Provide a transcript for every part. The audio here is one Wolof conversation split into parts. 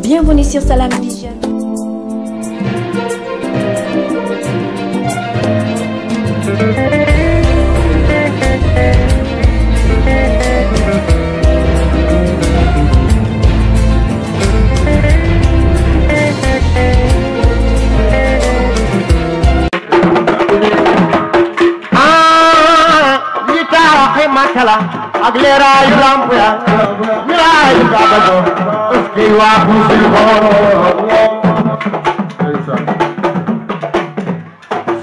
Bienvenue sur Salam Vision. Ah, ak leeraayu lamp ya miraayu baba bo ëskey waa xuusil xool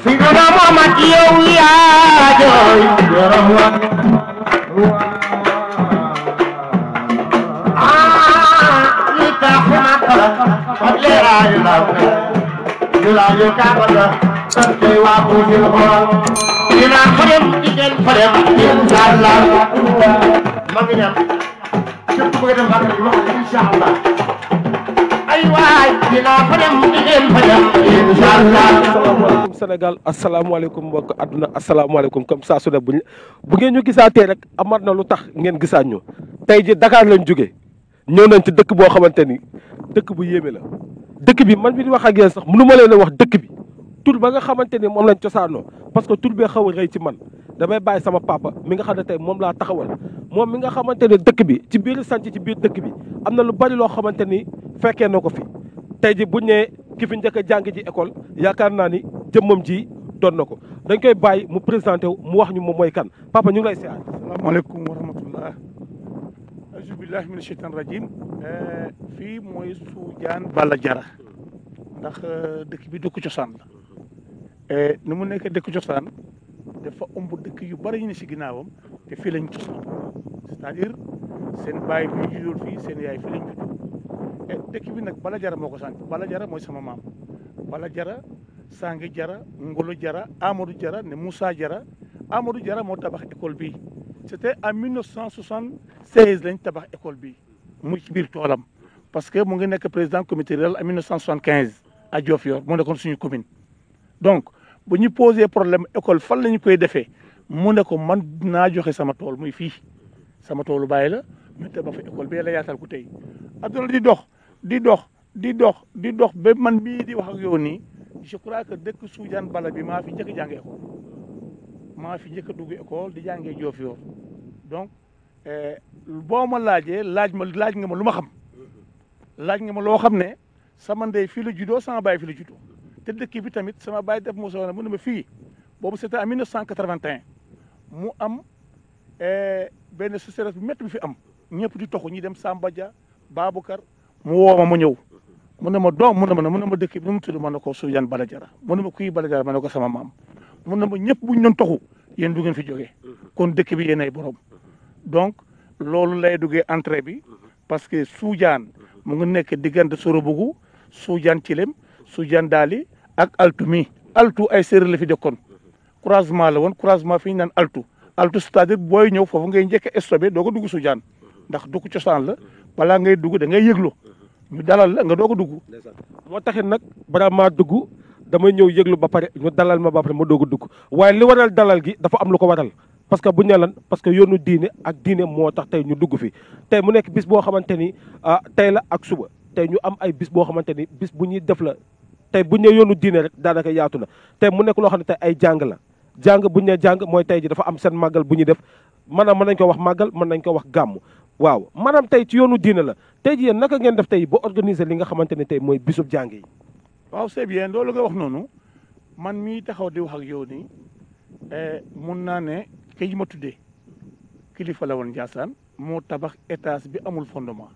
Seydina Muhammad yow yaa jooy yaram wa li tax màkka ak leeraayu lamp ya miraayu baba bo ëskey waa xuusil xool ñu naan fa dem jigéen fa dem laal laal ma ngi ñaan képp ku bëgg dem bàkk ñu wax incha allah ay waay ñu naan fa dem jigéen fa dem incha allah Sénégal asalaamaaleykum mbokk àdduna asalaamaaleykum comme saa su ne bu bu ngeen ñu gisaatee rek amaat na lu tax ngeen gisaat ñu tey ji Dakar lañ jógee ñëw nañ ci dëkk boo xamante ni dëkk bu yéeme la dëkk bi man bi di wax ak yéen sax mënu ma leen a wax dëkk bi tur ba nga xamante ni moom lañ cosaanoo parce que tur bee xaw a rëy ci man damay bàyyi sama paapa mi nga xam ne tey moom laa taxawal moom mi nga xamante ne dëkk bi ci biir sanc ci biir dëkk bi am na lu bari loo xamante ni fekkee na ko fi tey ji buñ nee ki fi njëkk a jàng ji école yaakaar naa ni jëmmam ji doon na ko dañ koy bàyyi mu présenté wu mu wax ñu moom mooy kan papa ñu ngi lay siyaar salaamaaleykum wa rahmatullah aousubillahi mina sheytan rajim eh, fii mooy Soudiane Balla eh, dëkk bi dëkk cosaan Eh, ni mu nekk dëkk cosaan dafa ëmb dëkk yu bari ñu ne si ginnaawam te fii lañ cosaan c'est-à-dire seen baay bi ñu juddoo fii seen yaay fii lañ juddoo eh, dëkk bi nag bala jara moo ko sànq bala jara mooy sama maam bala jara sangi jara ngolo jara amadou jara ne moussa jara amadou jara moo tabax école bi c'était en 1976 lañ tabax école bi muy ci biir toolam parce que mu ngi nekk président comité rural en 1975 à Diofior mu nekkoon suñu commune bu ñu posé problème école fan la ñu koy defee mu ne ko man naa joxe sama tool muy fii sama toolu baay la mais ba fa école bee la yaatal ko tey Abdoulaye di dox di dox di dox di dox ba man bii di wax ak yow nii je crois que dëkk Soudiane Bala bi maa fi njëkk a jàngee école maa fi njëkk a dugg école di jàngee joof yoor donc eh, boo ma laajee laaj ma laaj nga ma lu ma xam laaj nga ma loo xam ne sama ndey fii la juddoo sama baay fi la juddoo te dëkk bi tamit sama baay def mu soxna mu ne ma fii boobu c'était en 1981 mu am eh, benn sécheresse bi métti bi fi am ñëpp di toxu ñi dem Samba baabu kar mu woo ma mu ñëw mu na ma doom mu ne ma mu ne ma dëkk bi nu mu tudd ma ne ko Soudiane Bala Diarra mu ne ma kuy Bala Diarra ma ne ko sama maam mu ne ma ñëpp bu ñu doon toxu yéen du ngeen fi jógee kon dëkk bi yéen ay borom donc loolu lay duggee entrée bi parce que suujaan mu nga nekk diggante Sorobougou Soudiane Thilem Soudiane Daly ak altu mi altu ay séeréer la fi de dëkkoon croisement la woon croisement fi ñu naan altu altu c'est-à-dire booy ñëw foofu ngay njëkk a stoppé doo ko dugg Soudiane ndax dugg cosaan la balaa ngay dugg dangay ngay yëglu ñu dalal la nga doo ko dugg moo taxit nag balaa maa dugg damay ñëw yëglu ba pare ñu dalal ma ba pare ma doog a dugg waaye li waral dalal gi dafa am lu ko waral parce que bu ñalan parce que yoonu diine ak diine moo tax tey ñu dugg fi tey mu nekk bis boo xamante ni ah, tey la ak suba tey ñu am ay bis boo xamante ni bis bu ñuy def la tey buñ ne yoonu diine rek daanaka yaatu na tey mu nekk loo xam ne tey ay jàng la jàng ñu ne jàng mooy tey ji dafa am seen màggal bu ñuy def maanaam mën nañ ko wax màggal mën nañ ko wax gàmmu waaw manaam tey ci yoonu diine la tey ji yéen naka ngeen def tey ba organiser li nga xamante ne tey mooy bisub jàng yi waaw c'est bien loolu nga wax noonu man mii taxaw di wax ak yow nii eh, mun naa ne kii ma tuddee kilifa la woon Ndiassane moo tabax étage bi amul fondement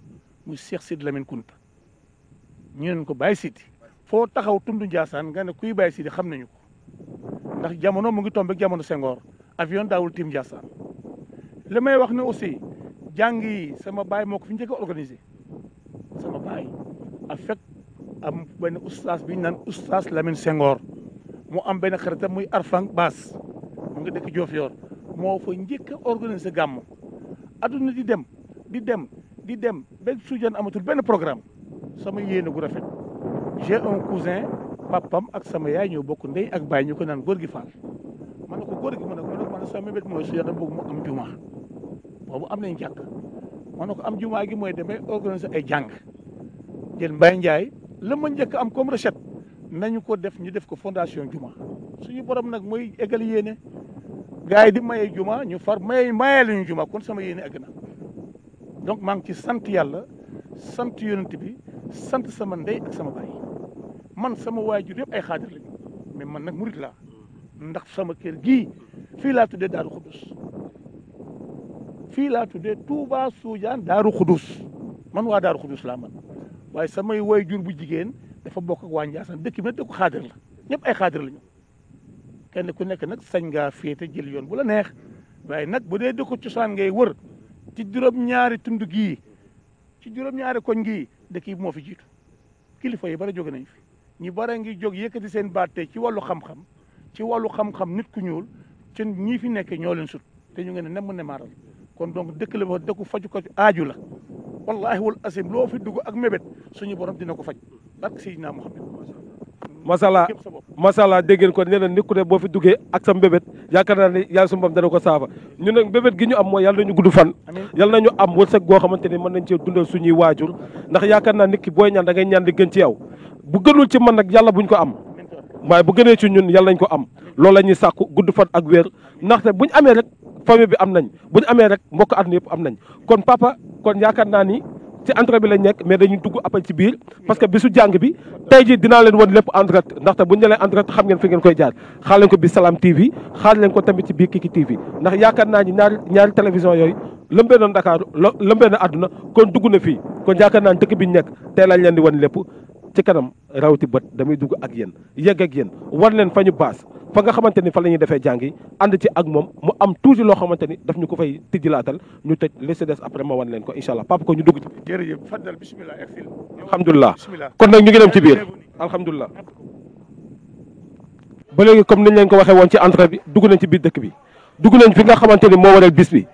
mu Cheikh ko Baye foo taxaw tund Ndiassane nga ne kuy Baye Sidi xam nañu ko ndax jamono mu ngi tombé jamono sengoor avion daawul tiim Ndiassane la may wax ne aussi jàng yi sama baay moo ko fi njëkk a sama baay a fekk am benn oustaz bi ñu naan oustaz Lamine Senghor mu am benn xaritam muy Arfang Baas mu ngi dëkk Diofior moo fa njëkk a organisé gàmm adduna di dem di dem di dem benn sujan amatul benn programme sama yéene gu rafet j'ai un cousin papam ak sama yaay ñoo bokk ndey ak baay ñu ko naan góor gi Fall man na ko góor gi ma ne ko man na sama mébét mooy su yàlla bëgg am nañ jàkk man na ko am juma gi mooy damay organiser ay jàng jël Mbaye Ndiaye la ma njëkk am comme recette nañu ko def ñu def ko fondation juma suñu borom nag mooy eggal yéene gars yi di maye juma ñu far maye maye lañu juma kon sama yéene egg na donc maa ngi ci sant yàlla sant yonent bi sant sama ndey ak sama baay man sama waajur yëpp ay xaadir mais man nag murit laa ndax sama kër gii fii laa tuddee Daaru Xudus laa tuddee Touba Soudiane Daaru Xudus man waa Daaru Xudus laa man waaye samay waajur bu jigéen dafa bokk ak waa Ndiassane dëkk bi nag dëkku xaadir la ñëpp ay xaadir lañu kenn ku nekk nag sañ ngaa féete jël yoon bu la neex waaye nag bu dee dëkku cosaan ngay wër ci juróom-ñaari tund gii ci juróom-ñaari koñ gii dëkk yi moo fi jiitu kilifa yi bari jóge nañ fi. ñu bare ngi jóg yëkkati seen baat tey ci wàllu xam-xam ci wàllu xam-xam nit ku ñuul ci ñii fi nekk ñoo leen sut te ñu ngeen ne nem ne maaral kon donc dëkk la boo dëkku faju ko aaju la wallahi wal asim loo fi dugg ak mébét suñu borom dina ko faj barke Seydina Muhammad masala masala dégg ngeen ko nee na ne boo fi duggee ak sa mbébét yaakaar naa ne yàlla sumbam dana ko saafa ñu nag mbébét gi ñu am mooy yàlla nañu gudd fan yàlla nañu am wërsëg goo xamante ni mën nañ cee dundal suñuy waajur ndax yaakaar naa nit ki booy ñaan da ngay ñaan di gën ci yow bu gënul ci man nag yàlla buñ ko am waaye bu gënee ci ñun yalla nañ ko am loolu la ñuy sàkku gudd fan ak wér ndaxte buñ amee rek famille bi am nañ buñ amee rek mbokk àdduna yëpp am nañ kon papa kon yaakaar naa ni ci entrée bi la nekk mais dañuy dugg appel ci biir parce que su jàng bi tey ji dinaa leen wan lépp en direct ndaxte buñu leen en direct xam ngeen fi ngeen koy jaar xaar leen ko bi Salam TV xaar leen ko tamit ci biir Kiki TV ndax yaakaar naa ni ñaari ñaari télévision yooyu lëmbee na Dakar lëmbee na àdduna kon dugg na fi kon yaakaar naa dëkk bi ñu nekk tey lañ leen di wan lépp ci kanam rawti bët damay dugg ak yéen yegg ak yéen war leen fa ñu baas fa nga xamante ni fa la ñuy defee yi ànd ci ak moom mu am toujours loo xamante ni daf ñu ko fay tijjilaatal ñu tëj li si des après ma wan leen ko incha allah papa ko ñu dugg ci. jërëjëf Fadal bisimilah. alhamdulilah kon nag ñu ngi dem ci biir alhamdulilah. ba léegi comme niñ leen ko waxee woon ci entrée bi dugg nañ ci biir dëkk bi dugg nañ fi nga xamante ni moo waral bis bi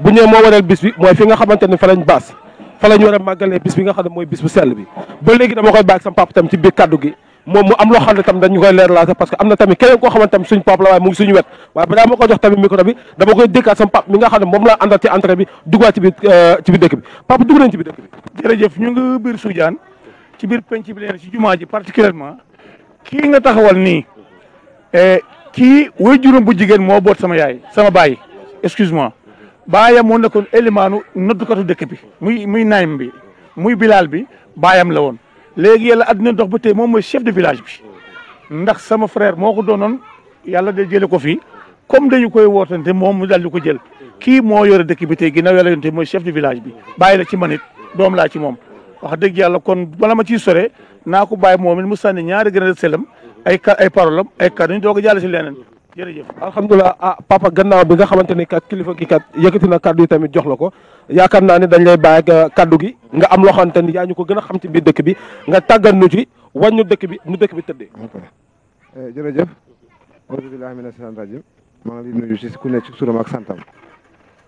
bu ñëwee moo waral bis bi mooy fi nga xamante ni fa lañ baas. fa la ñu war a màggalee bis bi nga xam ne mooy bis bu sell bi ba léegi dama koy bàyyi sama papa tam ci biir kaddu gi moom mu am loo xam ne tam dañu koy leeralaat parce que am na tamit keneen koo xamante tam suñ papa la waaye mu ngi suñu wet waaye balaa ma ko jox tamit micro bi dama koy dëkkaat sama papa mi nga xam ne moom laa àndal ci entrée bi duggaat ci biir euh, dëkk bi papa dugg nañ ci biir dëkk bi jërëjëf ñu ngi biir Soudiane ci biir penc bi leen ci eh, juróom bu jigéen moo boot sama yaay sama baay excuse baayam moo nekkoon élimaanu noddukatu dëkk bi muy muy naym bi muy bilaal bi baayam la woon léegi yàlla àddina ndox ba tey moom mooy chef de village bi ndax sama frère moo ko doonoon yàlla day jële ko fii comme dañu koy wootante moom mu daal di ko jël kii moo yore dëkk bi tey ginnaaw yàlla yonte mooy chef de village bi bàyyi la ci manit doom laa ci moom wax dëgg yàlla kon bala ma ciy sore naa ko bàyyi moom it mu sànni ñaari gën a selam ay ay parole ay kàddu ñu doog jàll si leneen jërëjëf alhamdulilah ah papa gannaaw bi nga xamante ni kat kilifa ki kat yëkkati na kaddu yi tamit jox la ko yaakaar naa ni dañ lay bàyyi uh, kàddu gi nga am loo xamante ni yaa ñu ko gën a xam ci biir dëkk bi nga tàggat nu ci wàññu dëkk bi nu dëkk bi tëddee. Eh, jërëjëf. auzu billahi mina shaytaani rajim maa ngi lay nuyu si ku nekk ci suram ak santam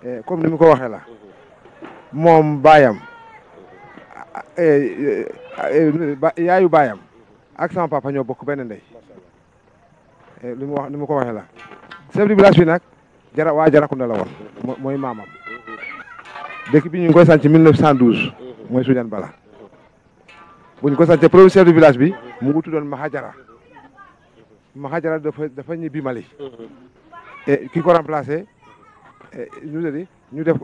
eh, comme ni ko waxee la moom baayam eh, yaayu baayam ak sama papa ñoo bokk benn ndey Eh, li mu wax ni mu ko waxee la chef du village bi nag jara waa Jarakunda la woon mooy maamam dëkk bi ñu ngi koy sànc 1912 mooy Soudiane Bala bu ñu ko sàncee premier chef du village bi mu ngi tuddoon Maha Jara Maha Jara dafa dafa ñibbi Mali et eh, ki ko remplacé eh, ñu ñu def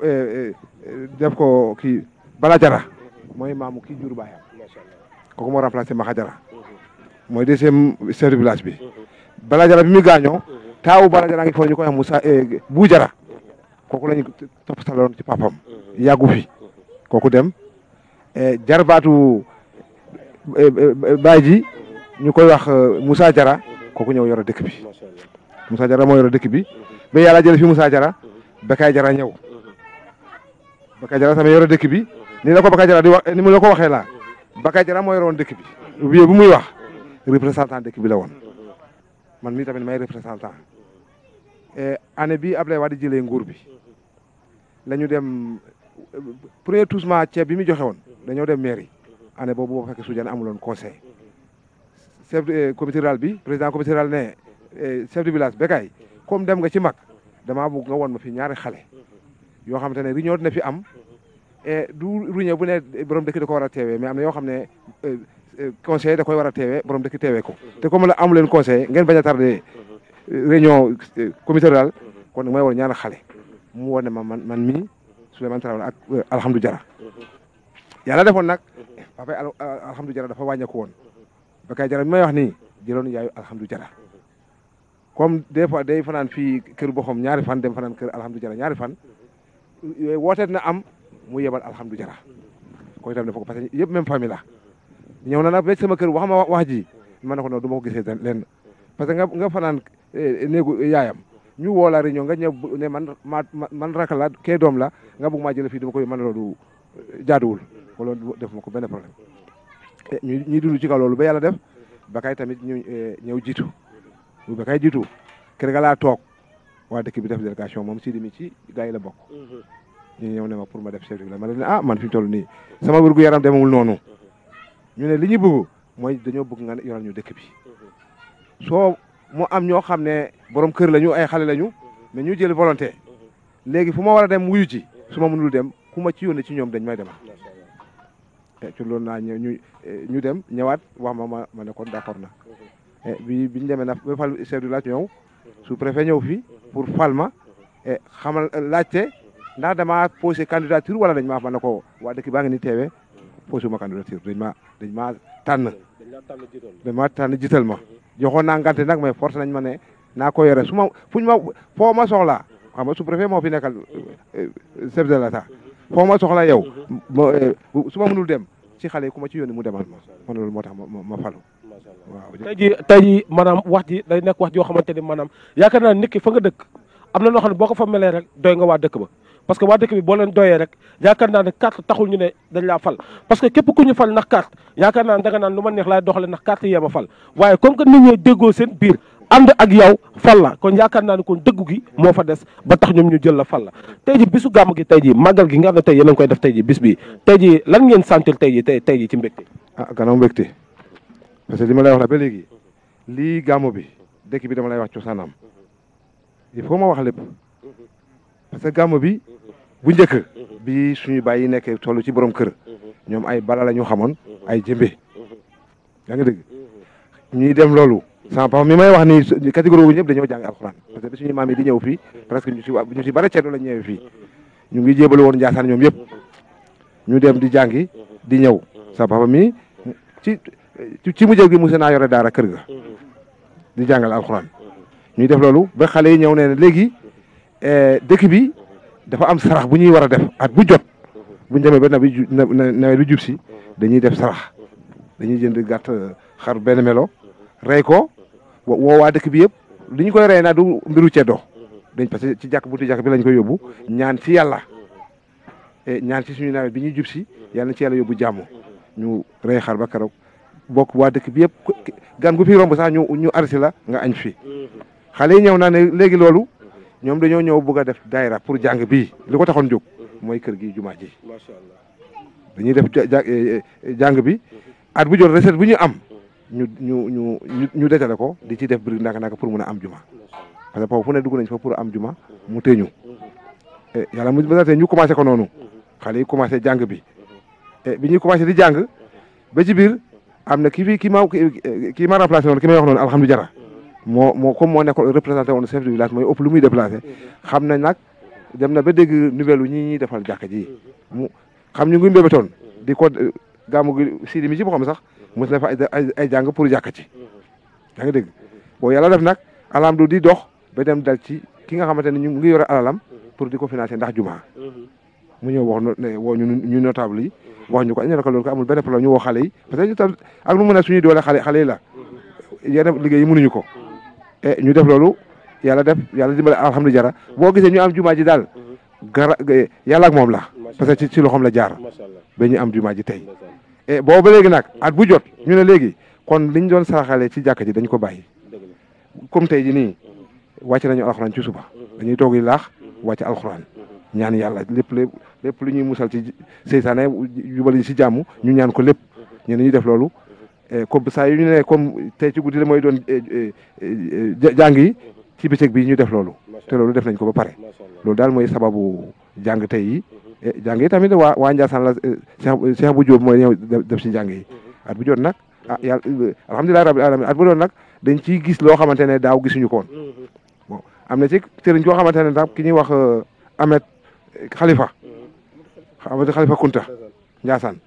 def ko kii Bala Jara mooy maamu ki jur baayam kooku moo remplacé Maha Jara mooy deuxième chef du village bi Bala Jara bi muy gaañoo taawu Bala Jara ngi foog ñu koy am Moussa eh, bu Jara kooku lañu topp saloon ci papam yàggu fi kooku dem eh, jarbaatu eh, baay ji ñu koy wax Moussa Jara koku ñëw yore dëkk bi Moussa Jara moo yore dëkk bi ba yàlla jële fi Moussa Jara Bakay Jara ñëw Bakay Jara sama yore dëkk bi ni la ko Bakay Jara di wax ni mu la ko waxee laa Bakay Jara moo yore woon dëkk bi bu bu muy wax représentant dëkk bi la woon man mii tamit may représentant eh, année bi Ablaye Wade jëlee nguur bi la dem premier touchement ceeb bi mu joxe woon dañoo dem mairie année boobu boo fekkee Soudiane amuloon conseil chef de eh, comité bi président comité rural ne eh, chef de village Bécaye comme dem nga ci mag damaa bëgg nga woon ma fi ñaari xale yoo xam te ne réunion dina fi am du réunion bu ne borom dëkk da ko war a teewee mais am na yoo xam ne Euh, conseiller da koy war a teewee borom dëkk ko te comme la amu leen conseiller ngeen bañ a tardé euh, réunion euh, comité kon mooy war ñaana xale mu wone ma man man mii Souleymane Traoré ak Alhamdou Diarra yàlla defoon nag papay Alhamdou Diarra dafa wàññeeku woon Bakay Diarra bi may wax nii jëloon yaayu Alhamdou Diarra comme des fois day fanaan fii kër boxom ñaari fan dem fanaan kër Alhamdou Diarra ñaari fan yooyu wooteet na am mu yebal Alhamdou Diarra ko itam ne ko parce que yëpp même famille ñëw na naa ba sama kër wax ma wax ji ma ne ko non du ma ko gisee lenn parce que nga nga fanaan eh, néegu yaayam ñu woo la réunion nga ñëw ne man ma man rakk la kee doom la nga bëgg maa jëlee fii du ma koy mën loolu jaaduwul ko loolu def ma ko benn problème eh, ñu ñuy dund ci kaw loolu ba yàlla def kay tamit ñu eh, ñëw jiitu bu bakay jiitu kër ga laa toog waa dëkk bi def délégation moom si ci gars yi la bokk mhm. ñu ñëw ne ma pour ma def chef de village ma ne ah man fi mu toll nii sama wér gu yaram noonu ñu ne li ñu bëgg mooy dañoo bëgg nga yoral ñu dëkk bi soo mu am ñoo xam ne borom kër lañu ay xale lañu mais ñu jël volonté léegi fu ma war a dem wuyu ci su ma mënul dem ku ma ci yónnee ci ñoom dañ may demaa te ci naa ñu ñu dem ñëwaat wax ma ma ma ne kon d'accord na eh, bi ñu demee na ba fal chef du village ñëw su préfet ñëw fii pour falma eh, xamal laajte ndax damaa posé candidature wala dañ maa ma ne ko waa dëkk baa ngi ni teewee posuma candidature dañ ma dañ maa tànn dañ maa tànn jiital ma joxoon naa ngante nag mais force nañ ma ne naa ko yore su ma fuñ ma foo ma soxlaa xam nga sous-préfet moo fi nekkal euh, chef de l'État foo soxla yow euh, su ma mënul dem ci xale yi ku ma ci yónni mu demal ma man loolu moo tax ma ma falu waaw tey jii tey jii maanaam wax ji day nekk wax joo xamante ni maanaam yaakaar naa nit ki fa nga dëkk am na loo xam ne boo ko fa melee rek doy nga waa dëkk ba parce que waa dëkk bi boo leen doyee rek yaakaar naa ne carte taxul ñu ne dañ laa fal parce que képp ku ñu fal ndax carte yaakaar naa ne danga naan lu ma neex laay doxale ndax carte yee ma fal waaye comme que nit ñooy déggoo seen biir ànd ak yow fal kon yaakaar naa ne kon dëggu gi moo fa des ba tax ñoom ñu jël la fal la tey ji bisu gàmm gi tey ji màggal gi nga xam ne tey yéen a koy def tey ji bi tey ji lan ngeen sentir tey ji tey tey ji ci mbégte ah gannaaw mbégte parce que li ma wax ba léegi lii gàmm bi dëkk bi dama lay wax cosaanam il faut ma wax lépp parce que gàmm bi bu njëkk bi suñu yi nekkee toll ci borom kër ñoom ay bala la ñu xamoon ay jëmbe yaa ngi dégg ñuy dem loolu saa papa mi may wax ni catégorie bu ñëpp dañoo jàng alxuraan parce que bi suñu maam yi di ñëw fii presque ñu si ñu si bare ceedo la ñëwee fii ñu ngi jébalu woon Njaasaan ñoom yëpp ñu dem di jàngi di ñëw sama papa mi ci ci mujj gi mos naa yore daara kër ga di jàngal alxuraan ñuy def loolu ba xale yi ñëw ne léegi eh, dëkk bi dafa am sarax bu ñuy war a def at bu jot bu ñu demee ba nawet bi nawet si dañuy def sarax dañuy jënd gàtt xar benn melo rey ko woo waa dëkk bi yëpp li ñu koy rey naa du mbiru ceddo dañ parce que ci jàkk buti jàkk bi lañ koy yóbbu ñaan ci yàlla e ñaan ci suñu nawet bi ñuy jub si yàlla ci yàlla yóbbu jàmm ñu rey xar ba keroog bokk waa dëkk bi yëpp gan gu fi romb sax ñu ñu arrêté la nga añ fi xale yi ñëw naa ne léegi loolu ñoom dañoo ñëw bëgg a def daayira pour jàng bi li ko taxoon jug mooy kër gi jumaa ji dañuy def eh, eh, jàng bi at bu jot recette bu ñu am ñu ñu ñu ñu dajale ko di ci def biir ndànk-ndànk pour mun a am juma parce que foofu ne dugg nañ fa pour am juma mu te teeñu eh, yàlla mu ba tey ñu commencé ko noonu xale yi commencé jàng bi bi ñuy commencé di jàng ba ci biir am na ki fi ki ma ki ma remplacé woon ki may wax noonu alhamdulilah. moo moo comme moo nekkoon représenté woon chef du village mooy ëpp lu muy déplacé xam nañ nag dem na ba dégg nouvelle yu ñi ñuy defal jàkka ji mu xam ñu ngi mbébétoon di ko euh, gàmmu gi si di mi ci boppam sax na fa ay ay jàng pour jàkka ci yaa ngi dégg boo yàlla def nag alam du di dox ba dem dal ci ki nga xamante ne ñu ngi yore alalam pour di ko financer ndax jumaa mu ñëw wax ne woo ñu ñu notable yi wax ñu ko ñu ne ko loolu ko amul ñu woo xale yi parce que ñu tam ak nu mu ne suñuy doole xale xale yi la yenn liggéey yi mënuñu ko Eh, ñu def loolu yàlla def yàlla dimbale alhamdulilah mm-hmm. boo gisee ñu am jumaa ji daal mm-hmm. gara eh, yàlla ak moom la parce que ci loxoom la jaar ba ñu am jumaa ji tey e boobu ba léegi nag at bu jot mm-hmm. ñu ne léegi kon liñ doon saraxalee ci jàkka ji dañ ko bàyyi comme tey ji nii wàcc nañu alxuraan ci suba dañuy toog yi laax wàcc alxuraan ñaan yàlla lépp lépp lu ñuy musal ci seytaane jubal yi si jàmm ñu ñaan ko lépp ñu ne ñuy def loolu Eh, comme saa yu ñu ne comme tey ci guddi la mooy doon eh, eh, jàng yi ci bëccëg bi ñu def loolu te loolu def nañ ko ba pare loolu daal mooy sababu jàng tey yi mhm. jàng yi tamit waa waa Ndiassane la Cheikh Cheikh bu Diop mooy ñëw def si jàng yi mhm. at bu jot nag ah yàlla alhamdulilah rabbil alamin at bu jot nag dañ ci gis loo xamante ne daaw gisuñu koon mhm. bon am na ci sëriñ koo xamante ne tam ki ñuy wax Ahmed xalifa Ahmed Khalifa Kunta Ndiassane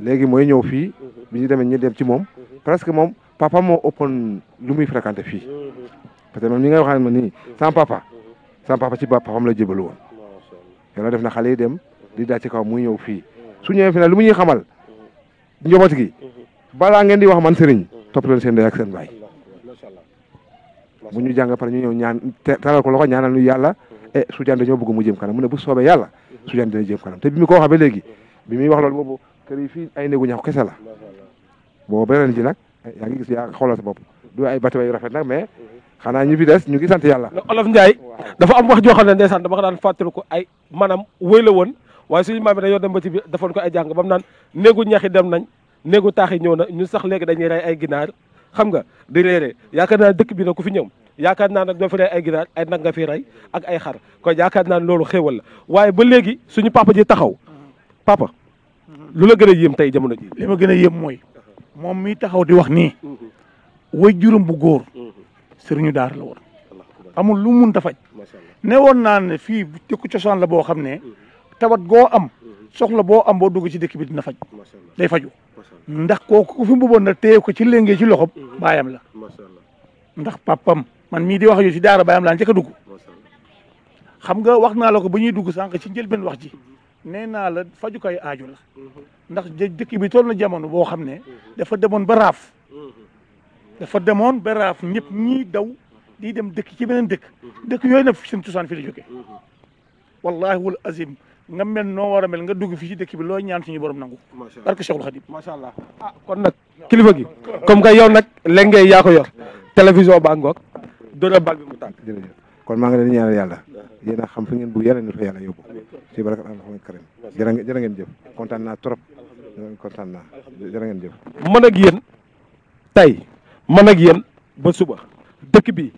léegi mooy ñëw fii mhm. bi ñu demee ñu dem ci moom mhm. presque moom papa moo ëppoon lu muy fréquenté fii mhm. parce que man mi ngay waxaan ma nii sans papa sans papa ci papam la jébalu woon yàlla def na xale yi dem di daal ci kaw muy ñëw fii su ñëwee fi na lu mu ñuy xamal njaboot gi balaa ngeen di wax man sëriñ topp leen seen ndey ak seen baay bu ñu jàng pare ñu ñëw ñaan talal ko loxo ñaanal ñu yàlla e Soudiane dañoo bëgg mu jëm kanam mu ne bu soobee yàlla Soudiane dina jëm kanam bi mu ko waxee ba léegi kër yi fii ay néegu ñax kese la boo beneen ji nag ngi gis yaa xoolal sa bopp du ay yu rafet nag mais xanaa ñu fi des ñu ngi sant yàlla olof Ndiaye dafa am wax joo xam ne ndeysaan dama ko daan fàttali ko ay maanaam wëy la woon waaye suñu maam yi dañoo dem ba ci bi defoon ko ay jàng ba naan néegu ñax yi dem nañ néegu taax yi ñëw na ñu sax léegi dañuy rey ay ginaar xam nga di réere yaakaar naa dëkk bi nag ku fi ñëw yaakaar naa nag doo fi ay ginaar ay nag nga rey ak ay xar kon yaakaar naa loolu xéewal la waaye ba léegi suñu papa ji taxaw papa lu la gën a yéem tey jamono ji li gën a yéem mooy moom mii taxaw di wax nii way juróom bu góor sëriñu daar la woon amul lu mun ta faj ne woon naa ne fii dëkku cosaan la boo xam ne tawat goo am soxla boo am boo dugg ci dëkk bi dina faj day faju ndax kooku ku fi mbuboon na téye ko ci léngee ci loxob baayam la ndax papam man mii di wax yow ci daara baayam laa njëkk a dugg xam nga wax naa la ko ba ñuy dugg sànq ci njëlbeen wax ji nee naa la fajukaay aajo la mhm. ndax dëkk bi tool na jamono boo xam ne mhm. dafa demoon ba raaf mhm. dafa demoon ba ñëpp ñii daw di dem dëkk ci beneen dëkk dëkk yooyu nag seen cosaan fi la jógee wallahi wal azim nga mel noo war a mel nga dugg fi ci dëkk bi looy ñaan ñu borom nangu barke Cheikhul Khadim macha ah, kon nag kilifa gi comme que yoon nag lengee yaa yor télévision ba ngoog dóora bal bi mu tàkk kon maa ngi leen di yàlla yéen a xam fi ngeen bëgg yàlla ni fa yàlla yóbbu ci barakat alxamal karim jërë ngeen jërë ngeen jëf kontaan naa trop man ak yéen tey man ak yéen ba suba dëkk bi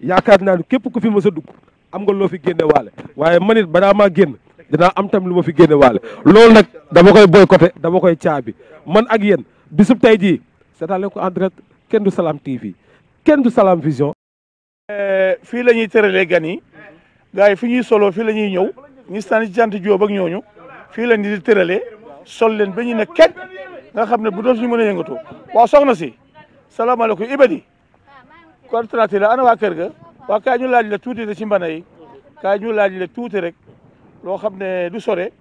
yaakaar naa ni képp ku fi mës dugg am nga loo fi génne waale waaye man it balaa maa génn dinaa am tam lu ma fi génne waale loolu nag dama koy boycotté dama koy caabi man ak yéen bisub tey jii seetaan leen ko en direct kenn du Salam TV kenn du Salam Vision Eh, fii la ñuy tëralee gan yi gars fi ñuy soloo fii la ñuy ñëw ñi sànni jant Jóob ak ñooñu fii la ñuy di tëralee sol leen ba ñu ne kecc nga xam ne bu doon suñu mën a yëngatoo waa soxna si salaamaaleykum Ibadi contraté la ana waa kër ga waa kaay ñu laaj la tuuti rek ci mbana yi kaay laaj la tuuti rek loo xam ne du sore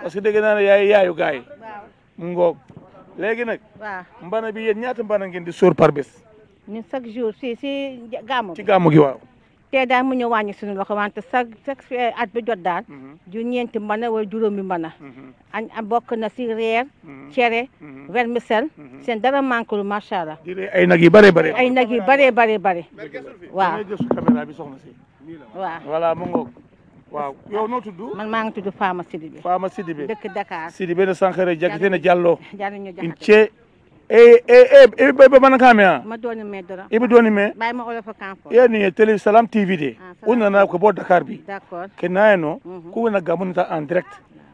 parce que dégg naa ne yaay yaayu gars yi ngoog léegi nag mbana bi yéen ñaata mbana ngeen di sóor par bés ñun chaque jour si si gàmmu ci gàmmu gi waaw tey daal mu ñëw wàññi suñu loxo wante chaque chaque eh, at bi jot daal mhm. ju ñeenti mën a wala juróomi mën mhm. a am bokk na si reer mhm. cere vermicelle seen dara manqué lu macha allah ay nag yu bëree bëri ay nag yu bëree bëri bëri waaw caméra bi soxna si waaw voilà mu ngoog waaw yow noo tudd man maa ngi tudd Fama Sidibé Fama Sidibé dëkk Dakar Sidibé na Sankara Diakité na e e ɓe mana kame ha iɓe doni me yani télé salam tv de o ah, nana ko bo dakar bi ke nayeno mhm. ko wona gamunita en direct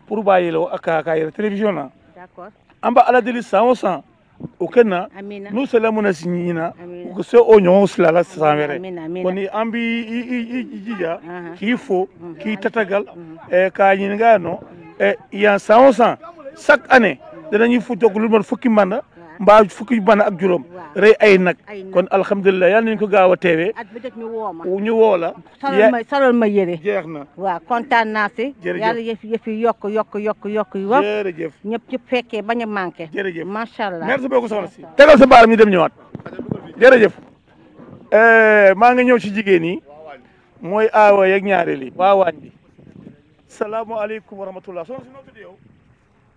pour ɓa yele ka yele télévision na an ba ala deli san o san o kɛ na n'u sela mun na ɲina u ka se o ɲɔgɔn sila la san wɛrɛ kɔni bi i jija ah, ah. k'i fo mhm. k'i tatagal mhm. e k'a ɲininka yan nɔ yan san o san chaque année danañi fu jɔkulu man fo kimanda mbaa fukki ban ak juróom rey ay nag kon alhamdulilah yal nañu ko gaaw a teewee ñu woo la solal ma yére jeex na waaw kontaan naa si yàlla yëf yëf yi yokk yokk yokk yokk yi wax jërëjëf ñëpp ci fekkee bañ a manqué jërëjëf macha allah merci beaucoup soxna si tegal sa baaram ñu dem ñëwaat jërëjëf eh, maa ngi ñëw ci jigéen yi mooy aawa yeeg ñaareel yi waa waañ bi salaamaaleykum wa rahmatullah soxna si noo tudd yow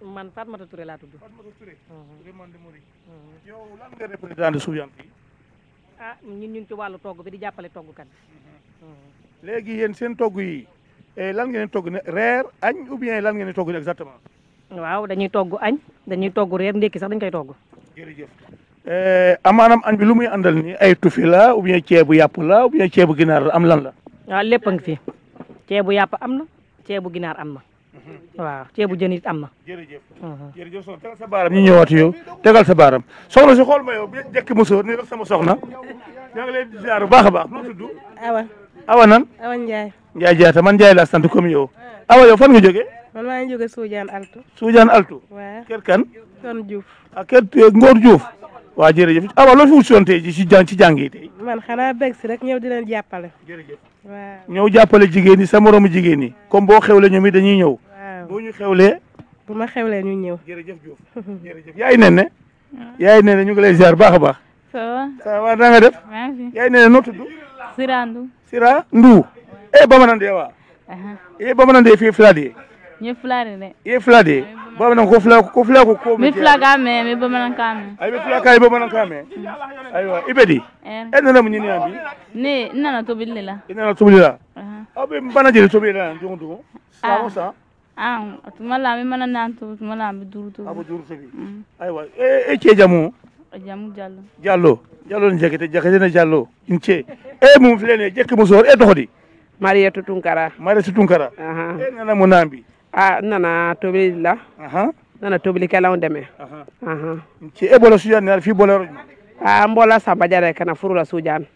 man Fatmata Touré laa tudd. Fatmata Touré. Touré man de Mori. yow lan nga représenté Soufiane ah ñun ñu ngi ci wàllu togg bi di jàppale toggkat bi. Mhm. Mhm. léegi yéen seen togg yi eh, lan ngeen di togg ne reer añ ou bien lan ngeen di togg ne exactement. waaw dañuy togg añ dañuy togg reer ndekki sax dañ koy togg. jërëjëf eh, amaanaam añ bi lu muy àndal ni ay tufi la ou bien ceebu yàpp la ou bien ceebu ginaar la am lan la. waaw ah, lépp a ngi fi ceebu yàpp am na ceebu ginaar am na. waaw ceebu jën it am na. jërëjëf mhm. jërëjëf soxna tegal sa baaram ñu ñëwaat yow tegal sa baaram soxna si xool ma yow bi njëkk mosoo nii rek sama soxna yaa ngi leen di ziar bu baax a baax noo tudd. awa awa nan. awa Ndiaye. Ndiaye Diatta man Ndiaye laa sant comme yow. Ah. awa yow fan nga jógee. man maa ngi jógee Soudiane Altou. Soudiane Altou. waaw kër kan. Ngor Diouf. ah kër Ngor Diouf. waaw jërëjëf awa loo fi wut soon tey ji si jàng ci jàng yi tey. man xanaa bëgg si rek ñëw di leen jàppale. jërëjëf ñëw jàppale jigéen ñi sa moromu jigéen ñi comme boo xewle ñoom it dañuy ñëw boo ñu xewlee. bu ma xewlee ñu ñëw. jërëjëf Diouf jërëjëf yaay nen ne. Ah. yaay nen ne ñu ngi lay ziar baax a baax. ça va na nga def. yaay nen ne noo tudd. Sira Ndu. Sira Ndu. eh bamanande wa. eh bamanande fii Fulade. ñe Fulade de. eh Fulade. bamanan ko fula ko fula ko ko. mi fula ka mɛ mi bamanan ka mɛ. ayiwa i bɛ di. e nana mun ɲini yan bi. ne n nana tobili de la. i nana tobili la. aw bɛ n jeli tobili la yan don o don. san o san. an ah, ma laami mana nan to tuma laami duuru to abo duuru segi mm. aywa e, e cee jamu o jamu diallo diallo diallo ne jakete jakete ne diallo in cee e mum filene jekki mo soor e dohodi mariétou tounkara mariétou tounkara e nana mo naambi a nana toɓeli la nana toɓeli kala on deme cee e ɓolo sujane ar fi ɓolero a mbola samba dia re kana furula sujane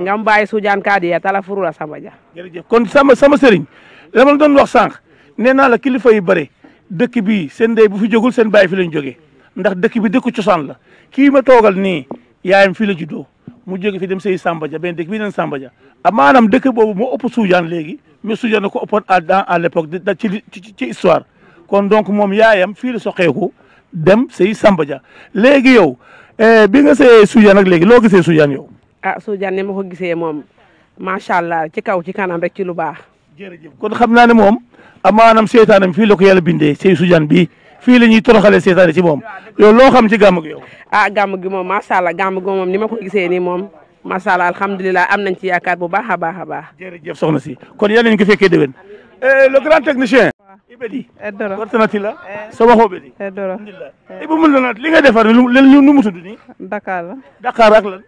ngam mbawi sujane kaadi yatala furula samba dia jerejef kon sama sama sérigne dama doon wax sànq nee naa la kilifa yu bëri dëkk bi seen ndey bu fi jógul seen baay fi lañ jógee ndax dëkk bi dëkku cosaan la kii ma toogal ni yaayam fi la juddoo mu jóge fi dem sey Samba Dia benn dëkk bii neen Samba Dia ah, maanaam dëkk boobu moo ëpp Soudiane léegi mais Soudiane ko ëppoon à dans à l'époque da ci ci histoire kon donc moom yaayam fii la soxeeku dem sey Samba léegi yow eh, bi nga see Soudiane nag léegi loo gise Soudiane yow. ah Soudiane ni ma ko gisee moom macha allah ci kaw ci kanam rek ci lu baax. kon xam naa moom. amaanam seetaanam fii la ko yàlla bindee Sey Soudiane bii fii la ñuy toroxalee seetaane ci moom yow loo xam ci gàmm gi yow. ah gàmm gi moom macha allah gàmm gi moom ni ma ko gisee nii moom macha allah alhamdulilah am nañ ci yaakaar bu baax a baax a baax. jërëjëf soxna si kon yal nañu ko fekkee déwén. Eh, le grand technicien. Ibedi Edoro eh, Kortanati la. Eh. Sobaxo Ibedi Edoro. Ibu mën na naat li nga defar lu lu mu tudd nii. Dakar la. Dakar ak lan.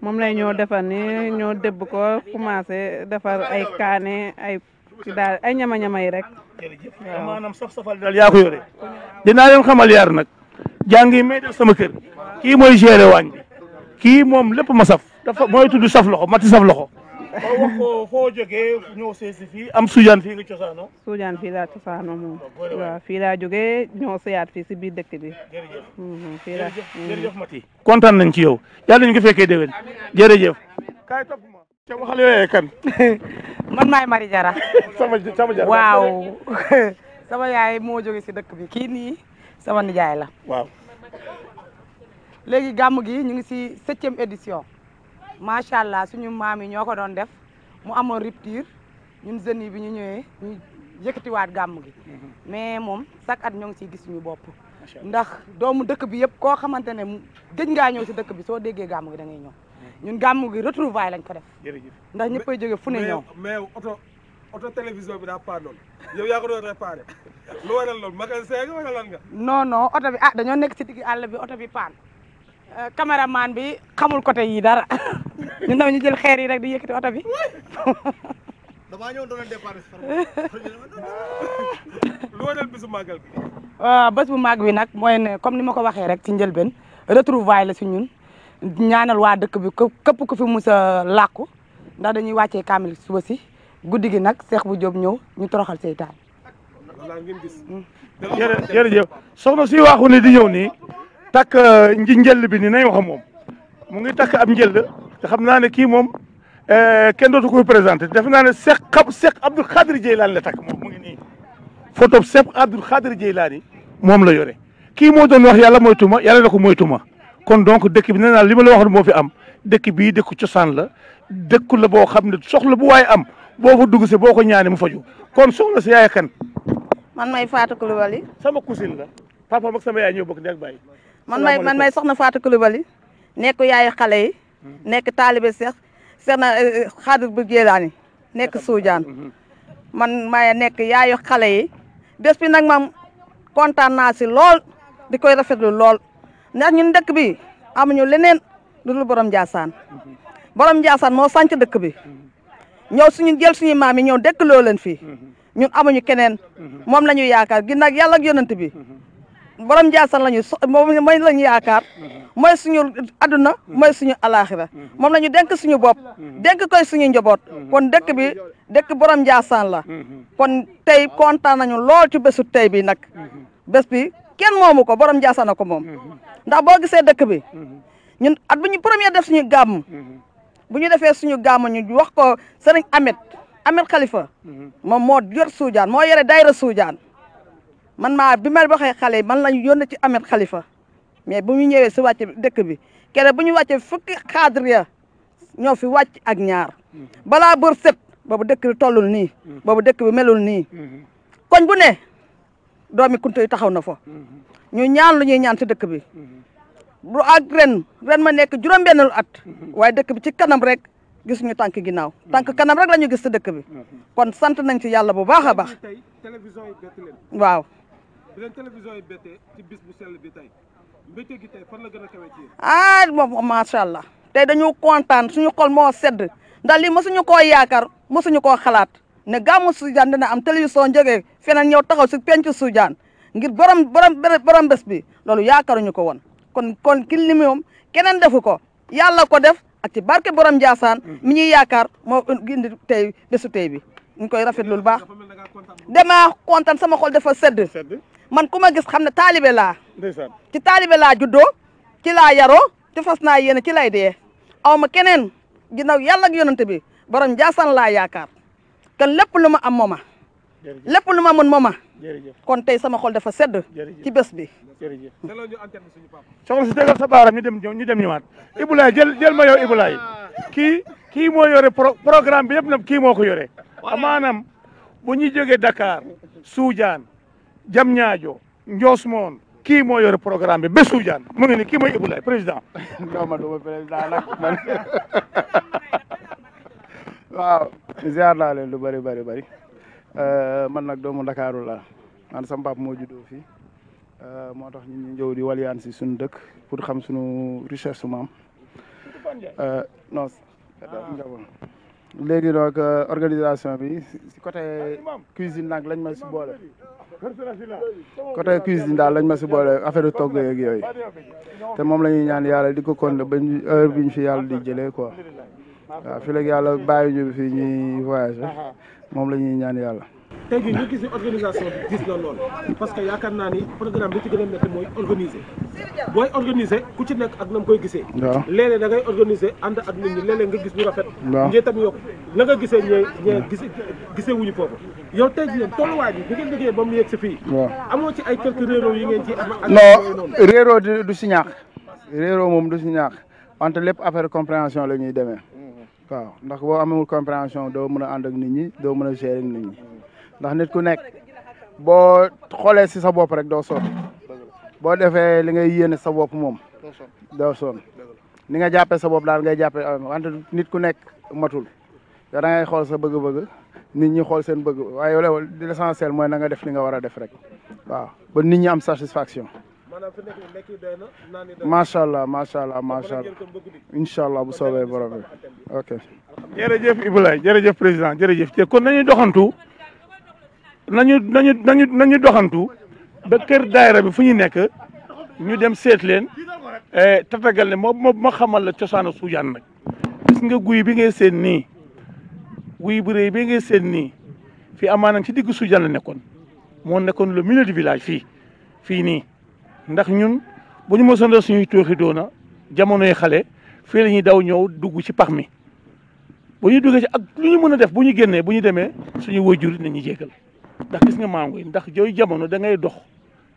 moom lay ñoo defar ni ñoo débb ko commencé defar ay kaane ay. ci daal ay ñama-ñama yi rek. jërëjëf maanaam saf safal yaa ko yore dinaa leen xamal yar nag jàng yi may def sama kër kii mooy géré waañ bi kii moom lépp ma saf dafa mooy tudd saf loxo mati saf loxo. foo wax ko foo jógee fii am Soudiane fii nga cosaanoo. Soudiane fii laa cosaanoo moom. fii laa jógee ñëw seeyaat fii si biir dëkk bi. jërëjëf mm-hmm, fii laa jërëjëf Mati mm-hmm. kontaan nañ ci yow yàlla nañu ca waxal yooyee kan. man maay mari Jara. sama sama Jara waaw. sama yaay moo jóge si dëkk bi kii nii sama nijaay la. waaw. léegi gàmm gi ñu ngi si septième édition macha allah suñu maam yi ñoo ko doon def mu amoon rupture ñun jeunes yi bi ñu ñëwee ñu yëkkatiwaat gàmm gi mais moom chaque at ñoo ngi siy gis suñu bopp. ndax doomu dëkk bi yëpp koo xamante ne gëj ngaa ñëw si dëkk bi soo déggee gàmm gi dangay ngay ñun gàmmu gi retrouvaille lañ ko def. jërëjëf ndax ñëppay jóge fu ne ñëw. mais oto oto télévision bi daa panne yow yaa ko doon loolu magasin nga wala lan nga. oto bi ah dañoo nekk ci digg àll bi oto bi panne euh, caméraman bi xamul côté yi dara ñun tamit ñu jël xeer yi rek di ti oto bi. damaa ñëw doon départ lu waral bisu màggal bi. Euh, bés bu màgg bi nag mooy ne comme ni ma ko waxee rek ci njëlbeen retrouvaille la si ñun. ñaanal waa dëkk bi këpp ku fi mus a làkku ndax dañuy wàccee kaamil suba si guddi gi nag seex bu jóob ñëw ñu toroxal seytaan mm. jërëjëf soxna si waaxu ne di ñëw nii takk euh, nji njël bi ni nañ wax moom mu ngi takk ab njël te xam naa ne kii moom euh, kenn dootu koy présenté def naa ne Seex ab Seex Abdul Xaadir la takk moom mu ngi nii photo Seex Abdul Xaadir Jeylaani moom la yore kii moo doon wax yàlla moytuma yàlla na ko moytuma kon donc dëkk bi nee naa li ma la waxoon moo fi am dëkk bii dëkku cosaan la dëkku la boo xam ne soxla bu waaye am boo fa dugg si boo ko ñaanee mu faju kon soxna si yaay kan. man may faata Coulibaly. sama cousine la papaam ak sama yaay ñoo bokk nekk man may man may soxna Fatou nekk yaayu xale yi. nekk taalibe Seex Seex na eh, eh, Xaadir bu Jeelaani nekk Suujaan man may nekk yaayu xale yi bés bi nag moom kontaan naa si lool di koy rafetlu lool. ndax ñun dëkk bi amuñu leneen lu dul borom Ndiassane borom Ndiassane moo sànc dëkk bi ñoo suñu jël suñu maam yi ñëw dëkk loo leen fii ñun amuñu keneen moom la ñu yaakaar gi nag yàlla ak yonent bi borom Ndiassane la ñu so mooy la ñu yaakaar mooy suñu adduna mooy suñu alaaxira moom la ñu dénk suñu bopp dénk koy suñu njaboot kon dëkk bi dëkk borom Ndiassane la kon tey kontaan nañu lool ci bésu tey bi nag bés bi. kenn moomu ko borom Ndiassane ko moom mhm. ndax boo gisee dëkk bi mhm. ñun at bu ñu premier def suñu gàmm mhm. bu ñu defee suñu gàmm ñu wax ko sëriñ Amet Amet Khalifa moom moo yor Soudiane moo yore dayra Soudiane man maa bi ma waxee xale man lañu yónnee ci Amet Khalifa mais bu ñu ñëwee si wàcc dëkk bi kere bu ñu wàccee fukki cadre ñoo fi wàcc ak ñaar balaa bër set boobu dëkk bi tollul nii boobu dëkk bi melul nii koñ bu ne doomi kunta yi taxaw na fa mm-hmm. ñu ñaan lu ñuy ñaan ci dëkk bi bu mm-hmm. ak ren ma nekk juróom-benneelu at mm-hmm. waaye dëkk bi ci kanam rek gis ñu tànk ginnaaw tànk kanam rek la ñu gis ci dëkk bi kon sant nañ ci yàlla bu baax a baax télévision yi ah, moom macha allah tey dañu kontaan suñu xol moo sedd ndax lii mosuñu koo yaakaar mosuñu koo xalaat ne gàmmu Soudiane dina am télévision jógee feneen ñëw taxaw si pencu Soudiane ngir borom borom borom bés bi loolu yaakaaruñu ko woon kon kon ki li moom keneen defu ko yàlla ko def ak ci barke borom Ndiassane mm. mi ñuy yaakaar moo indi tey bésu tey bi ñu koy rafetlu lu baax damaa kontaan sama xol dafa sedd man ku ma gis xam ne taalibe laa ci taalibe laa juddoo ki laa yaro te fas naa yéene ci lay dee aw ma keneen ginnaaw yàlla ak yonante bi borom Ndiassane laa yaakaar te lépp lu ma am mooma lépp lu ma mën mooma kon tey sama xol dafa sedd ci bes bi soxna si tegal sa baaram ñu dem ñu dem ñëwaat Ibulaay jël jël ma yow Ibulaay kii kii moo yore programme bi yëpp na kii moo ko yore maanaam bu ñuy jógee Dakar Suujaan Jamñaajo Njoos moon kii moo yore programme bi ba Suujaan mu ngi ni kii mooy Ibulaay président non man du ma waaw ziar naa leen lu bari bëri bëri euh, man nag doomu Ndakaaru la man sama pap moo juddoo fii euh, moo tax ñun ñu ñëw di waliyaan si suñu dëkk pour xam suñu richesse su maam euh, non ah. njaboon léegi donc organisation bi si côté cuisine nag lañ ma si boole côté cuisine daal lañ ma si boole affaire togg yeeg yooyu te moom la ñuy ñaan yàlla di ko kon bañ heure bi fi yàlla di jëlee quoi waaw fii yàlla bàyyi ñu fii ñuy voyagé moom la ñuy ñaan yàlla. tey jii ñu gis organisation bi gis na lool parce que yaakaar naa ni programme bi ci gën mooy organiser booy organiser ku ci nekk ak na koy gisee. waaw léeg-léeg da ànd ak nit ñi léeg gis lu rafet. waaw ñee tam yokk la nga gisee ñee ñee gis gisee wuñu foofu. yow tey jii yéen tolluwaay bi bi ngeen liggéey ba mu yegg si fii. waaw amoo ci ay quelques réeróo yi ngeen ci am. ak non réeróo du moom du si wante lépp affaire compréhension la ñuy demee. waaw ndax boo amul compréhension doo mën a ànd ak nit ñi doo mën a gérer ak nit ñi ndax nit ku nekk boo xoolee si sa bopp rek doo sonn boo defee li ngay yéene sa bopp moom doo sonn ni nga jàppee sa bopp daal ngay jàppee wante nit ku nekk matul yow da ngay xool sa bëgg-bëgg nit ñi xool seen bëgg waaye yow l'essentiel mooy na nga def li nga war a def rek waaw ba nit ñi am satisfaction macha allah macha allah macha allah incha allah bu soobee borom bi ok. jërëjëf Ibulaay jërëjëf président jërëjëf te kon nañu doxantu nañu nañu nañu nañu doxantu ba kër daayira bi fu ñu nekk ñu dem seet leen eh, tatagal ne moo moo ma xamal la cosaanu Suujaan nag gis nga guy bi nga seen nii guy bu rëy bi ngay seen nii fii amaanaam ci diggu Suujaan la nekkoon moo nekkoon le milieu du village fi fii nii ndax ñun bu ñu mosoon def suñuy tooxi doona jamonoy xale fii la ñuy daw ñëw dugg ci pax mi bu ñu duggee ci ak lu ñu mën a def bu ñu génnee bu ñu demee suñu wajur nañu jéggal ndax gis nga mango yi ndax jooy jamono da ngay dox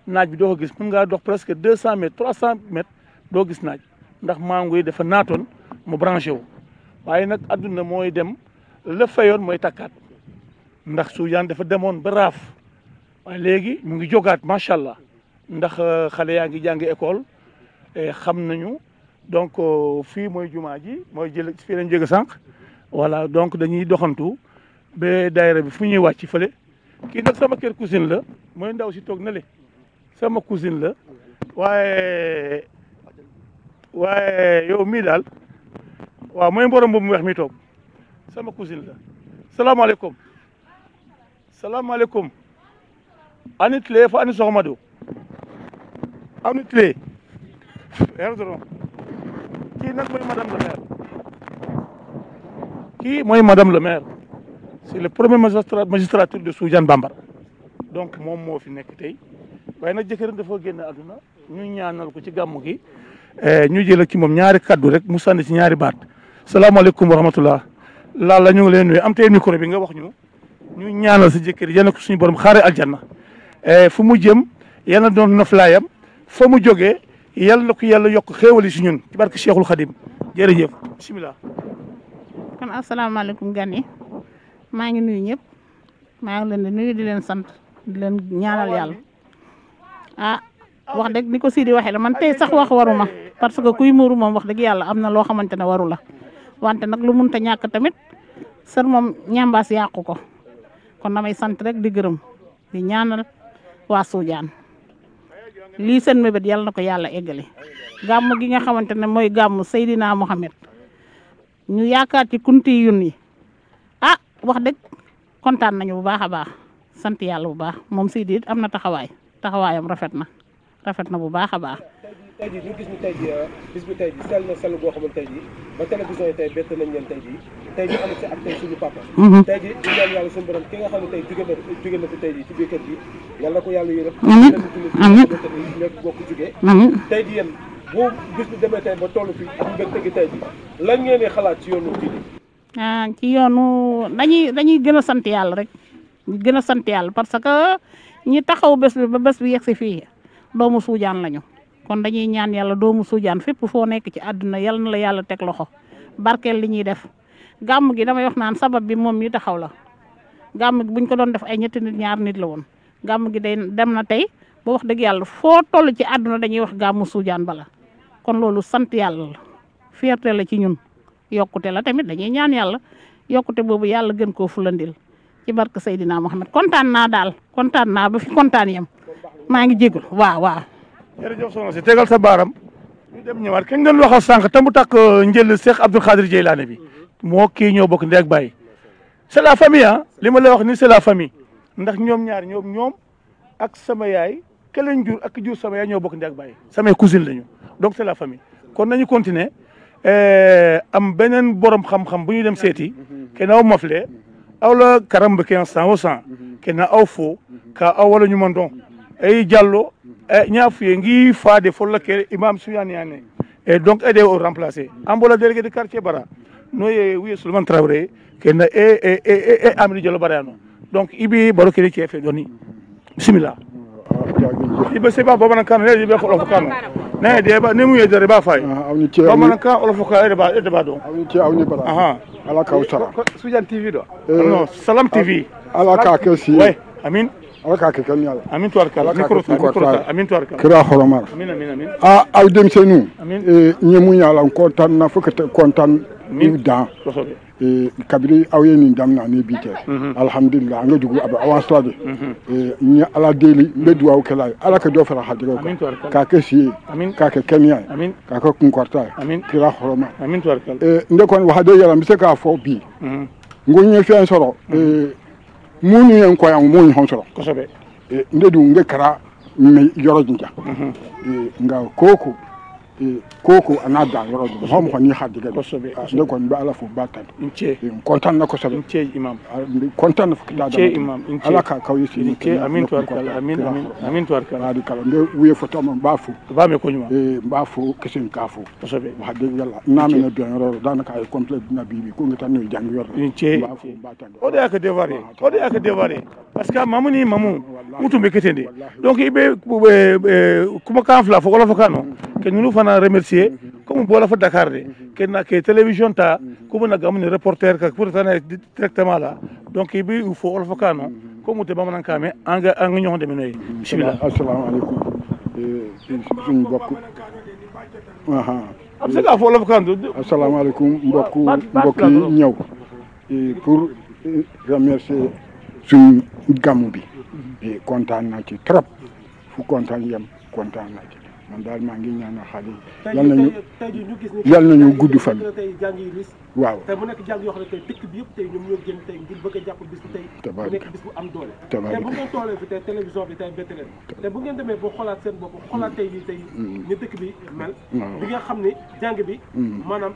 naaj bi doo ko gis mu ngaa dox presque deux cent mètres trois cent mètres doo gis naaj ndax mango yi dafa naatoon mu branché wu waaye nag adduna mooy dem la fayoon mooy takkaat ndax Soudiane dafa demoon ba raaf waaye léegi mu ngi jógaat macha allah ndax euh, xale yaa ngi jàngi école xam nañu donc euh, fii mooy jumaa ji mooy jël fii lañ jóge sànq voilà donc dañuy doxantu ba daayira bi fu ñuy wàcc fële kii nag sama kër cousine la mooy ndaw si toog na le sama cousine la waaye waaye yow mii daal waaw mooy mborom boobu mu weex mi toog sama cousine la salaamaaleykum salaamaaleykum anit lee fa anit soxmado aw nit clé aérodrome kii nag mooy madame le maire kii mooy madame le maire c'est le premier magistrature de Soudiane Bambara donc moom moo fi nekk tey waaye nag jëkkëram dafa génn àdduna ñu ñaanal ko ci gàmmu gi eh, ñu jël ci moom ñaari kàddu rek mu sànni ci ñaari baat salaamaaleykum wa rahmatullah laala ñu ngi leen nuyu am tey micro bi nga wax ñu ñu ñaanal si jëkkër yal na ko suñu borom xaare aljanna eh, fu mu jëm yal na doon noflaayam fa mu jógee yàlla na ko yàlla yokk xéewali si ñun ci barke Cheikhul Khadim jërëjëf bisimilah. kon asalaamaaleykum gan yi maa ngi nuyu ñëpp maa ngi leen di nuyu di leen sant di leen ñaanal yàlla ah wax dëgg ni ko Sidi waxee la man tey sax wax waruma parce que kuy muuru moom wax dëgg yàlla am na loo xamante ne waru la wante nag lu munta ñàkk tamit sër moom ñambaas yàqu ko kon na may sant rek di gërëm di ñaanal waa Soujaan lii seen mébét yàlla na ko yàlla eggale gàmm gi nga xamante ne mooy gàmm Seydina Mohamed ñu yaakaar ci kunti yun yi ah wax dëgg kontaan nañu bu baax a baax sant yàlla bu baax moom Seydi am na taxawaay taxawaayam rafet na rafet na bu baax a baax tey jii ñu gis ñu tey jii bis bi tey jii sell na sell tey jii ba télévision yi tey bett nañ leen tey jii tey ñu am si ak tey suñu nga xam ne tey jóge ko yàlla yërëm amiin nekk bokk jógee tey jii yéen bu bis bi ba toll fii ak mbégte gi tey jii lan ngeen xalaat ci yoonu diine ah ci yoonu gën a sant yàlla rek ñu gën a sant yàlla parce que ñi taxaw bés bi ba bés bi yegg si fii doomu suujaan lañu kon dañuy ñaan yàlla doomu suujaan fépp foo nekk ci àdduna yal na la yàlla teg loxo barkeel li ñuy def gàmm gi damay wax naan sabab bi moom mi taxaw la gàmm gi buñ ko doon def ay ñetti nit ñaar nit la woon gàmm gi day dem na tey ba wax dëgg yàlla foo toll ci àdduna dañuy wax gàmmu suujaan bala kon loolu sant yàlla la fierté la ci ñun yokkute la tamit dañuy ñaan yàlla yokkute boobu yàlla gën koo fulandil ci barke Seydina Mohamed kontaan naa daal kontaan naa jërëjëf soxna si tegal sa baaram ñu dem ñëwaat kañ waxal sànq te mu takk euh, njël Cheikh Abdou Khadir Jeylaane bi moo kii ñoo bokk ndey ak bàyyi c'est la famille li ma wax ni c'est la famille ndax ñoom ñaari ñoom ñoom ak sama yaay ke jur ak jur sama yaay ñoo bokk ndey ak bàyyi samay cousine lañu donc c'est la famille kon nañu continuer euh, am beneen borom xam-xam bu ñu dem seeti kena aw mafle aw la karam bi quinze cent au kena aw fo ka aw wala ñu man don ay jàllo e eh, ñafuyengi faade folla ke imam suyaniyane e eh, donc aide o remplacé ambola délégué de quartier bara noye eh, wiye souleymane traoré kena e e e amini diallo barano donc ibi baro kene ceefe ɗoni bisimilla iɓe seba bamana kano heɗe ɓe ko olofo kano ba fay ah, bamana ka olofo ka eɗeba eɗeba ɗo awnice bara ahan ala kawsara sujan tv ɗo non tv ala ka kesi amin ala k'a kɛ kɛnɛya la amin tuwari kala micro ta micro ta amin tuwari kala kira hɔrɔma la amin amin amin a aw denmisɛnninw n ye mun y'a la n kɔntan na fo ka taa kɔntan n'u dan kabiri aw ye nin daminɛ ni bi tɛ mhm. alhamdulila an ka dugu a bɛ awan sira de mhm. n ye ala deli n bɛ dugawu kɛla ye ala ka dɔ fara hajɛgɛw kan k'a kɛ si ye k'a kɛ kɛnɛya ye k'a kɛ kunkɔrɔta ye kira hɔrɔma n de kɔni wahade yɛrɛ n bɛ se k'a fɔ bi mhm. n ko n ye fɛn sɔrɔ munu yen ko yan mun hon soro kosɛbɛ eh, ndedu nge kara me yɔrɔ jinja mm-hmm. eh, nka koko koko a ah, n'a dan yɔrɔ de mɔgɔ mɔgɔ n'i hadigɛ kosɛbɛ ne kɔni bɛ ala fo ba tan kɔntan na kosɛbɛ kɔntan na fo ka taa ala k'a k'aw ye sini amin kala n wuye fɔtɔ ma n b'a b'a mɛn koɲuman n b'a fo k'a fo kosɛbɛ hadigɛ n'a mɛna dɔn yɔrɔ d'a na k'a ye kɔnpilɛ dina bi ko n n'o jangi yɔrɔ o de y'a kɛ devoir ye o de parce que mamu ni mamu u tun bɛ kɛ donc i bɛ kumakan fila fɔ wɔlɔfɔkan nɔ ka ninnu mm-hmm. fana na remercier mhm. Mhm. comme bola fo dakar de mhm. kena ke télévision ta kumana gamuni reporter ka pour tane directement là donc ibi u fo olfo kano comme te bamanan kame anga anga ñoxon de minoy bismillah assalamu alaykum eh, eh, suñu am sa ka fo olfo kano assalamu alaykum mbokk ñëw eh, pour remercier suñu gàmmu bi kontaan naa ci trop fu kontaan yem kontaan naa ci man daal maa ngi ñaanal xale yi. yal nañu yal nañu gudd fan. waaw te ñu nekk jàng yoo xam ne tey dëkk bi yëpp tey ñoom ñoo a jàpp bis nekk bis bu am te bu bi tey te bu ngeen demee ba seen bopp xoolaat tey lii mm. dëkk bi mel. bi mm. nga xam ne jàng bi. Mm. maanaam.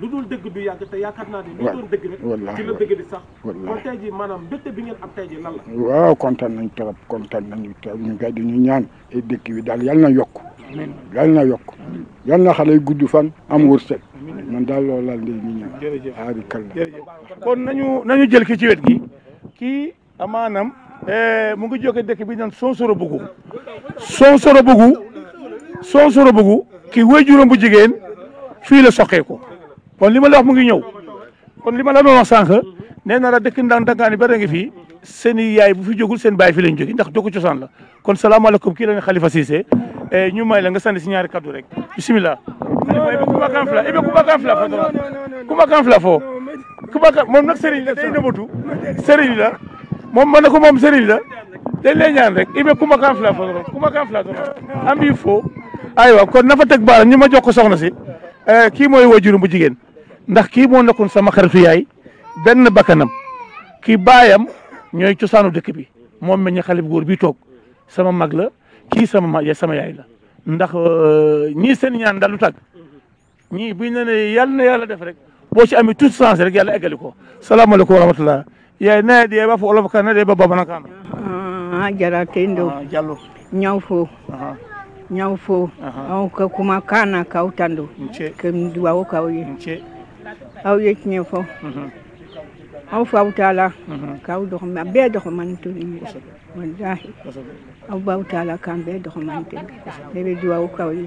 lu dul dëgg bi yàgg te yaakaar naa ne. waaw doon dëgg rek sax. wallaahi kon bi ngeen am tey jii lan waaw kontaan nañ trop kontaan nañu trop ñu ngi ñu ñaan dëkk bi daal yàlla na yokk. yal na yokk yal na xale yi gudd fan am wërsëg man daal loolu laal ngay ñu ñëw aari kalla kon nañu nañu jël ki ci wet gi kii amaanam eh, mu ngi jóge dëkk bi nan Sonsoro Bougou Sonsoro Bougou Sonsoro Bougou ki wéy juróom bu jigéen fii la soqee ko kon li ma la wax mu ngi ñëw kon li ma la doon wax sànq nee na la dëkk ndaan dangaan yi bëri ngi fii seen i yaay bu fi jogul seen baay fi lañ jóge ndax dëkk cosaan la kon salaamaaleykum kii la ne Khalifa Cissé ñu eh, may la nga sànni si ñaari kaddu rek bisimilah. non non ku non Kuba Kanfla Kuba Kanfla foo. Kuba Kanfla moom nag Serigne la day nëbatu Serigne la moom ma ne ko moom Serigne la dañ aywa kon na fa teg baara ñu ma jox ko soxna si eh, kii mooy wajuru bu jigéen ndax kii moo nekkoon sama xaritu yaay benn bakkanam kii baayam ñooy cosaanu dëkk bi moom meññ xale bu góor bi toog sama mag la. kii sama ma sama yaay la ndax euh, ñii sen ñaan daal lu tàgg ñii bu ñu nee yàlla na yàlla def rek boo ci amee tout sens rek yàlla eggali ko salaamaaleykum wa rahmatulah. yaay na de ba fo olof fo. ñaw fo. kaana kaw tando. nce kem duwawo kaw ye. nce aw ye tiɲɛ fɔ. Mhm. taala. Mhm. kaw dɔgɔma bɛɛ dɔgɔmani to ni ye. walahi. aw taala kambe dohomante ɓeɓe duwaw kawle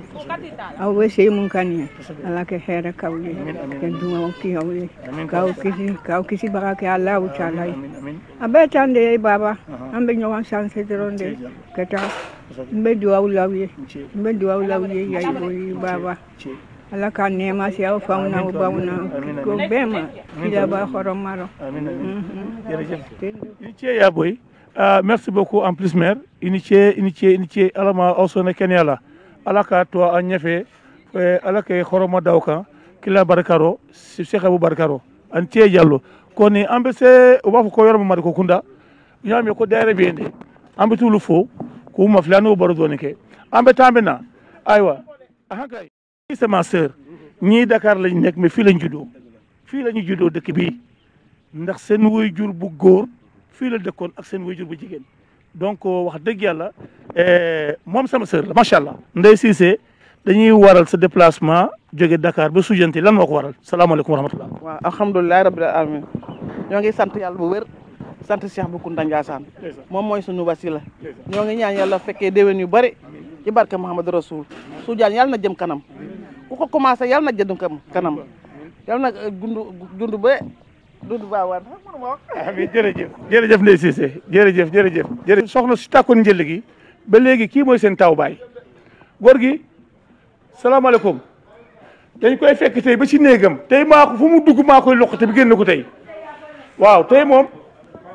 aw ɓe sey mum kaniya ala ke heera kawle ke duwaw ki hawle kaw kisi kaw kisi baga ke allahu taala aɓe tande yey baba an ɓe ñowan sansedronde keta mɓe duwaw lawye mɓe duwaw lawye yayboyi baba ala ka nema si aw faw na o baw na ko bema ila ba horomaro jërëjëf i ceeya boy Euh, merci beaucoup en plus maire ini ce ini ce ini ce alama ausone kenyala alaka to a ñefe eh, alaka horoma dawka kila barkaro cheikh abou barkaro an tie jallo koni ambe se o bafo ko yorma mari kunda ñami ko dere bende ambe tulu fo ko ma flani o baro doni ke ambe tambe na aywa ahaka c'est ma sœur ñi dakar lañ nek mais fi lañ juddo fi lañu juddo dëkk bi ndax seen way jur bu góor fii la dëkkoon ak seen wayjur bu jigéen donc euh, wax dëgg yàlla euh, moom sama sœur la macha allah. Ndeye Cissé dañuy waral sa déplacement jóge Dakar ba Soudianté lan moo ko waral salaamaaleykum wa rahmatulah. waaw alhamdulilah rabbil alamin ñoo ngi sant yàlla bu wér. sant Cheikh Bou Kounta moom mooy sunu wasila ñoo ngi ñaan yàlla fekkee déwén yu bëri ci barke Muhammad Rasul Soudiane yàlla na jëm kanam ku ko commencé yàlla na jëm kanam yàlla na Doudou Ba waat mënuma wax. amiin ah, jërëjëf jërëjëf Ndeye Cissé jërëjëf jërëjëf. jërëjëf soxna si tàkkoon njël gi ba léegi kii mooy seen taw baay góor gi salaamaaleykum dañ koy fekk tey ba ci néegam tey maa ko fu mu dugg maa koy loqate bi génn ko tey waaw tey moom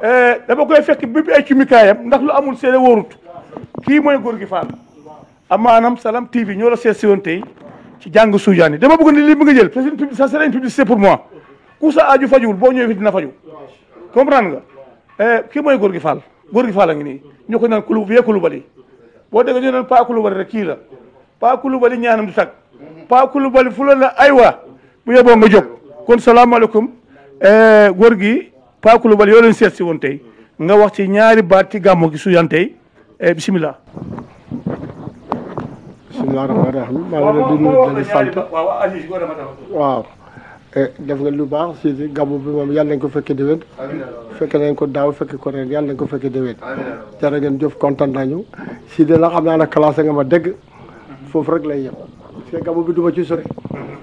eh, dama koy fekk bi ay cumikaayam ndax lu amul seede wóorut kii mooy góor gi Fall amaanam Salam TV ñoo la seet si woon tey ci jàng suujaan yi dama bëgg ni lii mu nga jël ça c'est une publicité pour moi. ku sa aju fajuwul boo ñëwee fi dina faju comprendre nga eh, kii mooy góor gi Fall góor gi Fall nii ñu ko naan kulu vie Kulubali boo déggee ñu naan Paa Kulubali rek kii la Paa Kulubali ñaanam du tag Paa Kulubali fu la ne aywa bu yeboo nga jóg kon salaamaaleykum eh, góor gi Paa Kulubali yoo leen seet si woon tey nga wax ci ñaari baat ci gàmmu gi su yan Eh, def nga lu baax si gàmmu bi moom yàlla nañ ko fekkee déwén fekke nañ ko daaw fekke ko ren yàlla nañ ko fekkee déwén jërë ngeen jëf kontaan nañu si de la xam naa ne classé nga ma dégg mhm. foofu rek lay yem parce que ma ci sori mhm.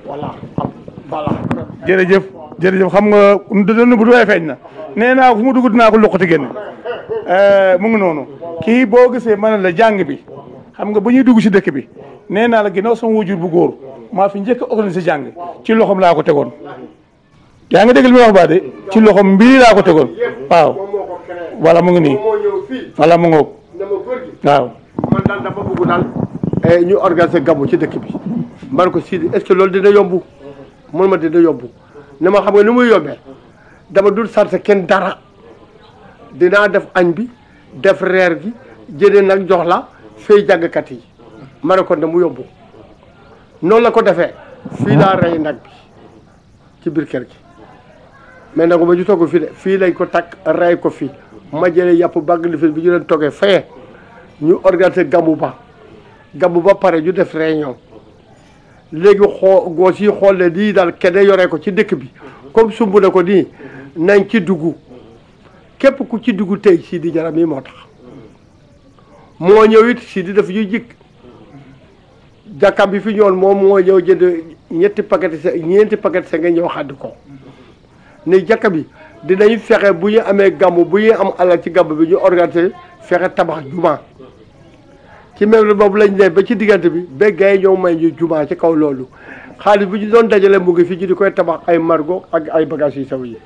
voilà voilà jërëjëf jërëjëf xam nga dugg dinaa ko loqati génn eh, mu ngi noonu kii boo gisee ma la jàng bi xam nga ba ñuy dugg si dëkk bi nee naa la ginnaaw sama wujur bu góor maa fi njëkk a organisé jàng ci loxoom laa ko tegoon yaa ngi dégg li wax baa de ci loxoom mbii laa ko tegoon waaw voilà mu ngi nii voilà mu ngoog waaw. Eh, ñu organisé gabu ci dëkk bi man ko Sidi est loolu dina yomb man ma dina yomb ne ma xam nga ni muy yombee dama dul sarte kenn dara dinaa def añ bi def reer gi jëlee nag jox la fay jàngkat yi ma ko ne mu yomb. noonu la ko defee fii laa rey nag bi ci biir kër gi mais nag ba ñu togg fii de fii lañ ko takk rey ko fii ma jëlee yàpp bàgg lifin bi ñu leen toggee faye ñu organiser gàmmu ba gàmmu ba pare ñu def rey réunion léegi xoo goos yi xool ne lii daal kenn yoree ko ci dëkk bi comme sumb na ko nii nañ ci dugg képp ku ci dugg tey di Diarra mii moo tax moo ñëw it Sidi daf ñuy jikk jàkkaam bi fi ñëwoon moom moo ñëw jënd ñetti paquet sa ñeenti paquet sa nga ñëw xàdd ko ne jàkka bi dinañ fexe bu ñu amee gàmm bu ñu am alal ci gàmm bi ñu organiser fexe tabax juma ci même boobu lañ ne ba ci diggante bi ba gars yi ñoo may ñu juma ci kaw loolu xaalis bu ñu doon dajale mu ngi fi ñu di koy tabax ay margo ak ay bagages yu sew yi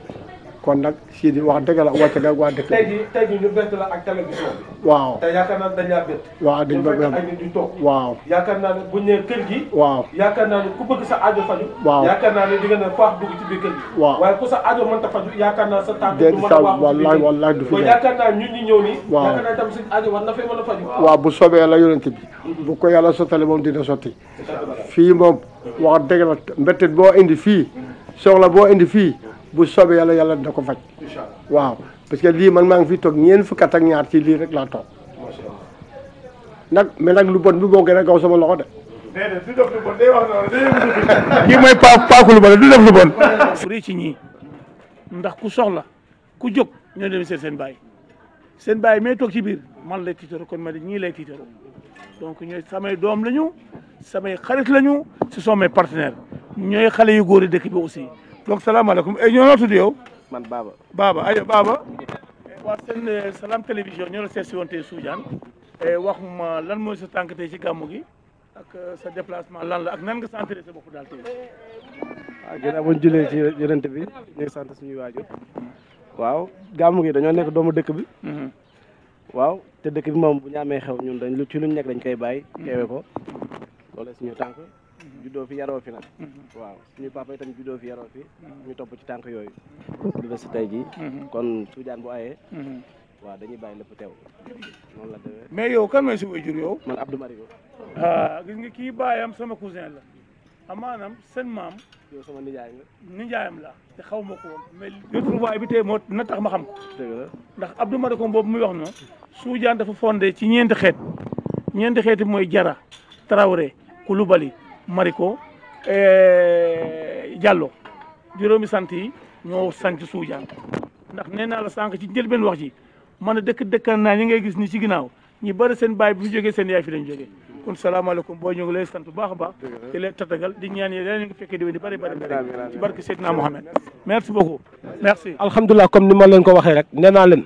kon nag Sidi wax dëgg la wàcc nga waa la ak télévision bi. waaw te yaakaar naa dañ laa waaw dañ a ñu di toog. waaw yaakaar naa ne bu ñu nee gi. waaw yaakaar naa ne ku bëgg sa aajo faju. waaw yaakaar naa ne di nga ne faax dugg ci sa aajo mënta faju yaakaar naa sa tànk. déedéet sa wallaay wallaay du fi nekk yaakaar ñëw nii. waaw yaakaar a faju. waaw bu soobee la yonent bi. bu ko yalla sottale moom dina sotti. fii moom wax dëgg la boo indi fii soxla boo indi fii bu soobee yàlla yàlla da ko faj. waaw parce que lii man maa ngi fi toog ñeent fukki at ak ñaar ci lii rek laa toog. nag mais nag lu bon bi boo gën a gaw sama loxo de. déedéet lu bon day wax mooy pa paaku lu bon du def lu bon. rëy ci ñii ndax ku soxla ku jóg ñoo dem seen seen bàyyi seen bàyyi may toog ci biir man lay tiitaroo kon ma di ñii lay tiitaroo donc ñooy samay doom lañu samay xarit lañu ce sont mes partenaires ñooy xale yu góor yi dëkk bi aussi. donc salaamaaleykum ay eh, ñoo noo tudd yow. man Baba. baaba ayo Baba. Eh, waa seen eh, Salam télévision ñoo la seet si woon tey Soudiane. wax ma lan mooy sa tànk te ci gàmmu gi ak sa déplacement lan la ak nan nga sentir sa bopp daal tey. waaw ah, ginnaaw bu ñu jullee ci yonent bi ñu ngi sant suñuy waajur. waaw gàmmu gi dañoo nekk doomu dëkk bi. Mhm. waaw te dëkk bi moom bu ñu amee xew ñun dañ ci luñ nekk dañ koy bàyyi. teewe ko loolu suñu tànk. Mm-hmm. juddoo fi yaroo fi nag mm-hmm. waaw suñu papa itam juddoo fi yaroo fi mm-hmm. ñu topp ci tànk yooyu lu tey ji kon Soudiane bu ayee waaw dañuy bàyyi lépp teew noonu la mais yow kan mooy si way jur yow man Abdou Mario ah gis nga kii baayam sama la amaanaam ah, seen maam yow sama nijaay nga la te ko woon bi tey moo na tax ma xam ko ndax Abdou Mario boobu muy wax na Soudiane dafa fonde ci ñeenti xeet ñeenti xeet bi mooy Jara Traoré Koulibaly Mariko eh, Diallo juróomi sant yi ñoo sanc Soudiane ndax nee naa la sànq ci njëlbeen wax ji man a dëkk dëkkaan naa ñi ngay gis ni ci ginnaaw ñi bari seen baay bu fi jógee seen yaay fi lañ jógee kon salaamaaleykum boo ñu ngi lay sant baax a baax di leen tatagal di ñaan yéen dañu fekkee déwén di bari bari bari ci barke Seydina Mohamed merci beaucoup merci alhamdulilah comme ni ma leen ko waxee rek nee naa leen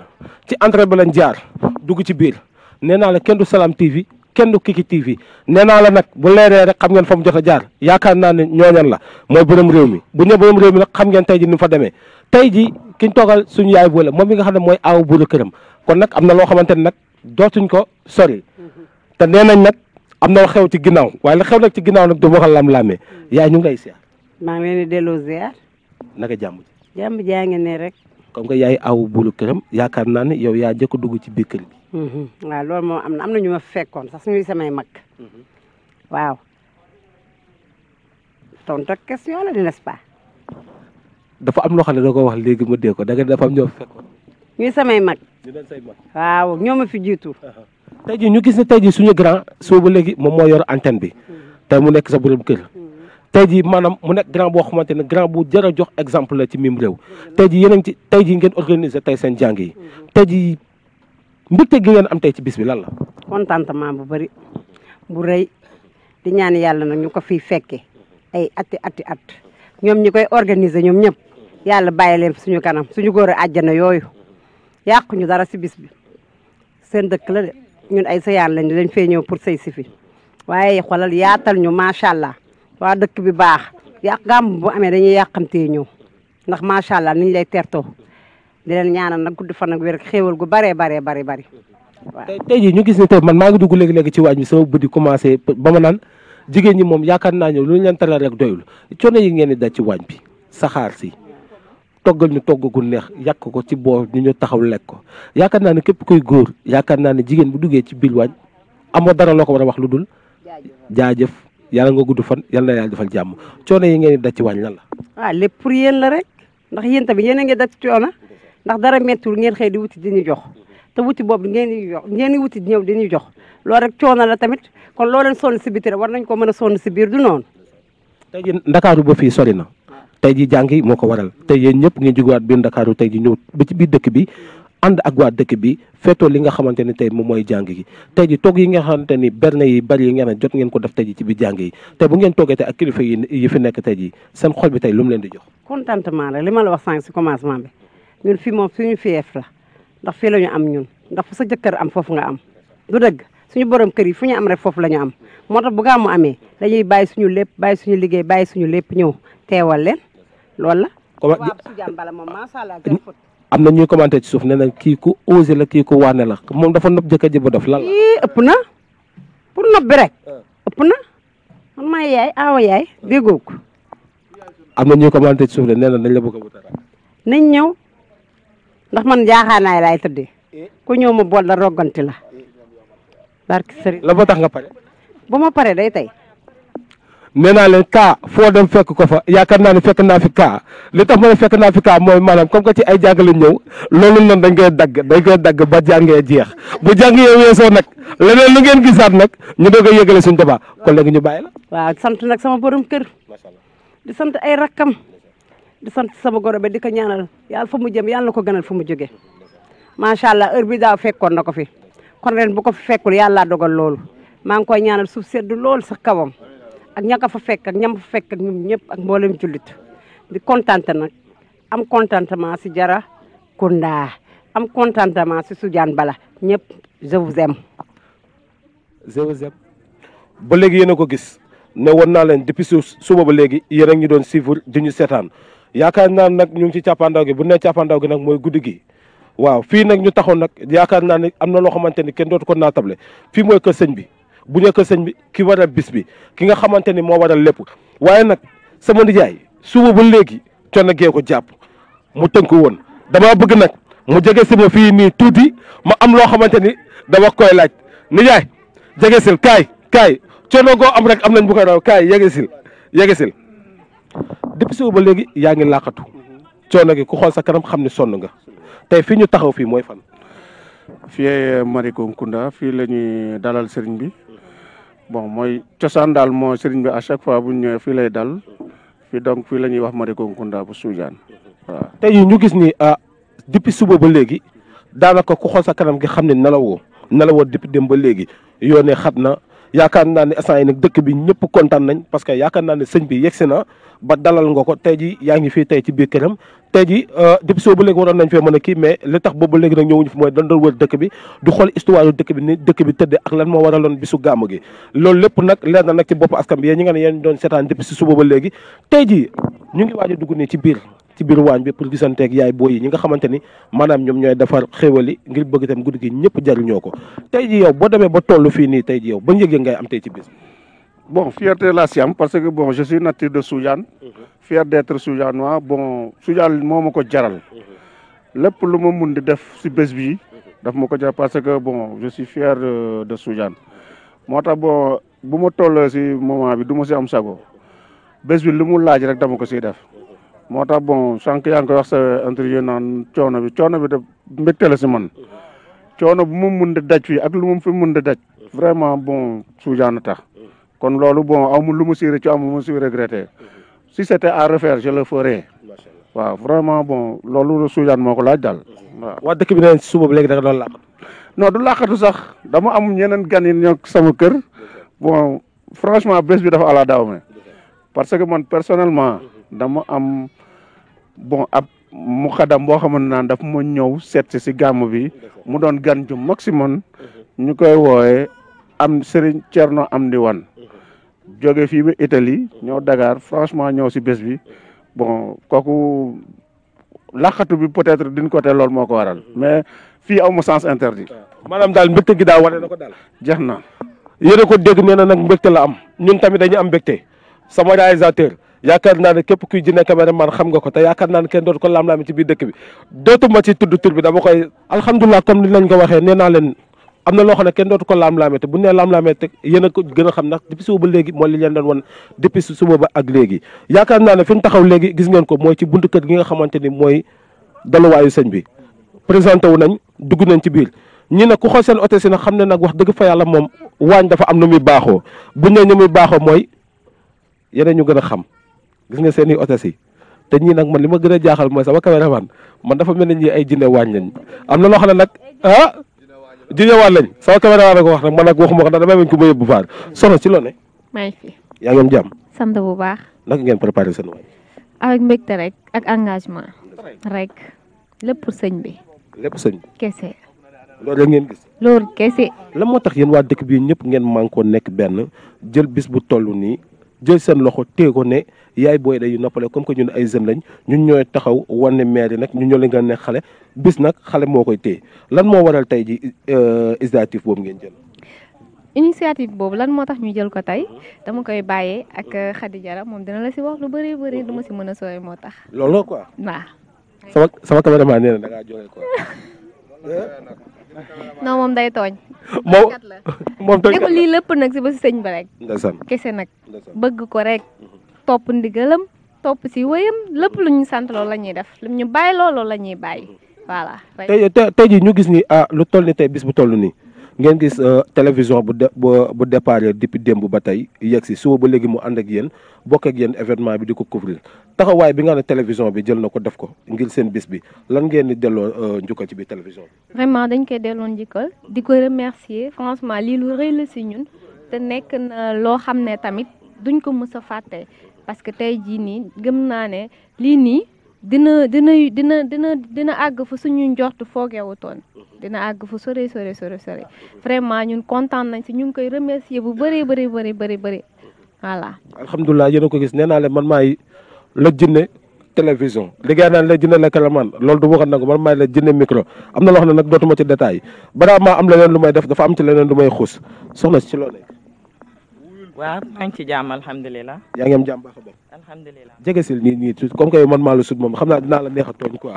ci entrée ba lañ jaar dugg ci biir nee naa la kenn du Salam TV kenn du Kiki TV nee naa la nag bu leeree rek xam ngeen fa mu jot a jaar yaakaar naa ne ñooñan la mooy borom réew mi bu ñëw borom mi nag xam ngeen tey ji ni fa demee tey ji kiñ toogal suñu yaay boole moom mi nga xam ne mooy aaw buuru këram kon nag am na loo xamante ne nag dootuñ ko sori te nee nañ nag am na xew ci ginnaaw waaye xew nag ci ginnaaw nag du waxal lam-laamee yaay ñu ngi lay ziar maa ngi leen di delloo ziar jàmm ji jàmm jaa ngi rek comme yaay aaw buuru këram yaakaar naa ne yow yaa njëkk dugg ci biir kër gi Mhm. waaw loolu moom am na am na ñu ma fekkoon sax suñuy samay mag. Mhm. waaw tontu ak question la n'est-ce dafa am loo xam ne da ko wax léegi ma dee ko da nga dafa am ñoo fekkoon. ñuy samay mag. ñu say mag waaw ñoo ma fi jiitu. Uh-huh. tey jii ñu gis ne tey jii suñu grand soo ba léegi moom moo yor antenne bi mhm. te mu nekk sa borom kër. tey jii maanaam mu nekk grand boo xamante ne grand bu jar jox exemple la ci mim réew. tey jii yéen ci tey jii ngeen organiser tey seen jàng yi. tey mbégte gi ngeen am te ci bis bi lan la. contentement bu bëri bu rëy di ñaan yàlla nag ñu ko fiy fekke ay atti ati at ñoom ñi koy organiser ñoom ñëpp yàlla bàyyi leen suñu kanam suñu góor a àjjana yooyu yàqu ñu dara si bis bi seen dëkk la de ñun ay sëyaan lañu dañ fee ñëw pour sey si fi waaye xoolal yaatal ñu macha allah waa dëkk bi baax yàq gàmm bu amee dañuy yàqamtee ñëw ndax macha allah niñ lay tertoo di leen ñaanal nag gudd fan ak wér xéewal gu baree baree bari bari waaw tey jii ñu gis ne tey man maa ngi dugg léegi-léegi ci waañ bi sama bët yi commencé ba ma naan jigéen ñi moom yaakaar naa ñëw lu ñu leen taral rek doyul coono yi ngeen di daj ci waañ bi saxaar si toggal ñu togg gu neex yàq ko ci boor ñu ñu taxaw lekk ko yaakaar naa ne képp koy góor yaakaar naa ne jigéen bu duggee ci biir waañ amoo dara loo ko war a wax lu dul jaajëf yàlla nga gudd fan yàlla na yàlla defal jàmm coono yi ngeen di daj ci waañ lan la waaw ah, lépp pour yéen la rek ndax yéen tamit yéen a ngi daj coono ndax dara mettiwul ngeen xëy di wuti di ñu jox te wuti boobu ngeen di jox ngeen di wuti di ñëw di ñu jox loolu rek coono la tamit kon loo leen sonn si war nañ ko mën a sonn si biir du noonu. tey jii ndakaaru ba fii sori na tey jii jàng yi moo ko waral tey yéen ñëpp ngeen jugewaat biir ndakaaru tey ji ñëw ba ci biir dëkk bi and ak waa dëkk bi feetoo li nga xamante ni tey moom mooy jàng yi tey ji toog yi nga xamante ni berne yi bari yi nga ne jot ngeen ko def tey ji ci biir jàng yi tey bu ngeen toogee tey ak kilifa yi yi fi nekk tey ji seen xol bi tey lu mu leen di jox contentement rek li ma la wax sànq si commencement ñun fii moom suñu fiyeef la ndax fi la ñu am ñun ndax fu sa jëkkër am foofu nga am du dëgg suñu borom kër yi fu ñu am rek foofu lañu am moo tax bu gàmmu amee dañuy bàyyi suñu lépp bàyyi suñu liggéey bàyyi suñu lépp ñëw teewal leen loolu la. am na ñuy commenté ci suuf nee na kii ku osé la kii ku waane la moom dafa nopp jëkkër ji ba dof lan la. ëpp na pour nopp bi rek. Ah. ëpp na man maa yaay aawa yaay déggoo ko. am na ñuy commenté ci suuf de nee na nañ bëgg a wutaraat. nañ ñëw. ndax man jaaxaanaay laay tëddee eh. ku ñëw ma bool la rogganti la barki sëriñ la ba tax nga pare bu ma paree day tey nee naa leen kaa foo dem fekk ko fa yaakaar naa ne fekk naa fi kaa li tax ma ne fekk naa fi kaa mooy maanaam comme que ci ay jàngale ñëw loolu noonu dañ koy dagg dañ koy dagg ba jàngee jeex bu jàngee weesoo nag leneen lu ngeen gisaat nag ñu doog a yëgale suñ débat kon léegi ñu bàyyi la waaw sant nag sama borom kër di sant ay rakkam di sant sama goro be di ko ñaanal yàlla fa mu jëm yàlla na ko gënal fa mu jóge macha allah heure bi daaw fekkoon na ko fi kon ren bu ko fi fekkul yàlla dogal loolu maa ngi koy ñaanal suuf seddu lool sax kawam ak ña ko fa fekk ak ñam fa fekk ak ñoom ñëpp ak mboolem jullit di kontante nag am contentement si jara Kounda am contentement si Soudiane Bala ñëpp je vous ba léegi yéen a ko gis ne woon naa leen depuis suba ba léegi yéen a ngi doon suivre di ñu seetaan. yaakaar naa nag ñu ngi ci càppaandaw gi bu ne càppaandaw gi nag mooy guddi gi waaw fii nag ñu taxoon nag yaakaar naa ni am na loo xamante ni kenn dootu ko naatable fii mooy kër sëñ bi bu ñu kër sëñ bi ki a bis bi ki nga xamante ni moo waral lépp waaye nag sama nijaay suuba ba léegi coono gee ko jàpp mu tënk woon dama bëgg nag mu jege si fii nii tuuti ma am loo xamante ni dama koy laaj nijaay jege sil kaay kaay coono goo am rek am nañ bu koy daw kaay yege sil yege sil depuis suba ba léegi yaa ngi làqatu coono gi ku xool sa kanam xam ne sonn nga tey fii ñu taxaw fii mooy fan. fii Marikounda fii la ñuy dalal sëriñ bi bon mooy cosaan daal moo sëriñ bi à chaque fois bu ñu ñëwee fii lay dal fii donc fii la ñuy wax Marikounda bu Soudiane te tey ñu gis ni a ah, depuis suba ba léegi daanaka ku xool sa kanam gi xam ne nelawoo nelawoo depuis dem ba léegi yoonee xat na. yaakaar naa ne instant yi nag dëkk bi ñëpp kontaan nañ parce que yaakaar naa ne sëñ bi yegsi na ba dalal nga ko tey ji yaa ngi fi tey ci biir këram te ji euh, depuis soo bu léegi waroon nañ fee mën a kii mais li tax boobu léegi nag ñëwuñu fi mooy dañ doon wër dëkk bi du xool histoire dëkk bi ni dëkk bi tëddee ak lan moo waraloon bisu gàmm gi loolu lépp nag leer na nag ci bopp askan bi yéen ñi nga ne yéen doon seetaan depuis si suba ba léegi tey ji ñu ngi waaj a dugg nii ci biir ci biir waañ bi pour gisanteeg yaay booy yi ñi nga xamante ni maanaam ñoom ñooy defar xéwali ngir bëgg itam guddi gi ñëpp jariñoo ko tey ji yow boo demee ba toll fii nii tey ji yow ba njëg ngay am tey ci bis bon fierté la si parce que bon je suis natif de Soudiane mhm. fier d'être Soudianois bon moo ma ko jaral mhm. lépp lu ma mun def si bés bi mhm. daf ma ko jaral parce que bon je suis fier de Soudiane moo tax bon bu ma toll si moment bi du ma si sago bés bi lu mu laaj rek dama ko siy def moo tax bon sànq yaa ngi koy wax sa interview coono bi coono bi de mbégte la si man coono bu mu mun di daj fii ak lu mu fi mun di daj vraiment bon Soudiane tax kon loolu bon amul lu mu si rëcc amul lu mu si regretté si c'était à refaire je le ferai waa vraiment bon loolu Soudiane moo ko laaj daal waaw. waa dëkk bi nee si suba bi léegi da nga doon làqatu. non du làqatu sax dama am ñeneen gan yi ñoo sama kër bon franchement bés bi dafa ala me parce que man personnellement dama am. bon ab mu xadam boo xamante naan daf ma ñëw seet si gàmm bi mu doon gan ju maximum ñu koy wooye am Serigne Thierno Amdi Wane jóge fii ba Italie ñëw Dakar franchement ñëw si bés bi bon kooku laqatu bi peut-être d'une côté loolu moo ko waral mais fii aw ma sens interdit. maanaam daal mbégte gi daal wane na ko daal. jeex na yéen ko dégg mais nag mbégte la am ñun tamit dañu am mbégte sama réalisateur. yaakaar naa ne képp kuy jinne caméraman xam nga ko te yaakaar naa ne kenn dootu ko laam-laami ci biir dëkk bi dootuma ci tudd tur bi dama koy alhamdulilah comme ni lañ waxee nee naa leen am na loo xam ne kenn dootu ko laam-laamee te bu nee laam a ko gën a xam ndax depuis suba ba léegi mooy li leen ak léegi yaakaar naa ne fi taxaw léegi gis ngeen ko mooy ci buntu kër gi nga xamante ni mooy daluwaayu sëñ bi présenté wu nañ dugg nañ ci biir ñi ne ku xool seen oto si nag xam ne nag wax dëgg fa yàlla moom waañ dafa am nu muy baaxoo bu nee na muy baaxoo mooy yeneen ñu gën a xam gis nga seen i otes yi te ñii nag man li ma gën a jaaxal mooy sama caméraman man dafa mel na ñii ay jinne waañ lañ am na loo xam ne nag ah jinne waañ lañ sama caméraman la ko wax nag man nag waxuma ko ndax damay bañ ko ba yóbbu faar soxna ci loone maa yaa ngi jàmm sant bu baax naka ngeen préparé seen waay avec mbégte rek ak engagement rek lépp sëñ bi lépp sëñ bi loolu rek ngeen gis loolu kese la moo tax yéen waa dëkk bi ñëpp ngeen man koo nekk benn jël bis bu toll nii jël seen loxo téye ko ne yaay booy dañuy noppale comme que ñun ay jeunes lañ ñu ñooy taxaw wane maire yi nag ñu ñoo leen gën ne xale bis nag xale moo koy téye lan moo waral tey ji euh, initiative boobu ngeen jël. initiative boobu lan moo tax ñu jël ko tey dama koy bàyyee ak xaddi Diarra moom dina la si wax lu bëri bëri lu ma si mën a sooy moo tax. loolu quoi. waaw. sama sama caméraman ma na da ngaa joxe quoi. non moom day tooñ. moom moom tooñ lii lépp nag si ba si sëñ ba rek. kese nag. bëgg ko rek. topp ndigalam topp si wéyam lépp lu ñu sant loolu la ñuy def lu ñu bàyyi loolu la ñuy bàyyi voilà. tey tey ñu gis ni ah lu toll ni tey bis bu toll nii ngeen gis euh, télévision bu de bu départ depuis démb ba tey yegg si suba ba léegi mu ànd ak yéen bokk ak événement bi di ko couvrir taxawaay bi nga xam ne télévision bi jël na ko def ko ngir seen bis bi lan ngeen di delloo euh, njukkal ci biir télévision bi. vraiment dañ koy delloo njukkal di ko remercier franchement lii lu rëy la si ñun te nekk na loo xam ne tamit duñ ko mës a fàtte parce que tey jii nii gëm naa ne lii nii. dina dina dina dina dina àgg fa suñu njort foogewutoon dina àgg fa sore sore sore sore vraiment ñun kontaan nañ si ñu ngi koy remercier bu bëree bëri bëri bëri bëri voilà. alhamdulilah yéen a ko gis nee naa leen man maay la jinne télévision li ngay naan la jinne la kalamaan loolu du waxoon nag man maay la jinne micro am na loo xam ne nag dootuma ci détail balaa maa am leneen lu may def dafa am ci leneen lu may xuus soxna si ci loo nekk. waaw maa ngi ci jàmm alhamdulilah. yaa ngi am jàmm baax alhamdulilah jege si nii nii comme que man maa la sut moom xam naa dinaa la neex a tooñ quoi.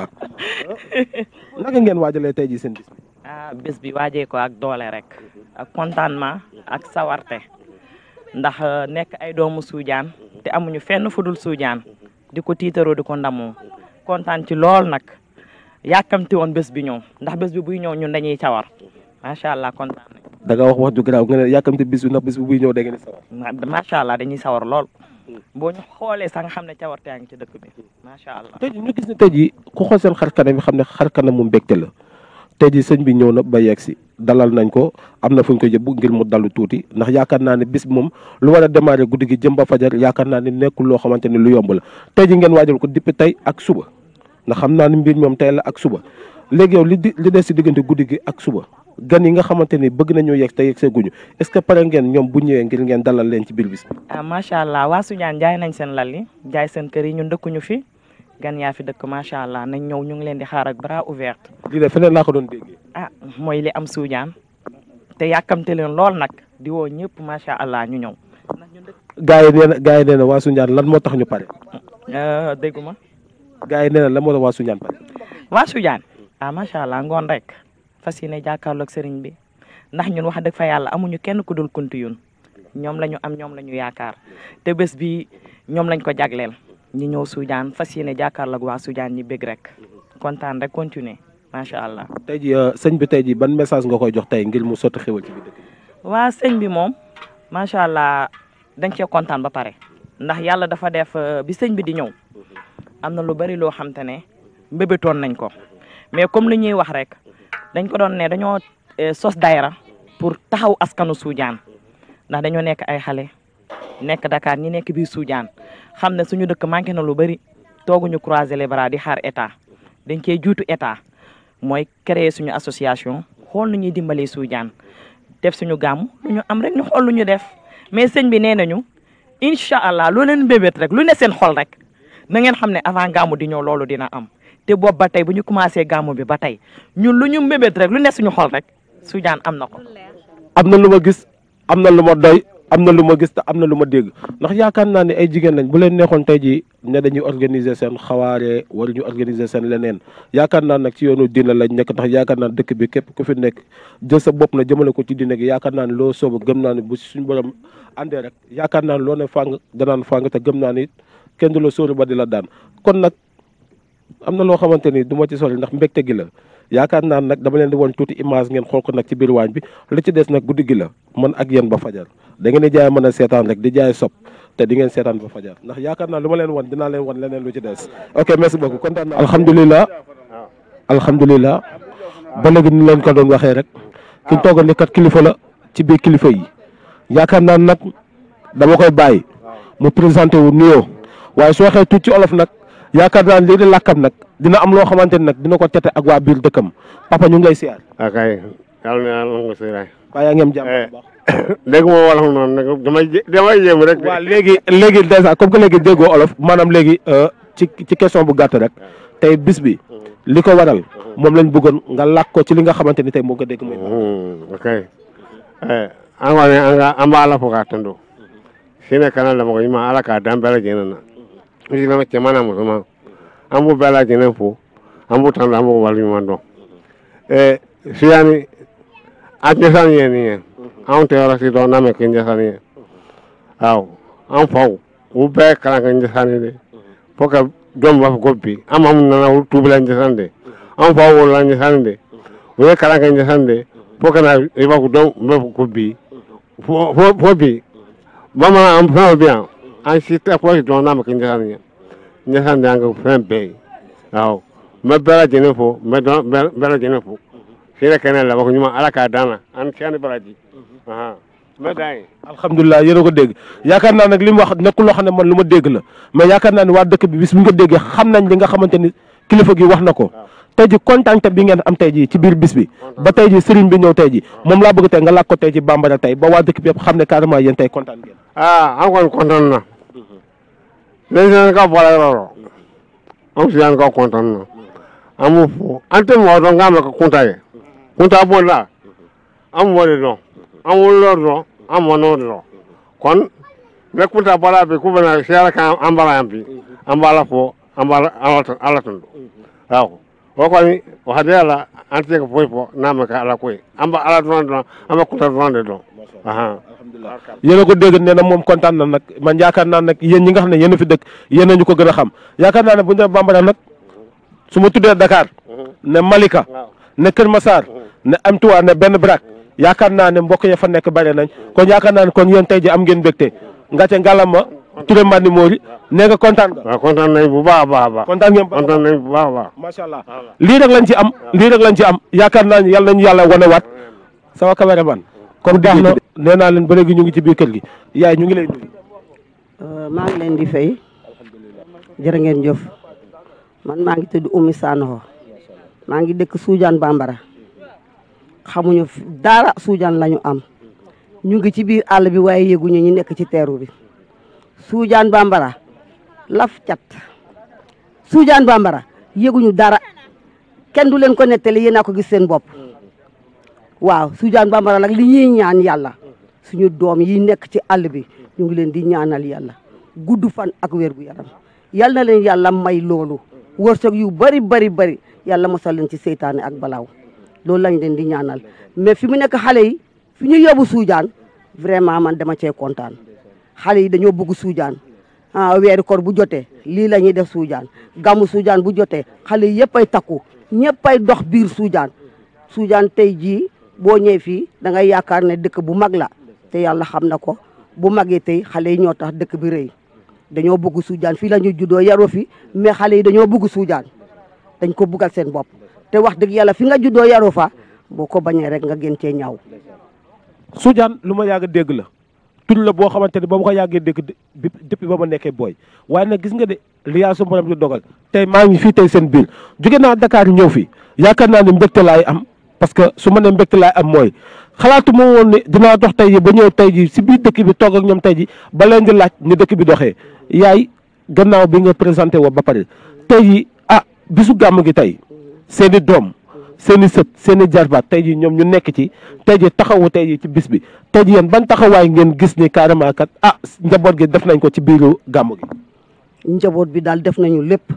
naka ngeen waajalee tey ji seen bis bi. ah bi waajee ko ak doole rek. ak contentement ak sawarte. ndax euh, nekk ay doomu Suujaan. te amuñu fenn fudul Suujaan. di ko tiitaroo di ko ndamoo kontaan ci lool nag yàkkamti woon bés bi ñëw ndax bés bi buy ñëw ñun dañuy sawar macha allah kontaan nañ. da nga wax wax ju garaaw nga ne yàkkamti bés bi ndax bés bi buy ñëw da ngeen macha allah dañuy sawar lool. boo ñu xoolee sax nga xam ne cawarte yaa ngi ci dëkk bi macha allah. tey ñu gis ne tey jii ku xool seen xar kanam yi xam ne xar kanam mu mbégte la. tey ji sëñ bi ñëw na ba yegg si dalal nañ ko am na fu ñu ko yóbbu ngir mu dalu tuuti ndax yaakaar naa ne bis moom lu war a démarrer guddi gi jëm ba fajar yaakaar naa ne nekkul loo xamante ni lu yomb la tey ji ngeen waajal ko depuis tey ak suba ndax xam naa ni mbir moom tey la ak suba léegi yow li di li des si diggante guddi gi ak suba gan yi nga xamante ni bëgg nañu yegg te yegg seeguñu est-ce que pare ngeen ñoom bu ñëwee ngir ngeen dalal leen ci biir bis bi. ah macha allah waa Suñaan jaay nañ seen lal yi seen kër yi ñun dëkkuñu fi gan yaa fi dëkk macha allah nañ ñëw ñu ngi leen di xaar ak bras ouvert. lii de ko doon déggee. ah mooy li am Soudiane te yàkkamte leen lool nag diwoo woo ñëpp macha allah ñu ñëw. gaa yi gaa yi nee waa Soudiane lan moo tax ñu pare. Euh, déggu ma. gaa yi nee na lan moo tax waa Soudiane pare. waa Soudiane ah macha allah ngoon rek fas yéene jàkkaarloog sëriñ bi ndax ñun wax dëgg fa yàlla amuñu kenn ku dul kunti yun ñoom la ñu am ñoom la ñu yaakaar te bés bi ñoom lañ ko jagleel. ñu ñëw Soudiane fas yéene jàkkaarloog waa Soudiane ñi bëgg rek kontaan rek continuer macha allah. te jii euh, sëñ bi tey jii ban message nga koy jox tey ngir mu sotti xéwal ci biir waa sëñ bi moom macha allah dañ cee kontaan ba pare ndax yàlla dafa def euh, bi sëñ bi di ñëw am na lu bari loo xam te ne mbébétoon nañ ko mais comme lu ñuy wax rek dañ ko doon ne dañoo euh, sos daayira pour taxaw askanu suujaan ndax dañoo nekk ay xale nekk Dakar ñi nekk biir Soudiane. xam ne suñu dëkk manqué na lu bëri tooguñu croiser les bras di xaar état dañ koy juutu état mooy créer suñu association xool nu ñuy dimbalee Soudiane def suñu gàmm lu ñu am rek ñu xool lu ñu def mais sëñ bi nee nañu incha allah loo leen bébét rek lu ne seen xol rek na ngeen xam ne avant gàmmu di ñëw loolu dina am te boob ba tey bu ñu commencé gàmmu bi ba tey ñun lu ñu mbébét rek lu ne suñu xol rek Soudiane am na ko. am na lu ma gis am na lu ma doy. am na lu ma gis te am na lu ma dégg ndax yaakaar naa ne ay jigéen lañ bu leen neexoon tey jii ne dañuy organiser seen xawaare wala ñu organiser seen leneen yaakaar naa nag ci yoonu diine lañ nekk ndax yaakaar naa dëkk bi képp ku fi nekk jël sa na jëmale ko ci diine yaakaar naa ne loo soobu gëm naa ne bu suñu borom àndee rek yaakaar naa ne loo ne fàng danaan fàng te gëm naa ni kenn du la sóori ba di la daan kon nag am na loo xamante ni du ma ci sori ndax mbégte gi la yaakaar naa nag dama leen di woon tuuti image ngeen xool ko nag ci biir waañ bi li ci des nag guddi la man ak yéen ba fajar da ngeen di jaay mën a seetaan rek di jaay sob te di ngeen seetaan ba fajar ndax yaakaar naa lu ma leen wan dinaa leen wan leneen lu ci des ok merci beaucoup kontaan naa alhamdulilah alhamdulilah ba léegi nu leen ko doon waxee rek ki tooga ni kat kilifa la ci biir kilifa yi yaakaar naa nag dama koy bàyyi mu présenté wu nuyoo waaye soo waxee tuuti ci olof nag yaakaar naa lii di làkkam nag dina am loo xamante ni nag dina ko tete ak waa biir dëkkam papa ñu ngi lay siyaar waaye yaa ngi am jàmm moom wala a nag damay damay yéem rek. waaw léegi léegi dèjà comme que léegi déggoo olof maanaam léegi euh, ci ci question bu gàtt rek eh. tey bis bi mm-hmm. li ko waral mm-hmm. moom lañ bëggoon nga làkk ko ci li nga xamante ni tey moo ko dégg muy. Mm-hmm. ok an kɔni an ka an b'a ala fo k'a tanto sɛnɛ kana lamɔgɔ ɲuman ala k'a dan bɛɛ lajɛlen na n silamɛ cɛman na musoman an b'u bɛɛ lajɛlen fo an b'u tanto an b'u waleɲuman dɔn ɛɛ 아재산이에요. 아무 때라시도 남의 근자산이에요. 아우, 아무 파우. 우베 그런 근자산이래. 보까 좀 봐서 고비. 아마 문나나 우리 두블란 재산데. 아무 파우 올란 재산데. 왜 그런 근자산데. 보까 나 이바고 좀 봐서 고비. 고비. 마마 아무 파우 비앙. 안 시타 포시 좀 남의 근자산이야. 근자산데 안그 프렌베이. 아우. 몇 배라 지내고, 몇 배라 지내고. seeɗa kanella wako ñuma ala ka dana an ceerno baraji mhm. aha ma daye alhamdulilah yéen a ko dégg yaakaar naa nag li mu wax nekkul loo xam ne man lu ma dégg la mais yaakaar naa ne waa dëkk bi bis bu ñu ko nañ li nga xamante ni kilifa gi wax na ko tey ji bi ngeen am tey ji ci biir bis bi ba tey ji sëriñ bi ñow tey ji moom laa bëgg tey nga laaj ko tey ji bambara tey ba waa dëkk bi yëpp xam ne carrément yéen tey kontaan ngeen ah am kon kontaan na léegi nan ka boole roro am si nan ka kontaan na amu fo ante mo don ngam ka kuntaye Koutaabon laa am wari dɔn an wololɔ dɔn an mɔnɔ dɔn kɔni n bɛ Kouta baara bi k'u bɛna se Ala kan an baara bi an b'a la fɔ an b'a Ala tun don awɔ o kɔni o hadiya la an tɛ se ka foyi n'a ma Ala ko am an bɛ Ala dɔrɔn dɔn an bɛ Kouta dɔrɔn de dɔn ahan yéen ko dégg nee na moom kontaan na nag man yaakaar naa nag yéen ñi nga xam ne yéen fi dëkk yéen a ñu ko gën a xam yaakaar naa ne bu ñu doon bambara nag su ma tuddee Dakar ne Malika ne Kër Massar ne am tuwaa ne benn brak yaakaar naa ne mbokk ya fa nekk bare nañ kon yaakaar naa ne kon yéen tey ji am ngeen mbégte nga ce ngalama Touré Mbandi Mori nee nga kontaan nga. kontaan nañ bu baax a baax a baax. kontaan ngeen kontaan nañ bu a baax. macha allah lii lañ ci am lii rek lañ ci am yaakaar naa ne yàlla nañu yàlla wanewaat sama cameraman kon baax na naa leen ba léegi ñu ngi ci biir kër gi yaay ñu ngi lay nuyu. Euh, maa ngi leen di fay jërë ngeen jëf man maa ngi tudd Oumy Sanoho maa ngi dëkk Soudiane Bambara. xamuñu dara Soudiane lañu am ñu ngi ci biir àll bi waaye yëguñu ñu nekk ci teeru bi Soudiane Bambara laf cat Soudiane Bambara yëguñu dara kenn du leen ko nettali yéen a ko gis seen bopp waaw Soudiane Bambara nag li ñuy ñaan yàlla suñu doom yi nekk ci àll bi ñu ngi leen di ñaanal yàlla gudd fan ak wér gu yaram yal na leen yàlla may loolu wërsëg yu bari bari bari yàlla mosal leen ci seytaane ak balaw loolu lañ leen di ñaanal mais fi mu nekk xale yi fi ñu yóbbu Suujaan vraiment man dama cee kontaan xale yi dañoo bëgg Suujaan ah weeru koor bu jotee lii la ñuy def Suujaan gàmmu Suujaan bu jotee xale yi yëpp ay takku ñëpp ay dox biir Suujaan Suujaan tey jii boo ñëwee fii da yaakaar ne dëkk bu mag la te yàlla xam na ko bu magee tey xale yi ñoo tax dëkk bi rëy dañoo bëgg Suujaan fii la ñu juddoo yaroo mais xale yi dañoo bëgg Suujaan dañ ko bëggal seen bopp te wax dëgg yàlla fi nga juddoo yaroo fa boo ko bañee rek nga gën cee ñaaw. Soudiane lu ma yàgg dégg la tuñ la boo xamante ne boo ma ko yàggee dégg depuis ba ma nekkee booy waaye nag gis nga de li yaa su borom dogal tey maa ngi fii tey seen biir jóge naa Dakar ñëw fi yaakaar ne mbégte laay am parce que su ma nee mbégte laay am mooy xalaatu ma woon ne dinaa dox tey ba ñëw tey ji si biir dëkk bi toog ak ñoom tey ji ba leen di laaj ni dëkk bi doxee yaay gannaaw bi nga présenté woo ba pare tey ji ah bisu gàmm gi tey seen i doom seen i sët seen i jarbaat tey jii ñoom ñu nekk ci tey jii taxawu tey jii ci bis bi te jii yéen ban taxawaay ngeen gis ni carrément kat ah njaboot gi def nañ ko ci biiru gàmmu gi. njaboot bi daal def nañu lépp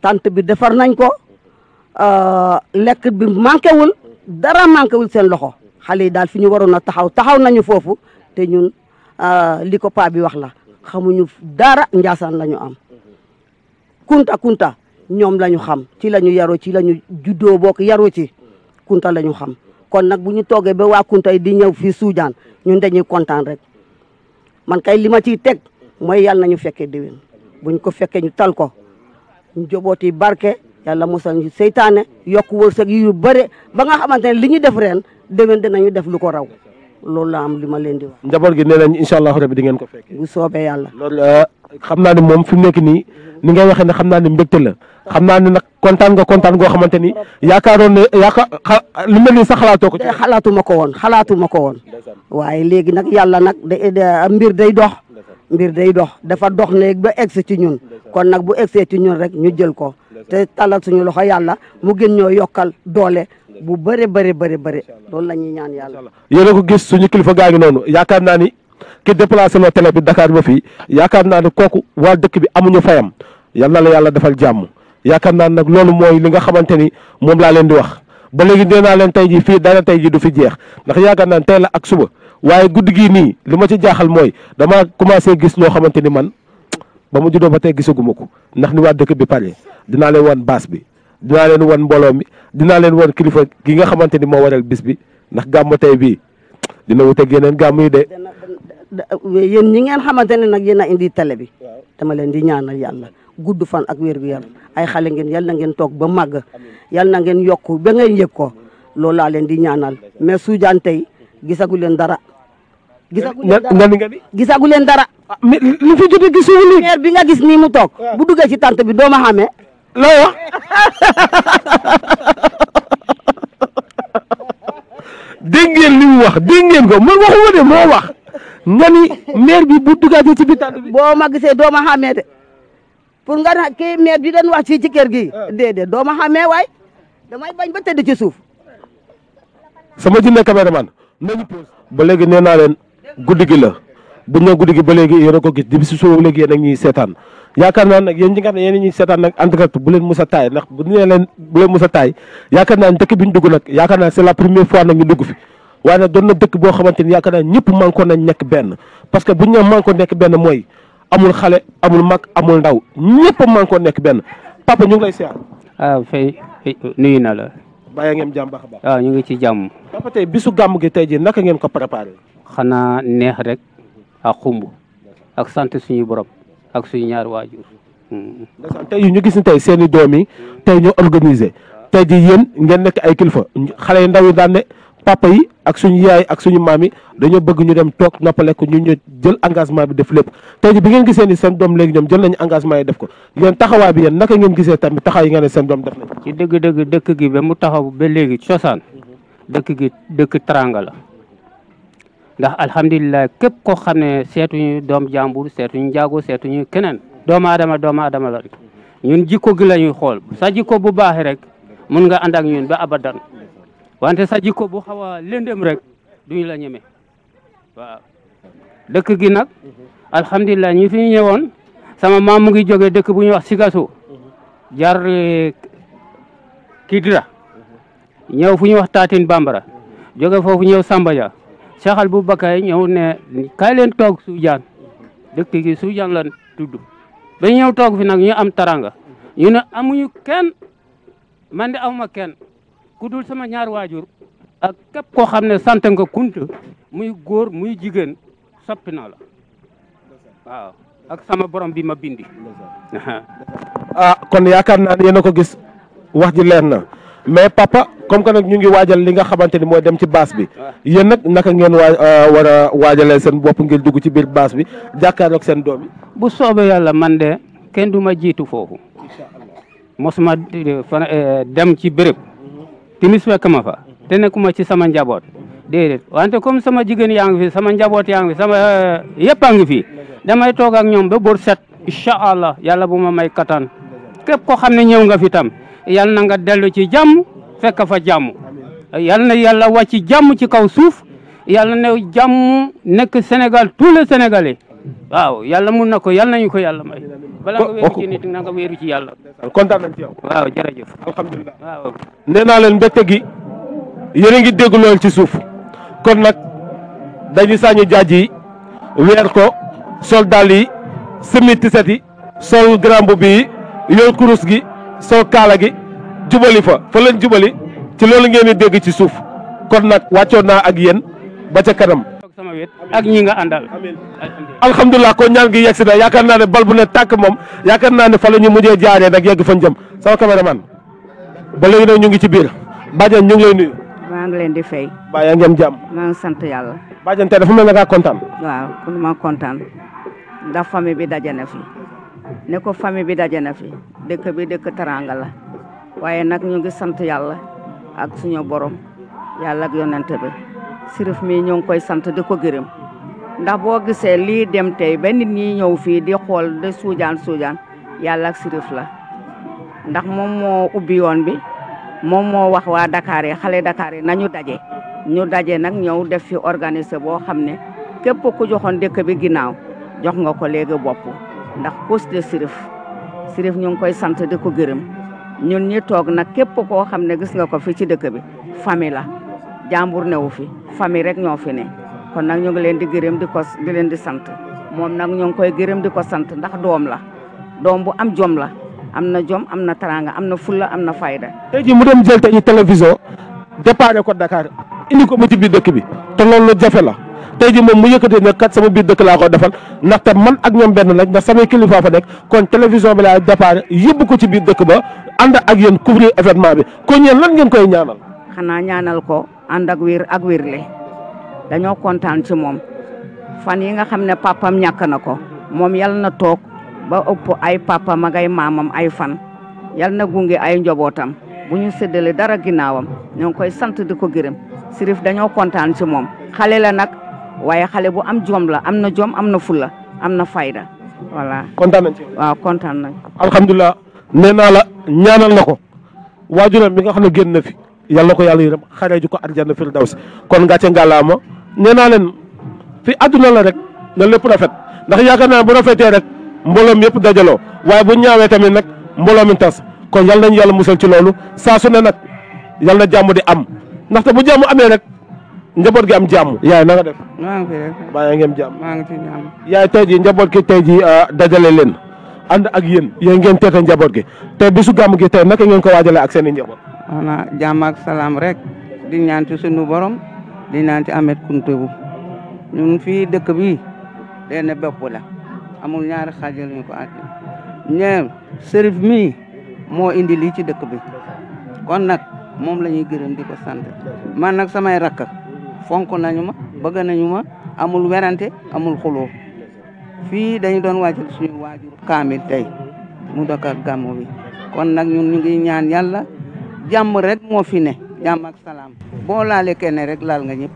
tant bi defar nañ ko euh, lekk bi manqué wul dara manqué wul seen loxo xale yi daal fi ñu waroon a taxaw taxaw nañu foofu te ñun euh, li ko bi wax la xamuñu dara njaasaan lañu ñu am kunta kunta ñoom lañu xam ci la ñu yaroo ci la ñu juddoo bokk yaroo ci kunta lañu xam kon nag bu ñu toogee ba waa kunta di ñëw fii Suujaan ñun dañuy kontaan rek man kay li ma ciy teg mooy yàlla nañu fekkee déwén buñ ko fekkee ñu tal ko ñu jobooti barke yàlla mosal ñu seytaane yokk wërsëg yu bëre ba nga xamante ne li ñu def ren déwén nañu def lu ko raw loolu la am li ma leen di wax. njaboot gi nee in incha allahu rabi ko fekkee. bu soobee yàlla. Euh, xam naa ne moom fi mu nekk nii ni ngay waxee ne xam naa ne mbégte la xam naa ne nag kontaan nga kontaan goo xamante ni yaakaaroon ne yaakaar lu mel ni sax xalaatoo ko. te xalaatuma ko woon xalaatuma ko woon. waaye léegi nag yàlla nag day mbir day dox. mbir day dox dafa dox léegi ba egsi ci ñun kon nag bu egsee ci ñun rek ñu jël ko te talal suñu loxo yàlla mu gën ñoo yokkal doole bu bëri bëri bëri bëri loolu la ñuy ñaan yàlla yéen a ko gis suñu kilifa gaa ngi noonu yaakaar naa ni ki déplacé na bi Dakar ba fii yaakaar naa ni kooku waa dëkk bi amuñu fayam yal na la yàlla defal jàmm yaakaar naa nag loolu mooy li nga xamante ni moom laa leen di wax ba léegi nee naa leen tey ji fii dara tey ji du fi jeex ndax yaakaar naa tey la ak suba waaye guddi gii nii li ma ci jaaxal mooy dama commencé gis loo xamante ni man ba mu juddoo ba tey gisaguma ko ndax ni waa dëkk bi pare dinaa leen wan baas bi dinaa leen wan mbooloo bi dinaa leen wan kilifa gi nga xamante ni moo waral bis bi ndax gàmm tey bii dina wuteeg yeneen gàmm yi de. yéen ni ngeen xamante ne nag yéen a indi tele bi dama leen di ñaanal yàlla gudd fan ak wér gu yaram ay xale ngeen yal na ngeen toog ba màgg yal na ngeen yokk ba ngeen loolu laa leen di ñaanal leen dara. gisagu leen dara ni gisagu leen dara ah, lu fi jot a gis suñu maire bi nga gis ni mu toog bu duggee ci tante bi doo ma xamee looy wax dégg ngeen mu wax dégg ngeen ko man waxuma de moo wax nga ni bi bu duggaatee ci biir tante bi boo ma gisee doo ma xamee de pour nga ne kii maire bi dañ wax fii ci kër gi ah. déedéet doo ma xamee waay damay bañ ba tëdd ci suuf sama jinne caméraman nañu pause ba léegi nee naa guddi gi la bu ñu guddi gi ba léegi yéen a ko gis depuis si suba léegi yéen a seetaan yaakaar naa nag yéen ñi nga xam ne ñuy seetaan nag andikat bu leen musa taay ndax bu nee leen bu leen bi ñu dugg nag yaakaar naa c'est la première fois nag ñu dugg boo xamante ni yaakaar naa ñëpp mànkoo nañ nekk benn parce que bu ñu nee mànkoo nekk benn mooy amul xale amul mag amul ndaw ñëpp mànkoo nekk benn papa ñu ngi lay seetaan. waaw ah, fay nuyu la. bàyyi ngeen jàmm baax a ah, ñu ngi ci jàmm. papa tey bisu gàmm gi tey jii naka ngeen ko préparé xanaa neex rek a xumb ak sant suñu borom ak suñu ñaar waajur tey ñu gis ni tey seen i doom yi tey ñoo organisé tey ji yéen ngeen nekk ay kilifa xale yi ndaw yi daan ne papa yi ak suñu yaay ak suñu maam yi dañoo bëgg ñu dem toog noppale ñu ñu jël engagement bi def lépp tey ji bi ngeen gisee ni seen doom léegi ñoom jël nañu engagement yi def ko yéen taxawaay bi yéen naka ngeen gisee tamit taxaw yi nga seen doom def nañ ci dëgg-dëgg dëkk gi ba mu taxaw ba léegi cosaan ndax alhamdulilah képp koo xam ne seetuñu doom jàmbur seetuñu jaago seetuñu keneen doomu aadama doomu aadama la ñun jikko gi la ñuy xool sa bu baaxee rek mun nga ànd ak ñun ba abadan wante sa bu xaw a lëndëm rek duñu la ñeme waaw dëkk gi nag alhamdulilah ñu fi ñëwoon sama maam mu ngi jógee dëkk bu ñuy wax Sigaso jar eh, Kidira ñëw fu ñuy wax Tatin Bambara jóge foofu ñëw Sambadia bu Cheikh Aboubacar ñëw ne kaay leen toog Soudiane dëkk gi Soudiane la tudd ba ñëw toog fi nag ñu am taranga ñu ne amuñu kenn man de amuma kenn ku dul sama ñaar waajur ak képp koo xam ne sant nga kunt muy góor muy jigéen soppi na la waaw ak sama borom bi ma bindi ah kon yaakaar naa ne ko gis wax ji leer na mais papa comme que nag ñu ngi waajal li nga xamante ni mooy dem ci baas bi yéen nag naka ngeen waa euh, war a waajalee seen bopp ngir dugg ci biir baas bi jàkkaarloog seen doom bu soobee yàlla man de kenn du ma jiitu foofu mosuma euh, euh, dem ci béréb timis fekk ma fa te nekkuma ci sama njaboot déedéet wante comme sama jigéen yaa ngi fi sama njaboot yaa ngi fi sama yëpp a ngi fi damay toog ak ñoom ba bor set incha allah yàlla bu ma may kattan képp koo xam ne ñëw nga fi tam yàlla na fekk fa jàmm yal na yàlla wàcc jàmm ci kaw suuf yàlla na jàmm nekk Sénégal tous les Sénégalais waaw yàlla mun na ko yal nañu ko yàlla may. bala nga wéeru ci nit na nga ci yàlla. kontaan nañ ci yow. waaw jërëjëf. naa leen mbégte gi yéen a ci suuf kon nag dañu sañu jaaj yi weer ko sol dàll yi sol grand boubou kurus gi sol kaala gi. jubali fa fa leen jubali ci loolu ngeen di dégg ci suuf kon nag wàccoon naa ak yéen ba ca kanam. sama wet ak ñi nga àndal. alhamdulilah kon ñaan gi yegg si yaakaar naa ne bal bu ne tàkk moom yaakaar naa ne fa la ñu mujjee jaaree nag yegg fan jëm sama caméraman ba léegi nag ñu ngi ci biir Badiane ñu ngi lay nuyu. maa ngi leen di fay. mbaa yaa ngi am jàmm. maa ngi sant yàlla. Badiane tey dafa mel ne kaa kontaan. ma kontaan ndax famille bi daje na fi ne ko famille bi daje na fi dëkk bi dëkk taranga waaye nag ñu ngi sant yàlla ak suñu borom yàlla ak yonente bi sirif mi ñu ngi koy sant di ko gërëm ndax boo gisee lii dem tey ba nit ñi ñëw fii di xool de suujaan suujaan yàlla ak sirif la ndax moom moo ubbi yoon bi moom moo wax waa Dakar yi xale Dakar nañu daje ñu daje nag ñow def fi organiser boo xam ne képp ku joxoon dëkk bi ginnaaw jox nga ko léegi bopp ndax poste de sirif sirif ñu ngi koy sant di ko gërëm ñun ñi toog nag képp koo xam ne gis nga ko fi ci dëkk bi famille la jàmbur newu fi famille rek ñoo fi ne kon nag ñu ngi leen di gërëm di ko di leen di sant moom nag ñu ngi koy gërëm di ko sant ndax doom la doom bu am jom la am na jom am na teraanga am na la am na fayda. tey jii mu dem jël tey télévision déparé ko Dakar indi ko ba ci dëkk bi te loolu jafe la. tey ji moom mu yëkkatee ne kat sama biir dëkk laa ko defal ndaxte man ak ñoom benn lañ ndax samay kilifa fa nekk kon télévision bi laa déparé yóbbu ko ci biir dëkk ba ànd ak yéen couvrir événement bi kon yéen lan ngeen koy ñaanal. xanaa ñaanal ko ànd ak wér ak wérle dañoo kontaan ci moom fan yi nga xam ne papam ñàkk na ko moom yal na toog ba ëpp ay papam ak ay maamam ay fan yal na gunge ay njobootam bu ñu séddale dara ginnaawam ñoo ngi koy sant di ko gërëm sirif dañoo kontaan ci moom waaye xale bu am jom la am na jom am na fula am na fayda voilà. kontaan nañ waaw kontaan nañ. alhamdulilah nee naa la ñaanal na ko waajuram bi nga xam ne génn na fi yàlla ko yàlla yërëm xaree ju ko aljanna firdaws kon gàcce ngàllaama nee naa leen fi àdduna la rek na lépp rafet ndax yaakaar naa bu rafetee rek mbooloom yëpp dajaloo waaye bu ñaawee tamit nag mbooloo mi tas kon yal nañu yàlla musal ci loolu saa su ne nag yal na jàmm di am ndaxte bu njaboot gi am jàmm yaay na nga def maa jàmm maa ngi fi jàmm yaay tey jii njaboot gi tey jii ah, dajale leen ànd ak yéen yéen ngeen teete njaboot gi te bisu gàmm gi tey naka ngeen ko waajale ak seen i njaboot xanaa jàmm ak salaam rek di ñaan ci sunu di ñaan ci Ameth Kounta bu ñun fii dëkk bi benn bopp la amul ñaari xaajal ñu ko àtte ñeer sërif mi moo indi lii ci dëkk bi kon nag moom lañuy ñuy gërëm di ko sant man nag samay rakk fonk nañu ma bëgg nañu ma amul werante amul xuloo fii dañu doon waajal suñu waajur kaamil tey mu Dakar gàmmu bi kon nag ñu ñu ngi ñaan yàlla jàmm rek moo fi ne jàmm ak salaam boo laale kenn rek laal nga ñëpp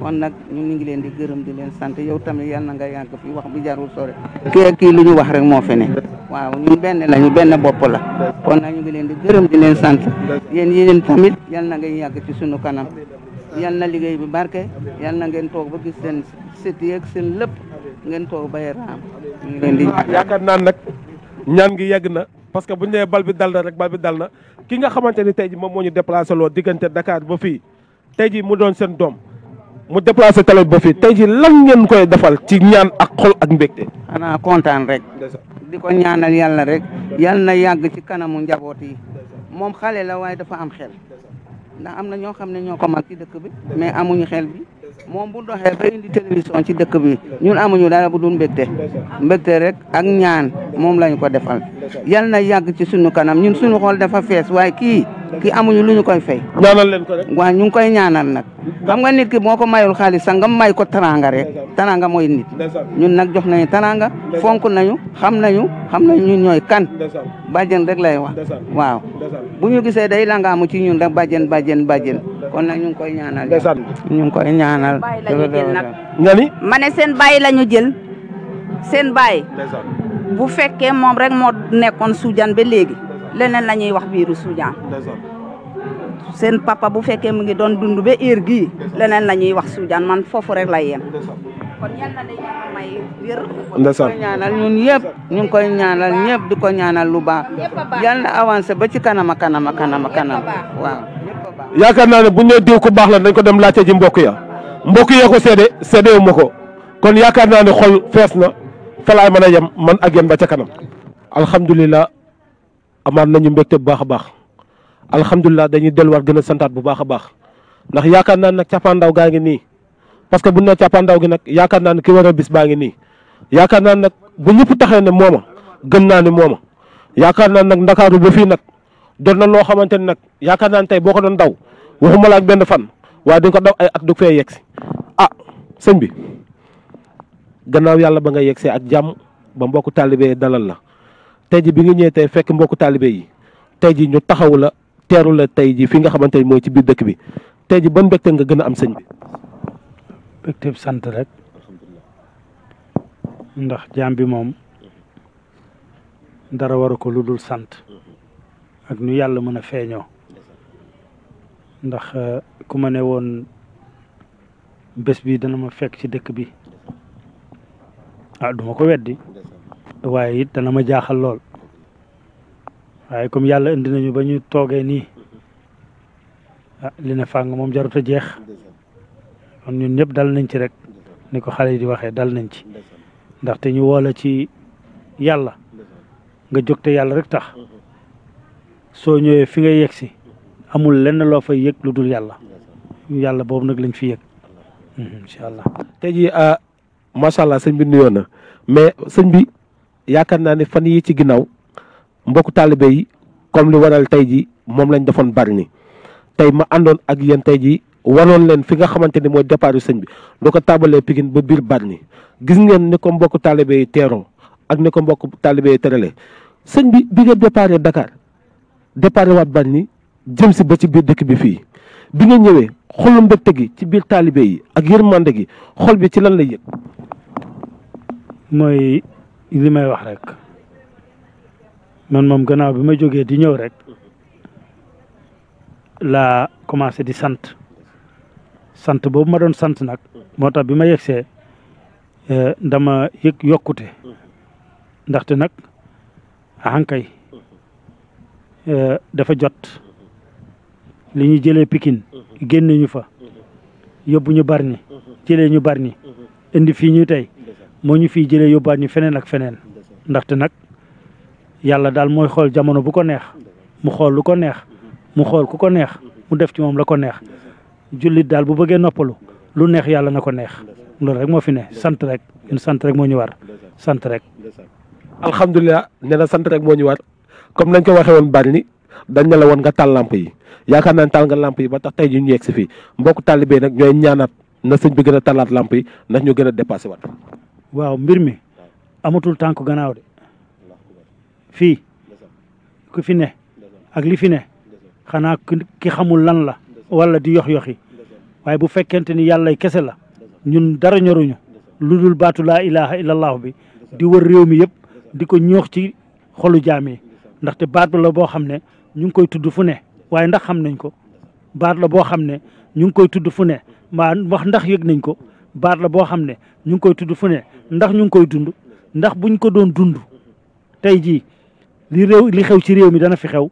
kon nag ñu ngi leen di gërëm di leen sant yow tamit yal na nga yàgg fi wax bi jarul sore kii kii lu ñu wax rek moo fi ne waaw ñun benn lañu benn bopp la kon nag ñu ngi leen di gërëm di leen sant yéen yéen tamit yal na nga yàgg ci sunu kanam yal na liggéey bi barke yal na ngeen toog ba gis seen set yeeg seen lépp ngeen toog bay raam ñu leen ah, yaakaar naan nag ñaan ngi yàgg na parce que bu ñu nee bal bi dal na rek bal bi dal na ki nga xamante ni tey ji moom moo ñu déplacé loo diggante Dakar ba fii tey ji mu doon seen doom mu déplacé talo ba fii tey ji lan ngeen koy defal ci ñaan ak xol ak mbégte xanaa kontaan rek di ko ñaanal yàlla rek yàlla na yàgg ci kanamu njaboot yi moom xale la waaye dafa am xel ndax am na ñoo xam ne ñoo ko mag ci dëkk bi mais amuñu xel bi moom bu doxee ba indi télévision ci dëkk bi ñun amuñu dara bu dul mbégte rek ak ñaan moom lañu ko defal yal na yàgg ci sunu kanam ñun sunu xool dafa fees waaye kii kii amuñu lu ñu koy fay. ñaanal leen ko waaw ñu ngi koy ñaanal nag. xam nga nit ki boo ko mayul xaalis sax nga may ko taranga rek taranga moy nit ñun nag jox nañu taranga fonk nañu xam nañu xam nañu ñun ñooy kan bàjjen rek lay wax waaw bu ñu gisee day langaamu ci ñun rek bàjjen kon nag ñu koy ñaanal ñaanal bàyyi la ñu jël nag nga ma ne seen bàyyi lañu jël seen baay bu fekkee moom rek moo nekkoon Soudiane ba léegi leneen la ñuy wax biiru Soudiane seen papa bu fekkee mu ngi doon dund ba heure gi leneen lañuy wax Soudiane man foofu rek la yem kon yal na ñun yëpp ñu ngi koy ñaanal ñëpp di ko ñaanal lu baax yal na avancé ba ci kanam a kanam a kanam a kanam waaw bu ñu diw ku baax la dañ ko dem laajte ji mbokk ya mbokk yee ko seede seedewu ma ko kon yaakaar naa ne xol fees na falaay mën a yem man ak yéen ba ca kanam alhamdulilah amaat nañu mbégte bu baax a baax alhamdulilah dañuy delluwaat gën a santaat bu baax a baax ndax yaakaar naa ne nag gaa ngi nii parce que bu ne cappaandaw gi nag yaakaar naa ne ki war a bis baa ngi nii yaakaar naa nag bu ñëpp taxee ne mooma gën naa ne mooma yaakaar naa nag ndakaaru ba fii nag doon na loo xamante ne nag yaakaar naa ne tey boo ko doon daw waxuma la ak benn fan waa duñ ko daw ay at du fee yegg si ah bi gannaaw yàlla ba nga yeggsee ak jàmm ba mbokku taalibe dalal la tey bi nga ñëwee tey fekk mbokku taalibe yi tey ji ñu taxawu la teeru la tey ji fi nga xamante ni mooy ci biir dëkk bi tey ji ban mbégte nga gën a am sëñ bi mbégte bi sant rek ndax jaam bi moom dara waru ko lu dul sant ak nu yàlla mën a feeñoo ndax euh, ku ma ne woon bés bi dana ma fekk ci dëkk bi ah duma ko weddi waaye it dana ma jaaxal lool waaye comme yàlla indi nañu ba ñu toogee nii ah li ne fàng moom jarut a jeex kon ñun ñëpp dal nañ ci rek ni ko xale yi di waxee dal nañ ci ndaxte ñu woola ci yàlla nga jóg yàlla rek tax soo ñëwee fi nga yegsi amul lenn loo fay yëg lu dul yàlla yàlla boobu nag lañ fi yëg mhm, incha allah. tey jii ah, macha allah sëñ bi nuyoon na mais sëñ bi yaakaar naa ne fan yi ci ginnaaw mbokku taalibe yi comme li waral tey ji moom lañ defoon bari ni tey ma àndoon ak yéen tey jii waroon leen fi nga xamante ni mooy départ yu sëñ bi doo ko tàmbalee Pikine ba biir ni gis ngeen ni ko mbokk taalibe yi teeroo ak ni ko mbokk taalibe yi tëralee sëñ bi bi nga départ Dakar départ waat Bargny jëm si ba ci biir dëkk bi fii bi nga ñëwee xolu mbégte gi ci biir taalibe yi ak yërmande gi xol bi ci lan lay yëg. mooy li may wax rek man moom gannaaw bi ma jógee di ñëw rek laa commencé di sant sant boobu ma doon sant nag moo tax bi ma yegsee eh, dama yëg yokkute ndaxte nag ahankay eh, dafa jot. li ñu jëlee pikin mhm. génne ñu fa mhm. yóbbu ñu Bargny mhm. jëlee ñu bari Bargny indi fii ñu tey moo ñu fii jëlee yóbbaat ñi feneen ak feneen ndaxte nag yàlla daal mooy xool jamono bu ko neex mu xool lu ko neex mu xool ku ko neex mu def ci moom la ko neex jullit daal bu bëggee noppalu lu neex yàlla na ko neex loolu rek moo fi ne sant rek ñun sant rek moo ñu war sant rek. alhamdulilah nee na sant rek moo ñu war comme nañ ko waxee woon Bargny dañ ne la woon nga tàllamp yi yaakaar naa ne taal nga lamp yi ba tax tey ji ñu yegg si fii mbokk taalibee nag ñooy ñaanaat na sëñ bi gën a talaat lamp yi ndax ñu gën a dépassé waat waaw mbir mi amatul tànk gannaaw de fii ku fi ne ak li fi ne xanaa ki xamul lan la wala di yox yoxi waaye bu fekkente ni yàlla kese la ñun dara ñoruñu lu dul baatu laa ilaha illallah bi di wër réew mi yëpp di ko ñoox ci xolu jaam yi ndaxte baatu la boo xam ne ñu ngi koy tudd fu ne waaye ndax xam nañ ko baat la boo xam ne ñu ngi koy tudd fu ne maa wax ndax yëg nañ ko baat la boo xam ne ñu ngi koy tudd fu ne ndax ñu ngi koy dund ndax buñ ko doon dund tey jii li réew li xew ci réew mi dana fi xew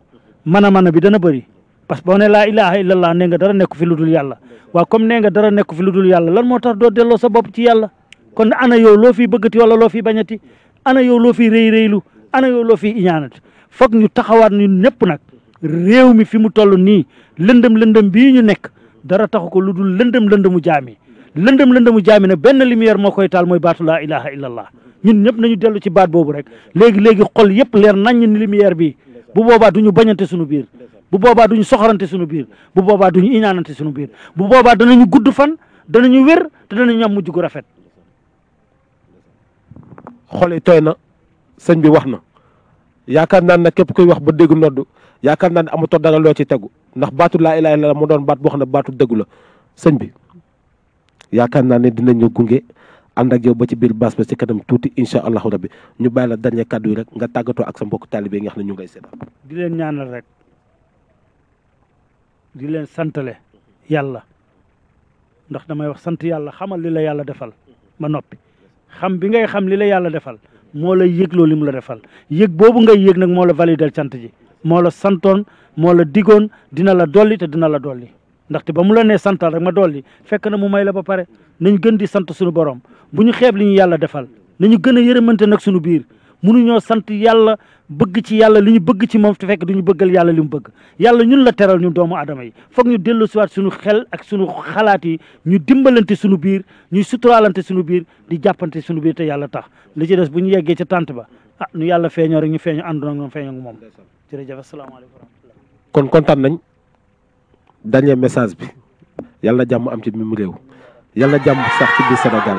mën a mën a bi dana bari parce que boo ne laa ilaha la nee nga dara nekku fi lu dul yàlla waaw comme ne nga dara nekk fi lu dul yàlla lan moo tax doo delloo sa bopp ci yàlla kon ana yow loo fiy bëggati wala loo fiy bañati ana yow loo fiy rëy rëylu ana yow loo fiy iñaanati foog ñu taxawaat ñun ñëpp nag réew mi fi mu toll nii lëndëm lëndëm bii ñu nekk dara taxu ko lu dul lëndëm lëndëmu jaami lëndëm lëndëmu jaami ne benn lumière moo koy taal mooy baatu laa ilaha illallah ñun ñëpp nañu dellu ci baat boobu rek léegi léegi xol yëpp leer nañ ni lumière bi bu boobaa du ñu bañante suñu biir bu boobaa du ñu soxorante suñu biir bu boobaa du ñu suñu biir bu boobaa danañu gudd fan ñu wér te danañu am mujj gu rafet. xol yi tooy na sëñ bi wax na yaakaar naa ne képp koy wax ba dégg noddu yaakaar naa ne amatoo dara loo ci tegu ndax baatu laa ilaaha illallaah mu doon baat boo xam ne baatu dëggu la sëñ bi yaakaar naa ne ñëw gunge ànd ak yow ba ci biir baas ba ci kanam tuuti incha allahu rabbi ñu bàyyi la dernier kàddu yi rek nga tàggatoo ak sa mbokk taalibe nga xam ne ñu ngay seetaan di leen ñaanal rek di leen santale yàlla ndax damay wax sant yàlla xamal li la yàlla defal ba noppi xam bi ngay xam li la yàlla defal moo lay yëg loolu li mu la defal yëg boobu ngay yëg nag moo la validal cant ji moo la santoon moo la digoon dina la dolli te dina la dolli ndaxte ba mu la nee santal rek ma dolli fekk na mu may la ba pare na nañ gën di sant suñu borom bu ñu xeeb li ñu yàlla defal nañu gën a yërëmante nag suñu biir mënuñoo sant yàlla bëgg ci yàlla li ñu bëgg ci moom te fekk ñu bëggal yàlla li mu bëgg yàlla ñun la teral ñu doomu aadama yi foog ñu dellu siwaat suñu xel ak suñu xalaat yi ñu dimbalante suñu biir ñuy suturaalante suñu biir di jàppante suñu biir yàlla tax li ci des bu ñu yeggee ca tànt ba ah yàlla feeñoo rek ñu feeñu àndoon ak moom feeñoo ak jërëjëf asalaamaaleykum wa kon kontaan nañ dernier message bi yàlla na jàmm am ci mi mu réew yàlla na jàmm sax ci biir Sénégal.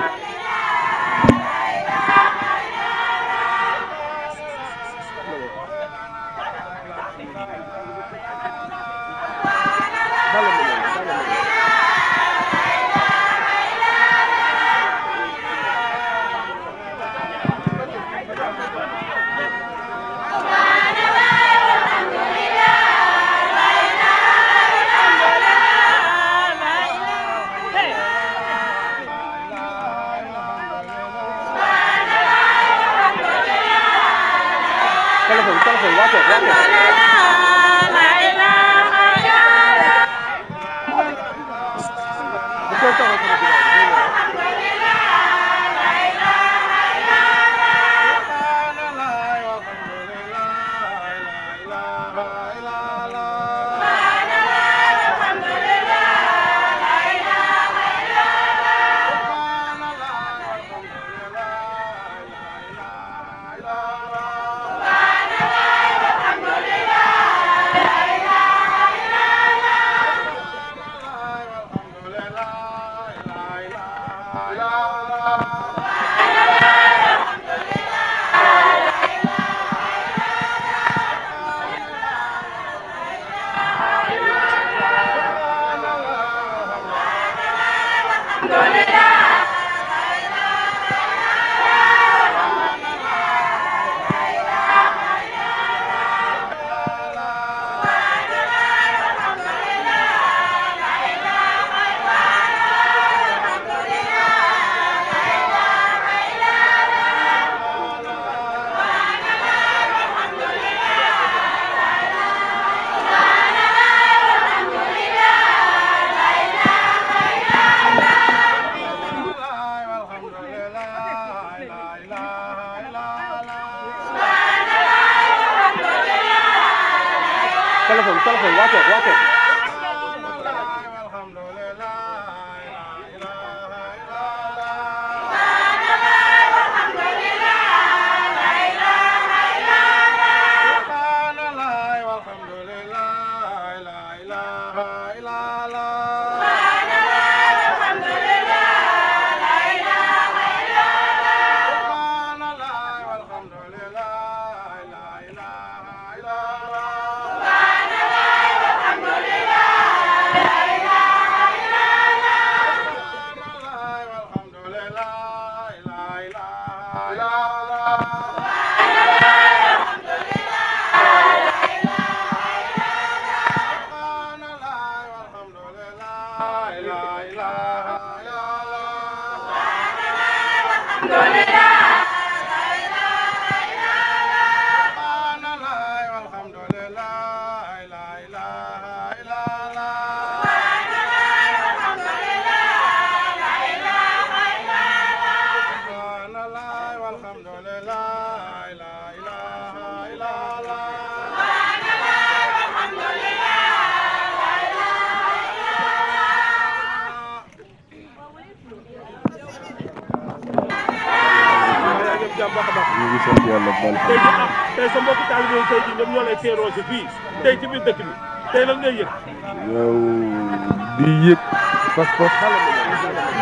pas-pas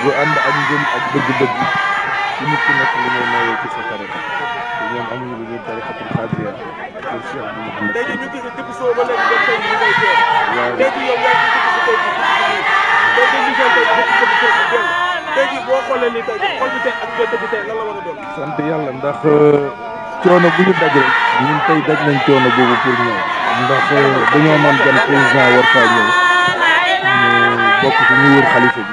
bu ànd ak ngëm ak bëgg-bëgg ci nit ki nekk li ngay ci sa tarixa te bi Mouhamed léegi ñu gis Dip Sow ba léegi ba tey ñu ngay teew waaw léegi yow yaa ngi gis tey ji léegi ñu gën tey bëgg bëgg tey bu dellu léegi boo xoolee ni tey xol bi tey ak bëgg bi tey lan la a bokk ci ñu wër xalifa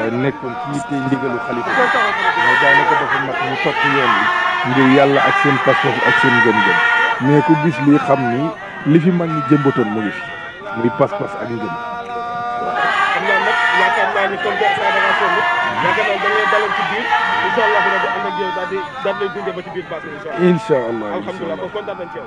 bi nekkoon ci yitte ndigalu xalifa bi mais daanaka dafa mag ñu topp bi ngir yàlla ak seen pas-pas ak seen gëm-gëm mais ku gis lii xam ni li fi mag ñi jëmbatoon mu ngi muy pas-pas ak ngëm waaw ci biir incha allah rabi ànd ak yow daal di daal di gunge ba ci biir Passe incha allah. incha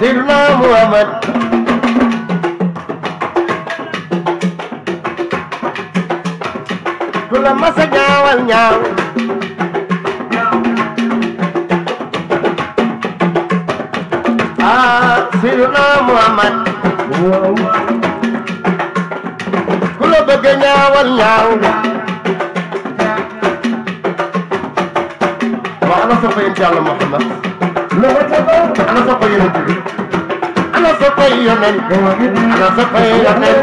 سيدنا محمد كل ما سجاوى النعم يعمل على صفه يعمل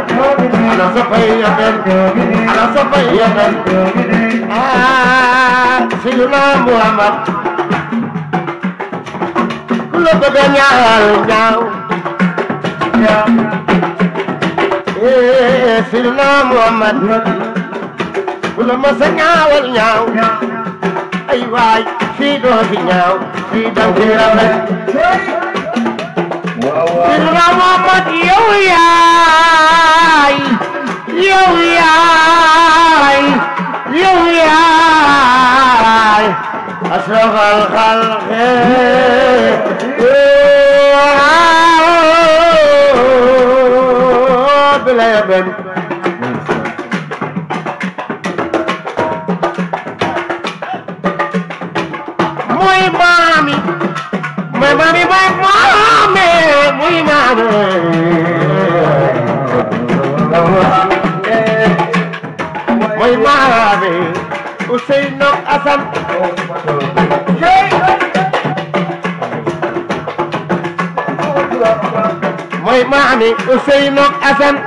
على صفه يعمل على صفه يعمل سيدنا محمد كل بدن يعمل سيدنا محمد كل ما سنعمل نعو أيوة في دوسي نعو في دوسي رمل Muhammad yow yaay yow yaay yow yaay أشرف الخلق بلا يبن muy maami muy maami muy maame muy maame Ousseynou Assane mooy maami Ousseynou Assane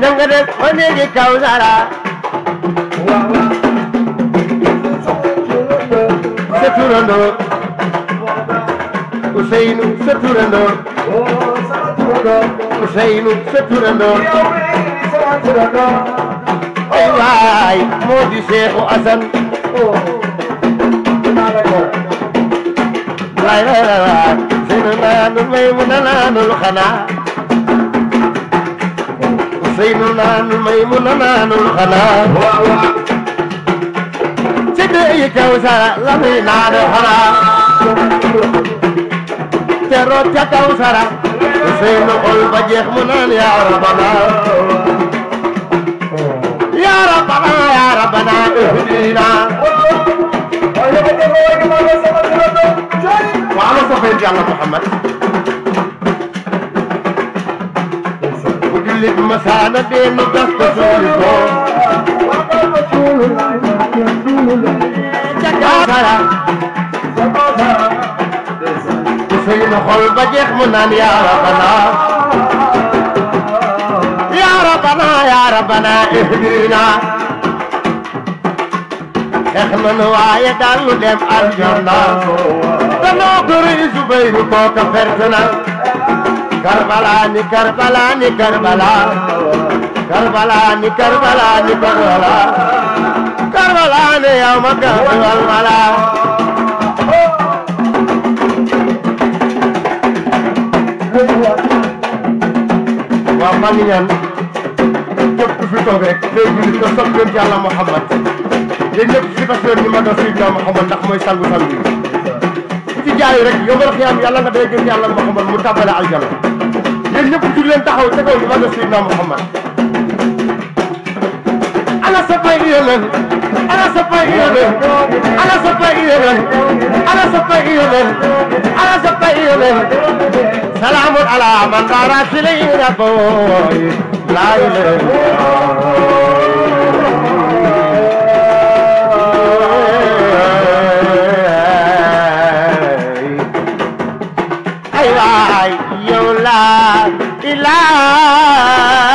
nanga def o neegi Kawsara sa turandoo Ousseynou sa turandoo Ousseynou sa turandoo ay waay moo di Seexu Asan waay waay waay Ousseynou naanul may mu na naanul xanaa Ousseynou naanul may mu na naanul xanaa yi kawsara la muy naan xanaa te root ca kawsara sey nu ol ba jeex mu naan yaa rabana yaa rabana yaa rabana ihdina wa ala safin yàlla Muhammad bu jullit masaana dee nu gas ko suuli ko Lulu jaajara jaajara suñu ma xol ba jeex mu naan yaa rabana yaa rabana yaa rabana ihdina xeex nanu waaye daal lu dem aljanna danoo gëri Zubayru kooka fertuna Karbala ni Karbala ni Karbala Karbala ni Karbala ni Karbala Karbala ne ya Makka Karbala waaw maa ngi ñaan képp ku fi toog rek tey julli te sopp yoon ci yàlla Muhammad yéen ñëpp si tas yoon ñu magal Seydina Muhammad ndax mooy sangu sangu yi ku ci jaayu rek yombal xiyaam yàlla nga day gën yàlla Muhammad mu tàbbale aljana yéen ñëpp jug leen taxaw ca kaw ñu magal Seydina Muhammad ana sa bay yéen أنا صفير أنا صفير أنا صفير أنا صفير سلام على من دار سليل أبوي لا إله أيوة يولا إله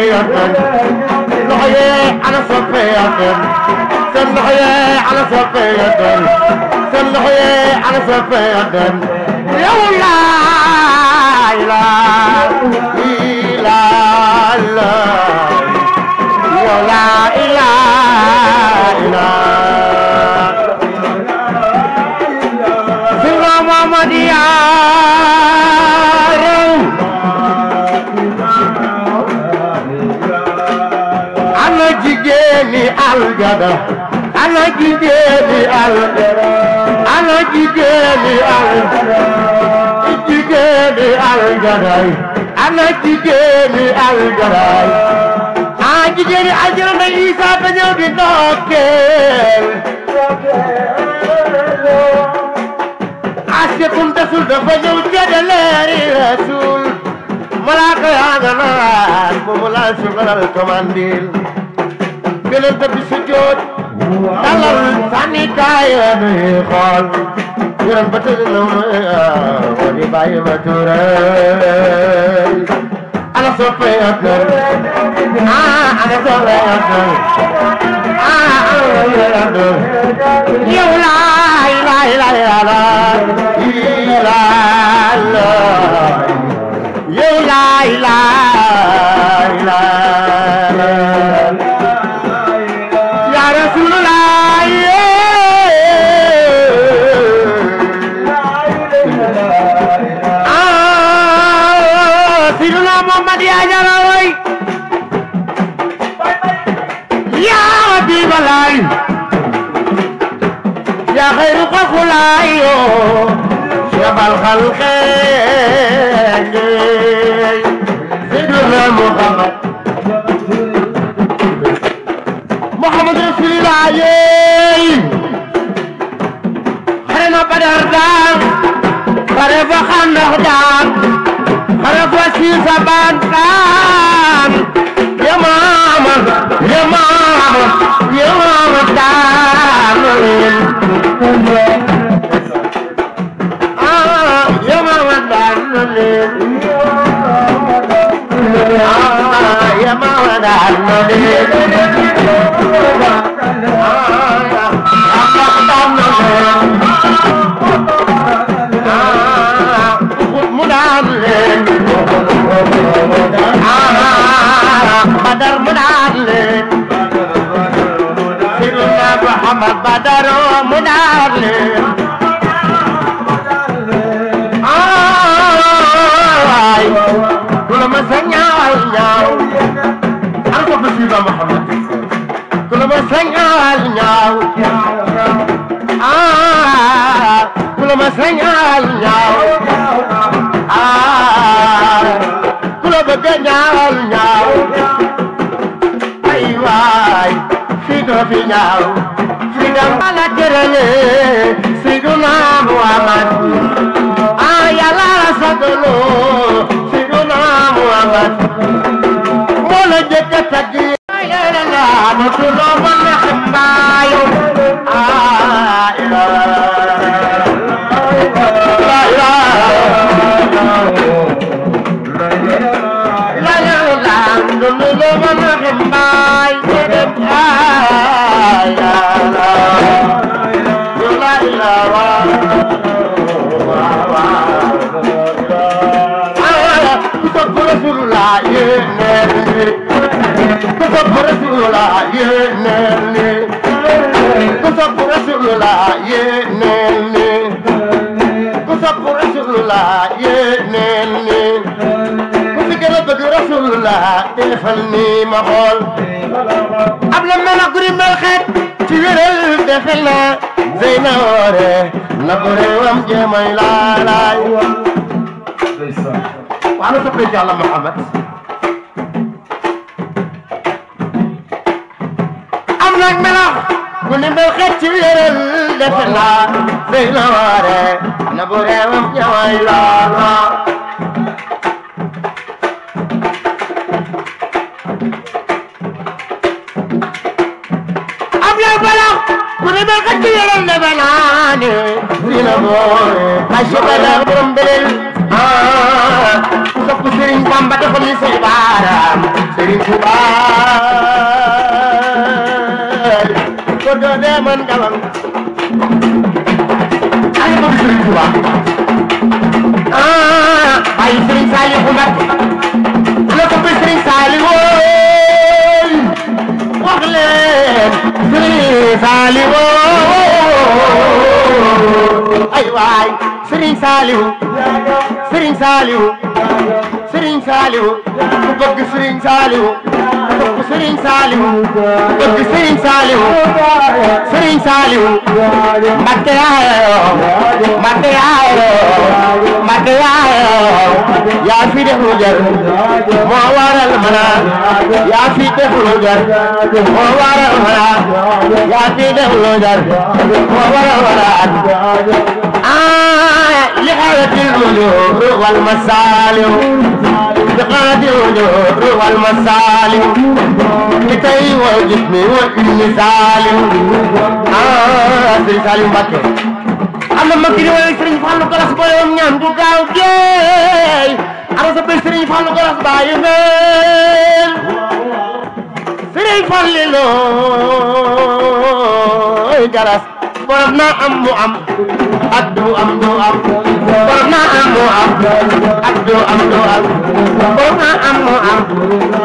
صفية سلحية على صفية سلحية على صفية سلحية على صفية يا الله لا إله إلا يا لا إله إلا سلام محمد يا a ana jigéeni aljana ana jigéeni aljana jigéeni aljana ana jigéeni aljana ah jigéeni aljana na Isa dañoo di nokkeel asekum tasul dafa ñëw jënd leeri rasul malaaka yaa nga naan moom laa sugalal kamandil jëlal dabi sujjoot dalal sànni kaay nuy xool yaram ba tëdd na moo di bàyyi ma tuuray ana soppe ak kër laay laay laay laay laay خلايو شاب الخلق سيدنا محمد محمد رسول الله حرم بدر دار خرف خندق دار خرف وسيس بان دار يا ماما يا ماما يا ماما دار مولا النبي بدر من عدلين سيدنا محمد بدر من عدلين Ay, tú lo me enseñas ya. ñaaw ñaaw ah ku la bëgg a ñaaw ñaaw ay waay fi doo fi ñaaw fi nga mala tërale si du naa mu amat ah ينالني كتب رسول الله ينالني كتب رسول الله ينالني كتب رسول الله ينالني كنت قلبك رسول الله دخلني مغول قبل ما نقري بالخير تيرل دخلنا زي نوري نقري ومجي ما يلالاي وعلى سبيل الله محمد ci yëral defe naa day na waare na bu reewam ñaway laala ab lay balax ku ne bal ka ci yëral defe naa ne dina boore ay sobala borom belel ah ku sopp Serigne Bamba dafa mi say baaraam Serigne Touba doo dee man galang ay man Sëriñ Tuuba ah ay Sëriñ Saaliwu Mbakke la ko bi Sëriñ Saaliwu wax leen Sëriñ Saaliwu ay waay Sëriñ Saaliwu Sëriñ Saaliwu Sëriñ Saaliwu ku bëgg Sëriñ Saaliwu sëriñ Saaliw bëgg sëriñ Saaliw sëriñ Saaliw Mbàkke yaayoo Mbàkke yaayoo Mbàkke yaayoo yaa fi def lu jar moo waral ma naan yaa fi def lu jar moo waral ma naan yaa fi def lu jar moo waral ma naan ah li xew ci lu wal masaliw الأعتقاد والنور والمسالم لكي وجسمي وإني سالم آه سالم بكر am na mag di woy sëriñ Fallou Galas boyoon ñaan du gaaw géey ana sa bëj sëriñ Fallou Galas bàyyi meen sëriñ Fallou Galas borom na am mu am ak du am du am borom naa am moo am ak doo am doo am borom naa am moo am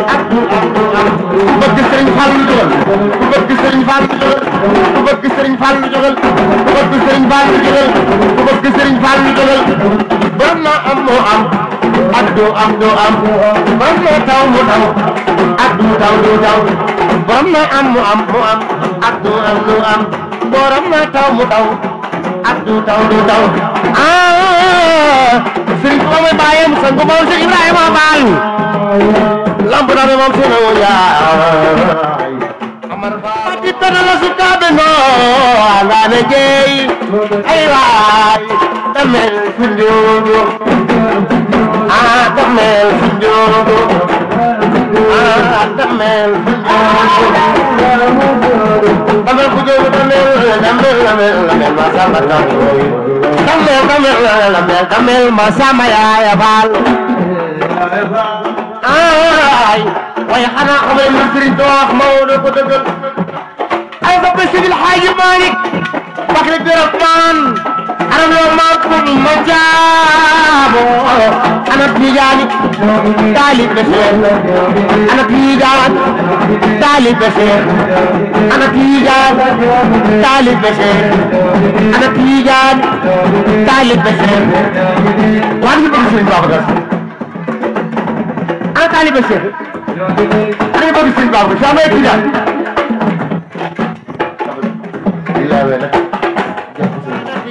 ak doo am doo am ku bëgg sëriñ Fallu jógal ku bëgg sëriñ Fallu jógal ku bëgg sëriñ Fallu jógal ku bëgg sëriñ Fallu jógal ku bëgg sëriñ Fallu jógal borom naa am moo am ak doo am doo am borom naa taw mu taw ak du taw du taw borom naa am mu am mu am ak doo am doo am borom naa taw mu taw du taw du taw ah sëriñ bi mooy bàyyam sang moom Cheikh Ibrahima Fall lamb na be moom sene wo yaa amar fa ati tana la sukaabe no ala ne jeey ay waay damel sunjoodo ah damel sunjoodo ah damel sunjoodo damel ku jóge damel damel damel damel ma samba tawooyu damel damel damel damel ma samba yaaya faal ay way xanaa xamee ma sëriñ doo wax ma woo na ko dëggal ay ba ba sidil xaaji Maalik bakri dërëb maan ana makum majabo ana tijani talib besir ana tijan talib besir ana tijan talib besir ana tijan talib besir wani bëgg Serigne Babacar ana talib besir ana bëgg Serigne Babacar sama tijan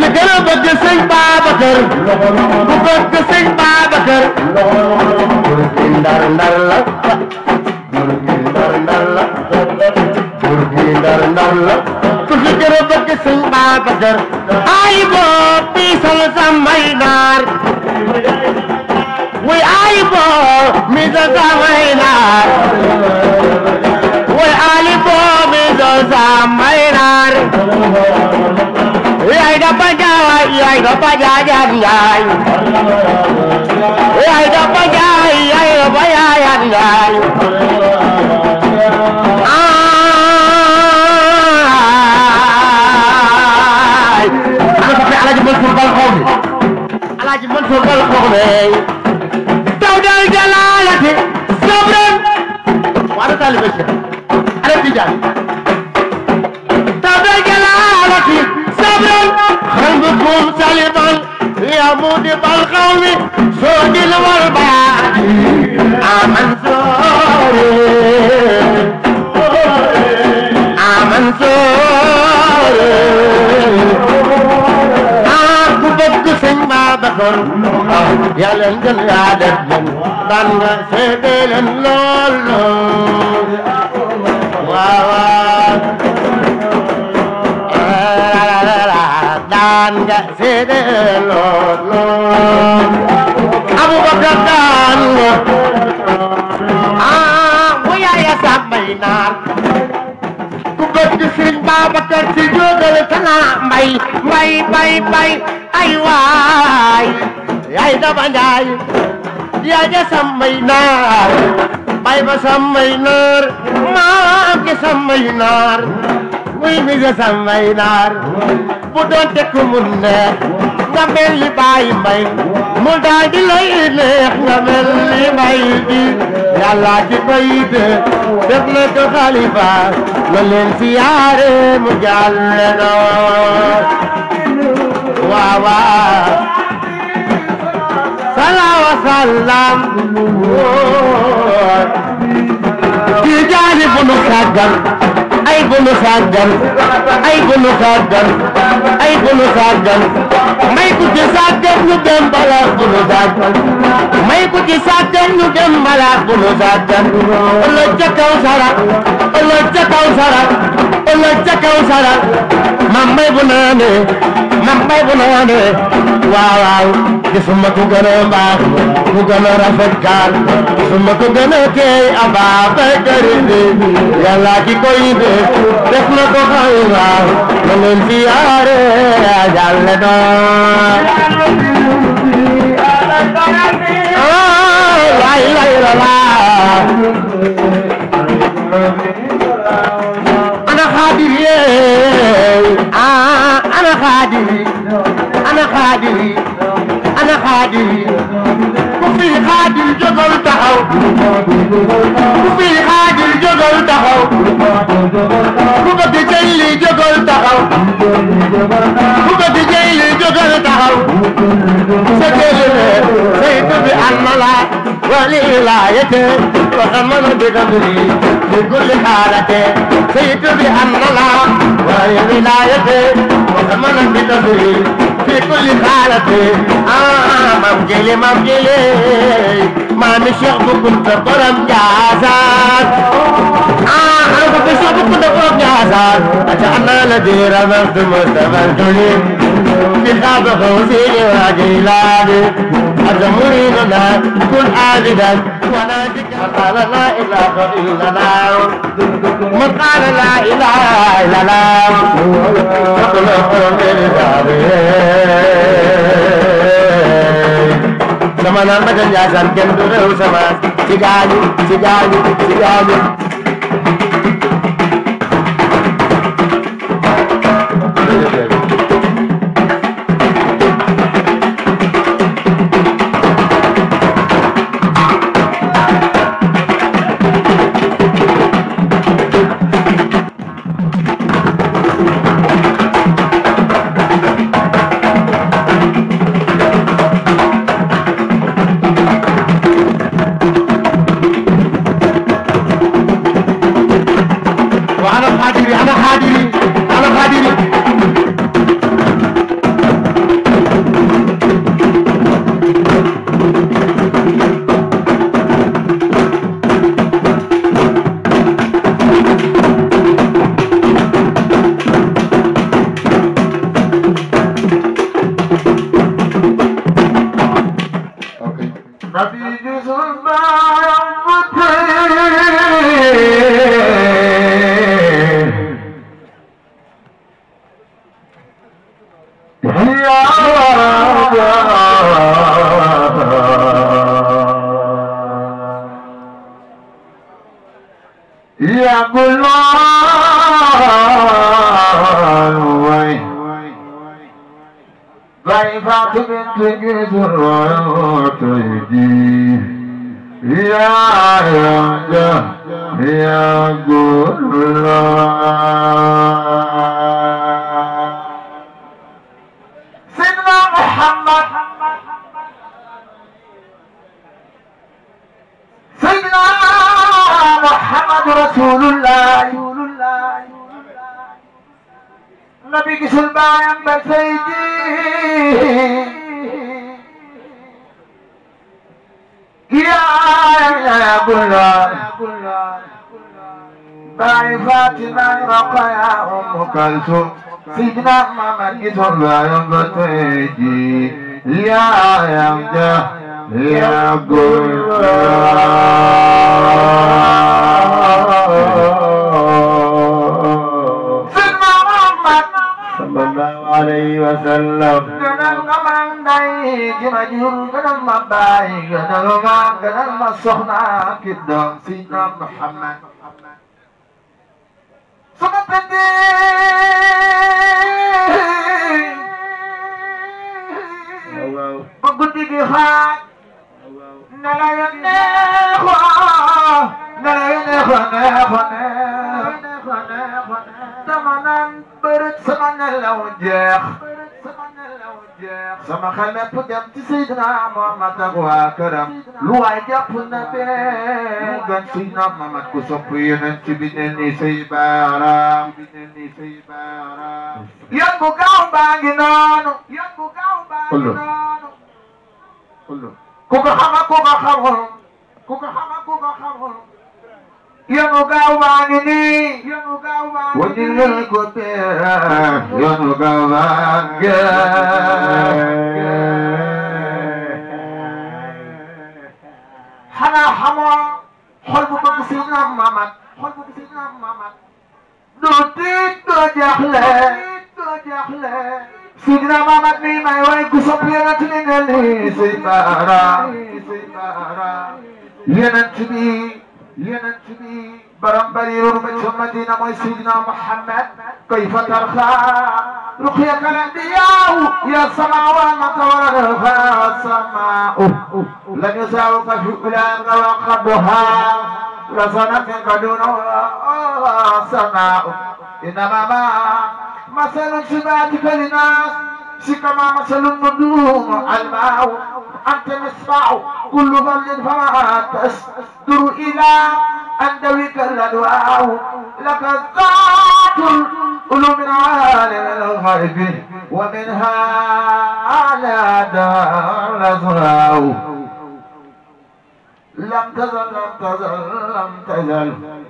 te gën a bëgg sëñ Babacar ku bëgg sëñ Babacar burki ndar ndar la burki ndar ndar la burki ndar ndar la ku fi gën naar way ay boo miisal sa naar way ali boo miisal sa naar Yai da pajai, yai da pajai, yai yai. Yai da pajai, yai da pajai, yai yai. Ay. Alhaji Mansour Bal Khawmi. Alhaji Mansour Bal Khawmi. Dawdal Jalalati. Sabran. Wa da talibe shi. Alhaji Jalalati. بكم سلما يا مدب القوم سود والبعد آمن سوري آمن سوري آكو بكو سنما بخر يا لنجل يا دبن بان سيدي لنلول واو daan nga seede loolu Abubakar daan nga ah, aa mu yaaya sàmmay naar ku bëgg Sëriñ Babakar Si jógal tana mbay mbay mbay mbay ay waay yaay daba njaay yaaya sàmmay naar mbay ba sàmmay naar maam ke sàmmay naar muy mi ga sàmmay naar bu doon dëkk mu neex nga mel ni bàyyi mu daal di lay neex nga bi yàlla ci bay de def na ko xalifa la mu jàlle noor waaw waaw salaawa salaam kii jaani bu nu sàggan ay gunu sàggan ay gunu sàggan ay gunu sàggan may ku ci sàggan ñu dem balaa gunu sàggan may ku ci sàggan ñu dem balaa gunu sàggan ëllëg ca kaw sara ëllëg ca kaw sara ëllëg ca kaw sara mam may bu naanee mam may bu naanee waaw waaw gisuma ko gën a baax ku gën a rafet gaal gisuma ko gën a teey Ababacar Ndéby yàlla ki koy def def na ko xayma ma leen siyaare jàlle doon lay ah, lay la laa ana xaadir yeey ah, ana xaadir ana xaadir ana xaadim ku fi xaadim jógal taxaw ku fi xaadim jógal taxaw ku bëgg jël li jógal taxaw ku bëgg jël li jógal taxaw sa jëlee saytu bi an na la ولولايته وغمم بقدري في كل حالته سيد بأن الله ولولايته وغمم بقدري في كل حالة آه مبجلي مبجلي maami Cheikh bu Kunta borom Njaasaan ah am ko fi Cheikh bu Kunta borom Njaasaan ata ana la di ramas du Mustafa Duli min ab xawsini wa jilaani ata muriduna kun abidan من قال لا إله إلا الله من قال لا إله إلا الله فقل أخبر من داره dama naan ma ca Njaasaan kenn du réew sama ci gaañu ci gaañu ci gaañu يا بلال باعي فاطمة رقى يا أم كلثوم سيدنا ماما كتب لا ينبت يجي يا يمدى يا بلال سيدنا محمد صلى الله عليه وسلم ndey gi ma jur gënal ma baay gënal ma gënal ma soxna ki doom si na Muhammad su ma tëddee ba guddi gi xaaj nala ya neexoo nala ya neexoo neexoo neexoo neexoo dama naan bërët sama nelaw jeex sama xel mépp dem ci Seydina Muhammad ak waa këram lu waay jàpp na bee mu gën Seydina Muhammad ku sopp yonent bi ne ni say baaraam yan bu gaaw baa ngi noonu yan bu gaaw baa ngi noonu ku ko xam ak ku ko xamul ku ko xam ak ku ko xamul yoonu gaaw baa ngi nii wajir ngir ko teera yoonu gaaw baa ngi xanaa xamoo xol bu bëgg si naam mamat xol bu bëgg si naam mamat doo tiit doo jaaxle doo jaaxle sidina mamat nii may way ku sopp yonent ni nga lii say baara say baara yonent bi yonent bi borom bari ruuma ca Madina mooy Seydina Muhammad kayfa tarxa ruqyaka al-anbiyaaw ya samaa wa ma tawarrafa samaa lan yusaawika fi ulaa'ika wa qabduhaa la sanaka duunahaa samaa innamaa masalu sifaati kal-naas كما مثل النجوم الماء أنت مصباح كل ظل فتصدر إلى أن دويك الأدواء لك ذات العلوم من عالم الغيب ومنها على دار الأزهار لم تزل لم تزل لم تزل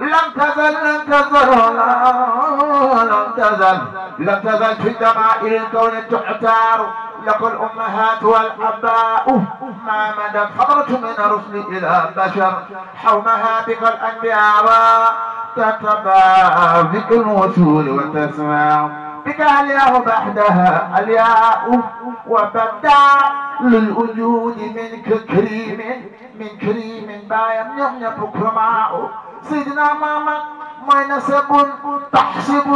لم تزل لم تزل لم تزل لم تزل في دماء الكون تعتار لك الأمهات والأباء ما مدت حضرة من رسل إلى بشر حومها بك الأنبياء تتبع بك الوصول وتسمع بك الياء بعدها الياء وبدا للوجود منك كريم من كريم بايم يمنى بكرماء سيدنا محمد ما نسب تحسب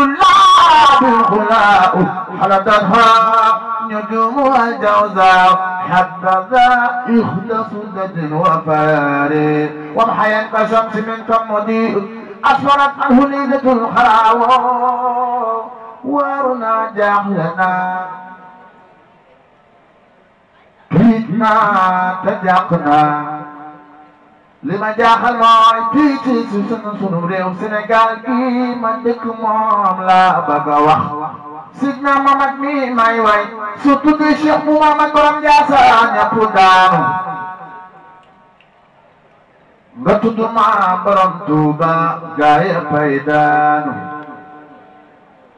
الله الغلاء حلتها نجومها جوزاء حتى ذا يخلص دجل وفاري ومحيا كشمس من كمدي أسفرت عنه ليدة الخراوة ورنا جهلنا فيتنا تجقنا li ma jaaxal mooy fii ci sunu sunu réew Sénégal gii ma dëkk moom laa bëgg a wax. Sidna Mamad mi may way surtout que Cheikh bu Mamad borom Ndiassane ñëpp daanu. nga tudd ma borom Touba gaa yëpp ay daanu.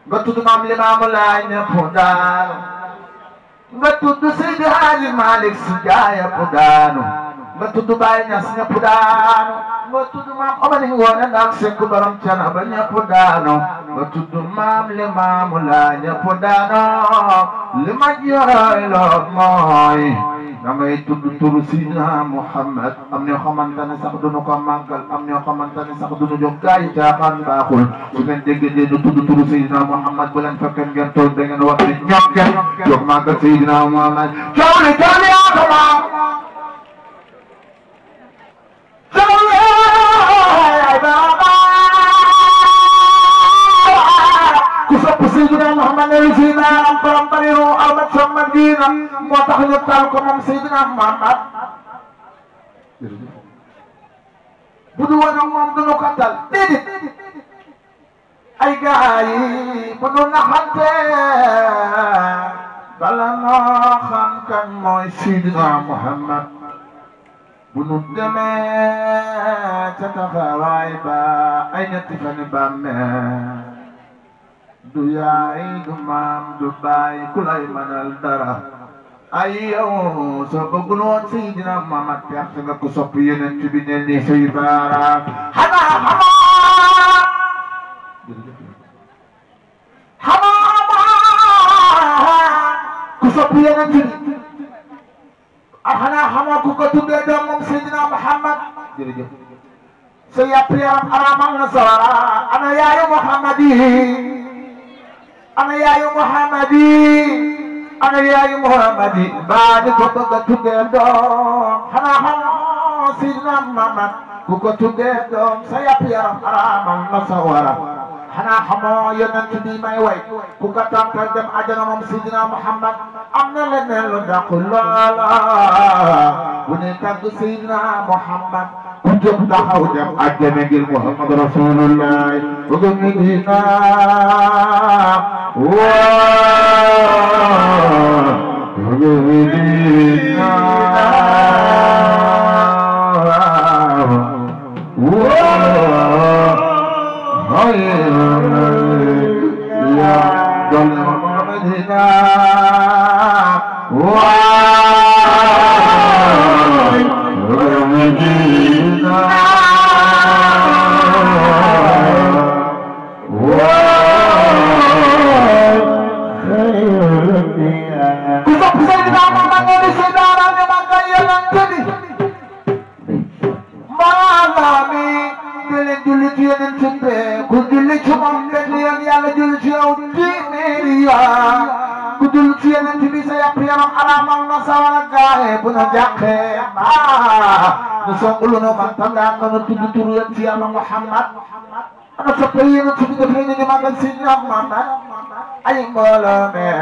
nga tudd maam Limaamu Laay ñëpp daanu. nga tudd Seydi Haaji Malick Si gaa yëpp daanu. ba tudd Baye Niass ñëpp daanu ba tudd maam Omar Ngoone Ndaal Seck borom Thiénaba ñëpp daanu ba tudd maam Limaamu Laay ñëpp daanu li ma jooy loo mooy damay tudd turu Sidina Muhammad am ñoo xamante ne sax duñu ko màggal am ñoo xamante ne sax duñu jóg gaa yi caaxaan baaxul su ngeen déggee ñu tudd turu Sidina Muhammad bu leen fekkee ngeen toog da ngeen wax ni ñokke jóg màggal Sidina Muhammad coow li coow li yaa ko bu Seydina Muhammad ne Seydina am borom bariwu almat sommat bii nag moo tax ñu taal ko moom Seydina Muhammad bu du woon ak moom duñu ko tal déedéet ay gaay yi bu nu naxante bala noo xam kan mooy Seydina Muhammad bu nu demee ca taxawaay ba ay ñetti fan bàmmeel du yaay du maam du baay ku lay mënal dara ay yow soo bëggul woon Seydina Muhammad perte nga ko sopp yeneen ci bi ne ni say baaraam xanaa xamaa xamaa ku sopp yeneen ci bi ah xanaa xamaa ku ko tuddee doom moom Seydina Muhammad jërëjëf sa yàpp yaram araamam na sawara ana yaayu Muhammad yi ana yaayu muhammad yi ana yaayu muhammad yi baa ni ko bëgg a tuddee doom xanaa xanaa sidna Muhammad ku ko tuddee doom sa yàpp yaram araamal na sa wara xanaa xamoo yonent bi may way ku ko tàntal dem ajana moom sidna muhammad am na leneen lu dàq loola bu ne tàgg sidna muhammad ku jóg taxaw dem àjjana ngir Muhammad Rasulullah bu ko ngi dina waa bu ko ngi dina waa hayya ya dal Muhammadina borom xam-xam daan mën a tudd tur yëpp ci yàlla ay mbooloo mee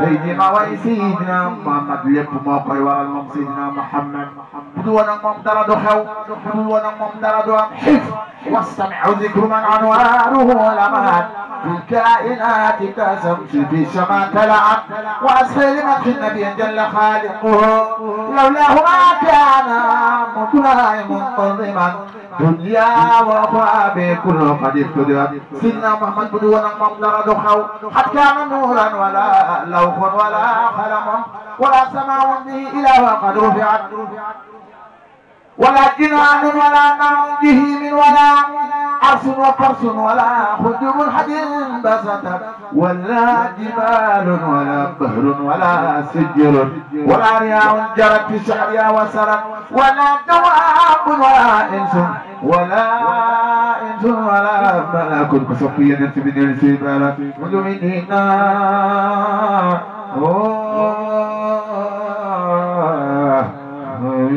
tey jii ma way Seydina Muhammad lépp moo koy waral moom Seydina Muhammad bu dul woon ak moom dara du xew bu dul woon ak moom dara du am xif والسمع ذكر من عنوانه لمعت في الكائنات كشمس في السماء تلعت وأسفل مدح النبي جل خالقه لولاه ما كان مطلع منتظما دنيا وأخرى بكل قد ابتدأت سيدنا محمد بدون الممدر دخل الموت قد كان نورا ولا لوح ولا قلم ولا سماء به إله قد رفعت ولا جنان ولا نوم به من ولا عرش وفرش ولا خدم حديد بسطت ولا جبال ولا بحر ولا سجر ولا رياح جرت في شعرها وسرت ولا دواب ولا انس ولا انس ولا ملك كشفي ينسي من الجبال وجمعنا Oh,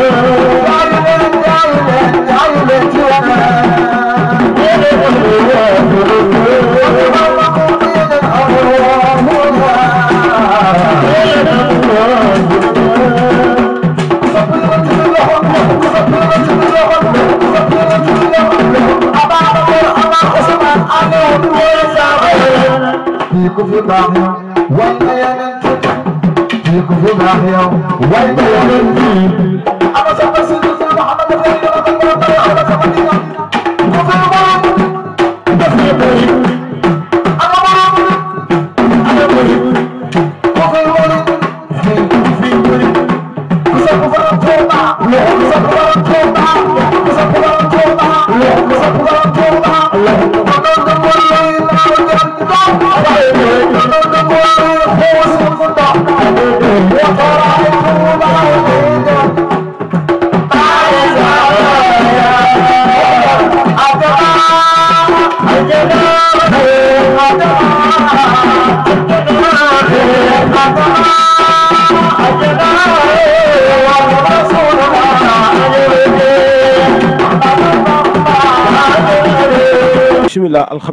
ku fi baax yow way na yeneen ci ku fi baax yow way na yeneen ci ama sama sunu sama xamante ne yow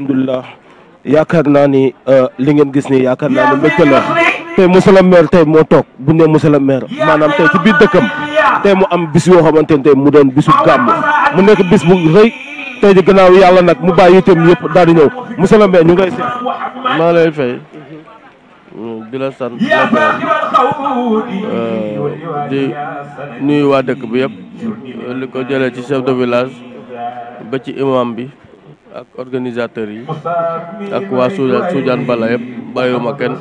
billah yaakaar naa ni euh, li ngeen gis nii yaakaar naa ni mbégte la tey monsieur le maire tey moo toog bu ne monsieur le maire maanaam tey ci biir dëkkam tey mu am bis yoo xamante ne tey mu doon bisu gàmm mu nekk bis bu rëy tey di gannaaw yàlla nag mu bàyyi itam yëpp daal di ñëw monsieur le maire ñu ngay seet maa lay fay di la sant di la euh, waa dëkk bi yëpp li ko jëlee ci chef de village ba imam bi ak organisateurs yi ak waa Soudiane Soudiane Balla yëpp bàyyiwuma kenn.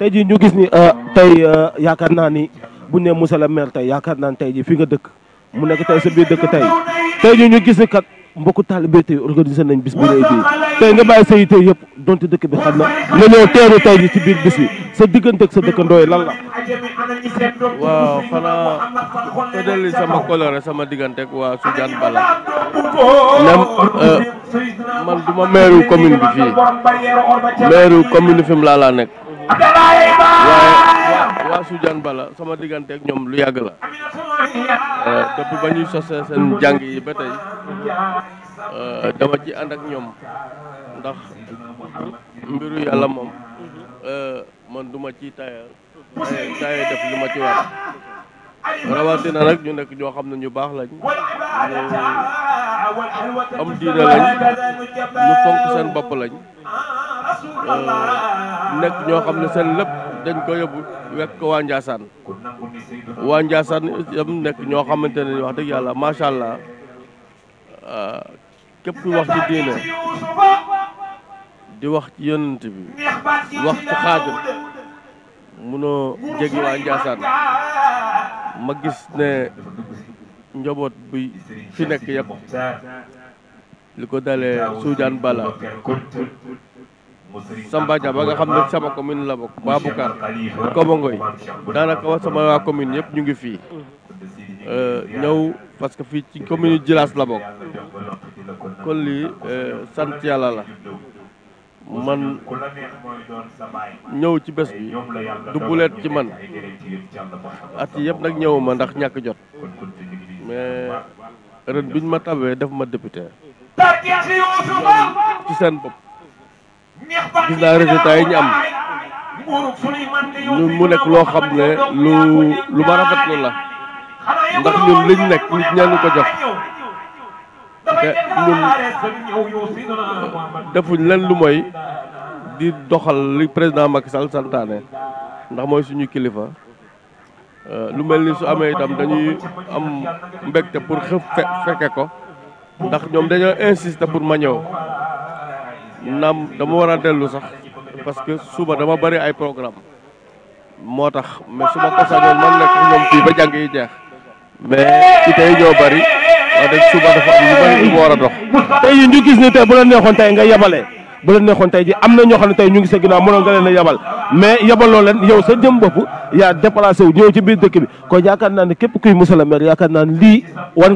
tey jii ñu gis ni euh, tey euh, yaakaar naa ni bu ñu nee monsieur le maire tey yaakaar naa ni tey jii fi nga dëkk mu nekk tey sa biir dëkk tey tey jii ñu gis ni kat. mbokku taalibe tey organisé nañ bis bi lay bii tey nga bàyyi sa yite yëpp donte dëkk bi xam na nga ñëw teeru tey ci biir bis sa diggante sa dëkkandoo yi lan la. waaw xanaa tëddali sama coloré sama diggante ak waa Soudiane Balla. même euh, man du ma maire commune bi fii maire commune Fimela laa nekk waa Soutiane bala sama diggante ak ñoom lu yàgg la euh, depuis ba ñuy sosee seen njàng yi ba tey euh, dama ci ànd ak ñoom ndax mbiru yàlla moom euh, man duma ci taaya taaya def li ma ci war rawatina nag ñu nekk ñoo xam ne ñu baax lañ am diina lañ ñu fonk seen bopp lañ nekk ñoo xam ne seen lépp dañ ko yóbbu wekk waa Ndiassane waa Ndiassane itam nekk ñoo xamante ne wax dëgg yàlla macha allah képp wax ci diine di wax ci yonent bi wax ci xaadir munoo jéggi waa Ndiassane ma gis ne njaboot bi fi nekk yëpp li ko dalee Soudiane Bala Samba Dia ba nga xam ne sama commune la bokk Baboucar Komangoy daanaka wa sama waa commune yëpp ñu ngi fii euh, ñëw parce que fii ci commune jilaas labok bokk kon lii euh, sant yàlla la man ñëw ci bés bi du buleet ci man at yi yëpp nag ma ndax ñàkk jot mais ren biñ ma tabee def ma député ci seen bopp gis naa résultat yi ñu am ñun mu nekk loo xam ne lu lu ma rafetlu la ndax ñun liñ nekk nit ñaa ko jot te ñun defuñ leen lu mooy di doxal li président Macky Sall santaane ndax mooy suñu kilifa euh, lu mel ni su amee itam dañuy am mbégte pour xëf fekke ko ndax ñoom dañoo insister pour ma ñëw naam dama war a dellu sax parce que suba dama bari ay programme moo tax mais su ma ko sañoon man ñoom fii ba jàng yi jeex mais ci tey ñoo bari wax dëgg suba dafa am lu war a dox. tey yu ñu ni tey bu la neexoon tey nga yebale bu leen neexoon tey ji am na ñoo xam ne tey ñu ngi sa ginnaaw mënoon nga leen a yabal mais yabaloo leen yow sa jëm bopp yaa déplacé wu ci biir dëkk bi kon yaakaar naa ne képp kuy monsieur le maire yaakaar naa ne lii war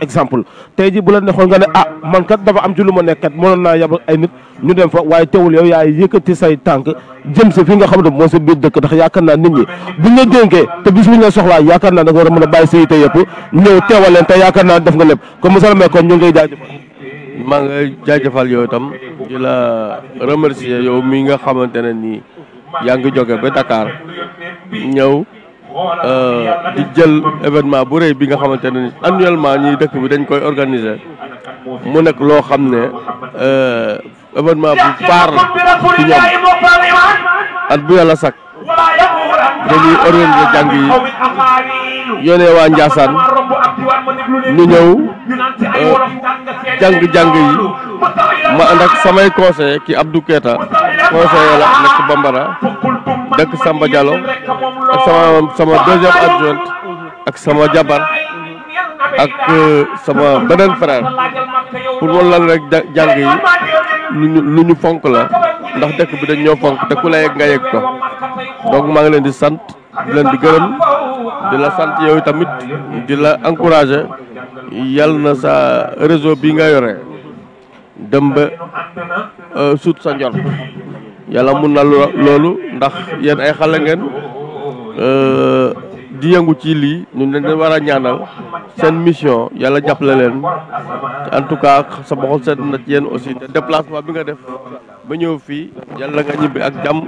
exemple tey ji bu leen neexoon nga ne ah man am ci lu ma nekk kat mënoon naa yabal ay nit ñu dem fa waaye teewul yow yaay say tànk jëm si fi nga moo sa biir dëkk ndax yaakaar naa nit ñi buñ la dénkee te bis buñ la soxlaa yaakaar naa da a mën a bàyyi sa def nga lépp kon monsieur le kon ñu ngay jaajëfal maa nga jaajëfal yow itam di la remercier yow mi nga xamante ne nii yaa ngi joge ba Dakar ñëw euh, di jël événement bu rëy bi nga xamante ne ni annuellement ñi dëkk bi dañ koy organiser mu nekk loo xam ne euh, événement bu faar ci at bu yàlla sakk dañuy organiser jàng yi yónnee waa Ndiassane ñu ñëw jàng-jàng euh, yi ma ànd ak samay conseiller ki Abdou Keita conseiller la nekk Bambara dëkk Samba Diallo sama sama deuxième adjointe ak sama jabar ak euh, sama beneen frère pour loolu lan rek jàng yi lu ñu fonk la ndax dëkk bi dañ ñoo fonk te ku la yegg yegg ko donc maa ngi leen di sant di leen di gërëm di la sant yow tamit di la encourager yàlla na sa réseau bi nga yore dem ba euh, suut sa njort yàlla mun na loolu ndax yéen ay xale ngeen euh, di yëngu ci lii ñun dañ leen war a ñaanal seen mission yàlla jàppale leen en tout cas sa boxol seet na ci yéen aussi te déplacement bi nga def ba ñëw fii yàlla nga ñibbi ak jam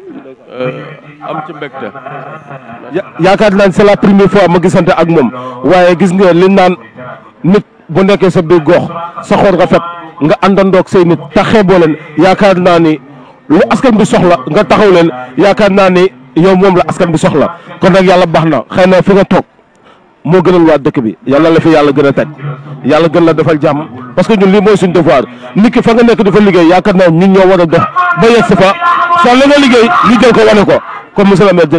euh, am ci mbégte. yaakaar naa ne c'est la première fois ma gisante ak moom waaye gis nga li naan nit bu nekkee sa biir gox sa xor nga fet nga àndandoog say nit taxee boo leen yaakaar naa ni lu askan bi soxla nga taxaw leen naa ni. yow moom la askan bi soxla kon nag yàlla baax na xëy na fi nga toog moo gënal waa dëkk bi yàlla la fi yàlla gën a yàlla gën la defal jàmm parce que ñun lii mooy suñu devoir nit ki fa nga nekk di fa liggéey yaakaar naa ñun ñoo war a dox ba yegg fa soo la nga liggéey ñu jël ko wane ko comme monsieur le maire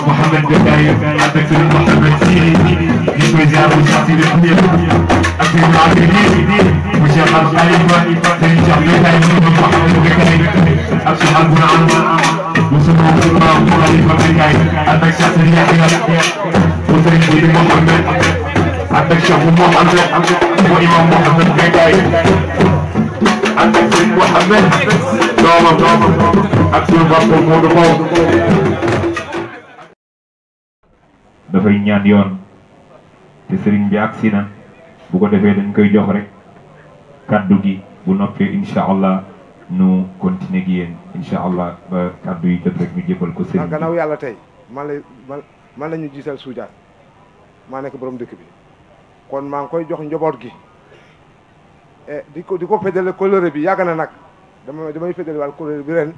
Mouhamed Becaye ak Serigne Mouhamed Siri ñu ngi koy ziar bu sax si lépp lépp ak Serigne Amady Ly monsieur Al Aïb Serigne Cheikh Becaye Mouhamed Becaye ak Cheikh Albouna Amba monsieur Mouhamed Khalifa Becaye ak Cheikh Serigne Yahya Serigne Bouy Mouhamed ak Cheikh Mouhamed Anta mooy imam Mouhamed Becaye ak Serigne Mouhamed doomam doomam ak suñu bopp Modou Maw dafay ñaan yoon te sëriñ bi agsi bu ko defee dañ koy jox rek kàddu gi bu noppee incha allah nu continuer gi yéen incha allah ba kàddu yi jot rek ñu jébal ko sëriñ ah, bi yàlla tey man la man man la ñu jiital suujaan maa nekk borom dëkk bi kon maa ngi koy jox njaboot gi e, di ko di ko fédéle coloré bi yàgg na nag dama damay fédéle waal coloré bi ren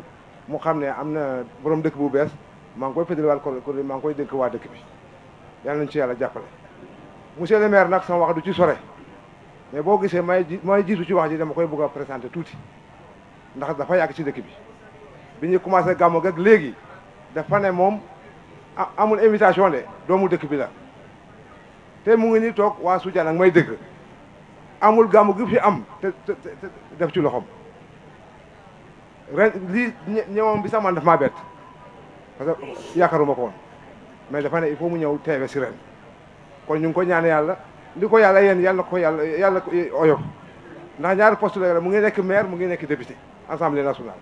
mu xam ne am na borom dëkk bu bees maa ngi koy fédéle waal coloré maa ngi koy dénk waa dëkk bi yàlla nañu ci yàlla jàppale monsieur le maire nag sama wax du ci sore mais boo gisee may may jiitu ci wax ji dama koy bëgg a présenter tuuti ndax dafa yàgg ci dëkk bi bi ñu commencé gàmmu gag léegi dafa ne moom amul invitation de doomu dëkk bi la te mu ngi ni toog waa Soudiane ak may dëgg amul gàmmu gi fi am te te def ci loxoom ren lii ñëwoon bi sax man daf maa bett parce que yaakaaruma ko woon mais dafa ne il faut mu ñëw teewe si ren kon ñu ngi ko ñaan yàlla li ko yàlla yéen yàlla ko yàlla yàlla ko oyof ndax ñaari poste mu ngi nekk maire mu ngi nekk député assemblée nationale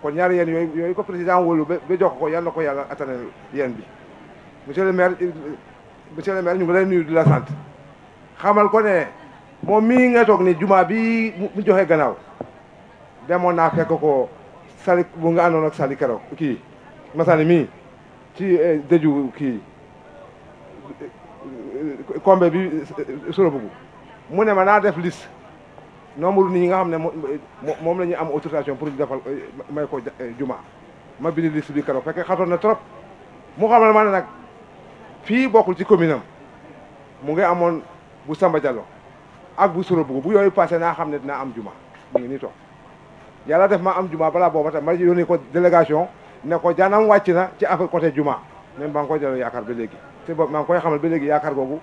kon ñaar yéen yooyu yooyu ko président wóolu ba jox ko yàlla ko yàlla attanal yéen bi mu le maire monsieur le maire ñu ngi lay nuyu di la sant xamal ko ne moom mii nga toog ni jumaa bi mu joxe ganaaw demoon naa fekk ko sali bu nga àndoon sali keroog kii masani mii ci eh, dëju kii eh, combe bi eh, Sorobougou mu ne ma naa def liste nombre ni ñi nga xam ne moom la ñuy am autorisation pour ñu defal may ko juma ma bind liste bi keroog fekk xatoon na trop mu xam ne ma ne nag fii bokkul ci commune am mu ngi amoon bu Samba Diallo ak bu Sorobougou bu yooyu passé naa xam ne dinaa am juma mu ngi nii toog yàlla def ma am juma balaa booba tam ma yónnee ko délégation nekkoo ko jaanam wàcc na ci affaire jumaa juma ne maa ngi koy delloo yaakaar ba léegi te boobu maa ngi koy xamal ba léegi yaakaar googu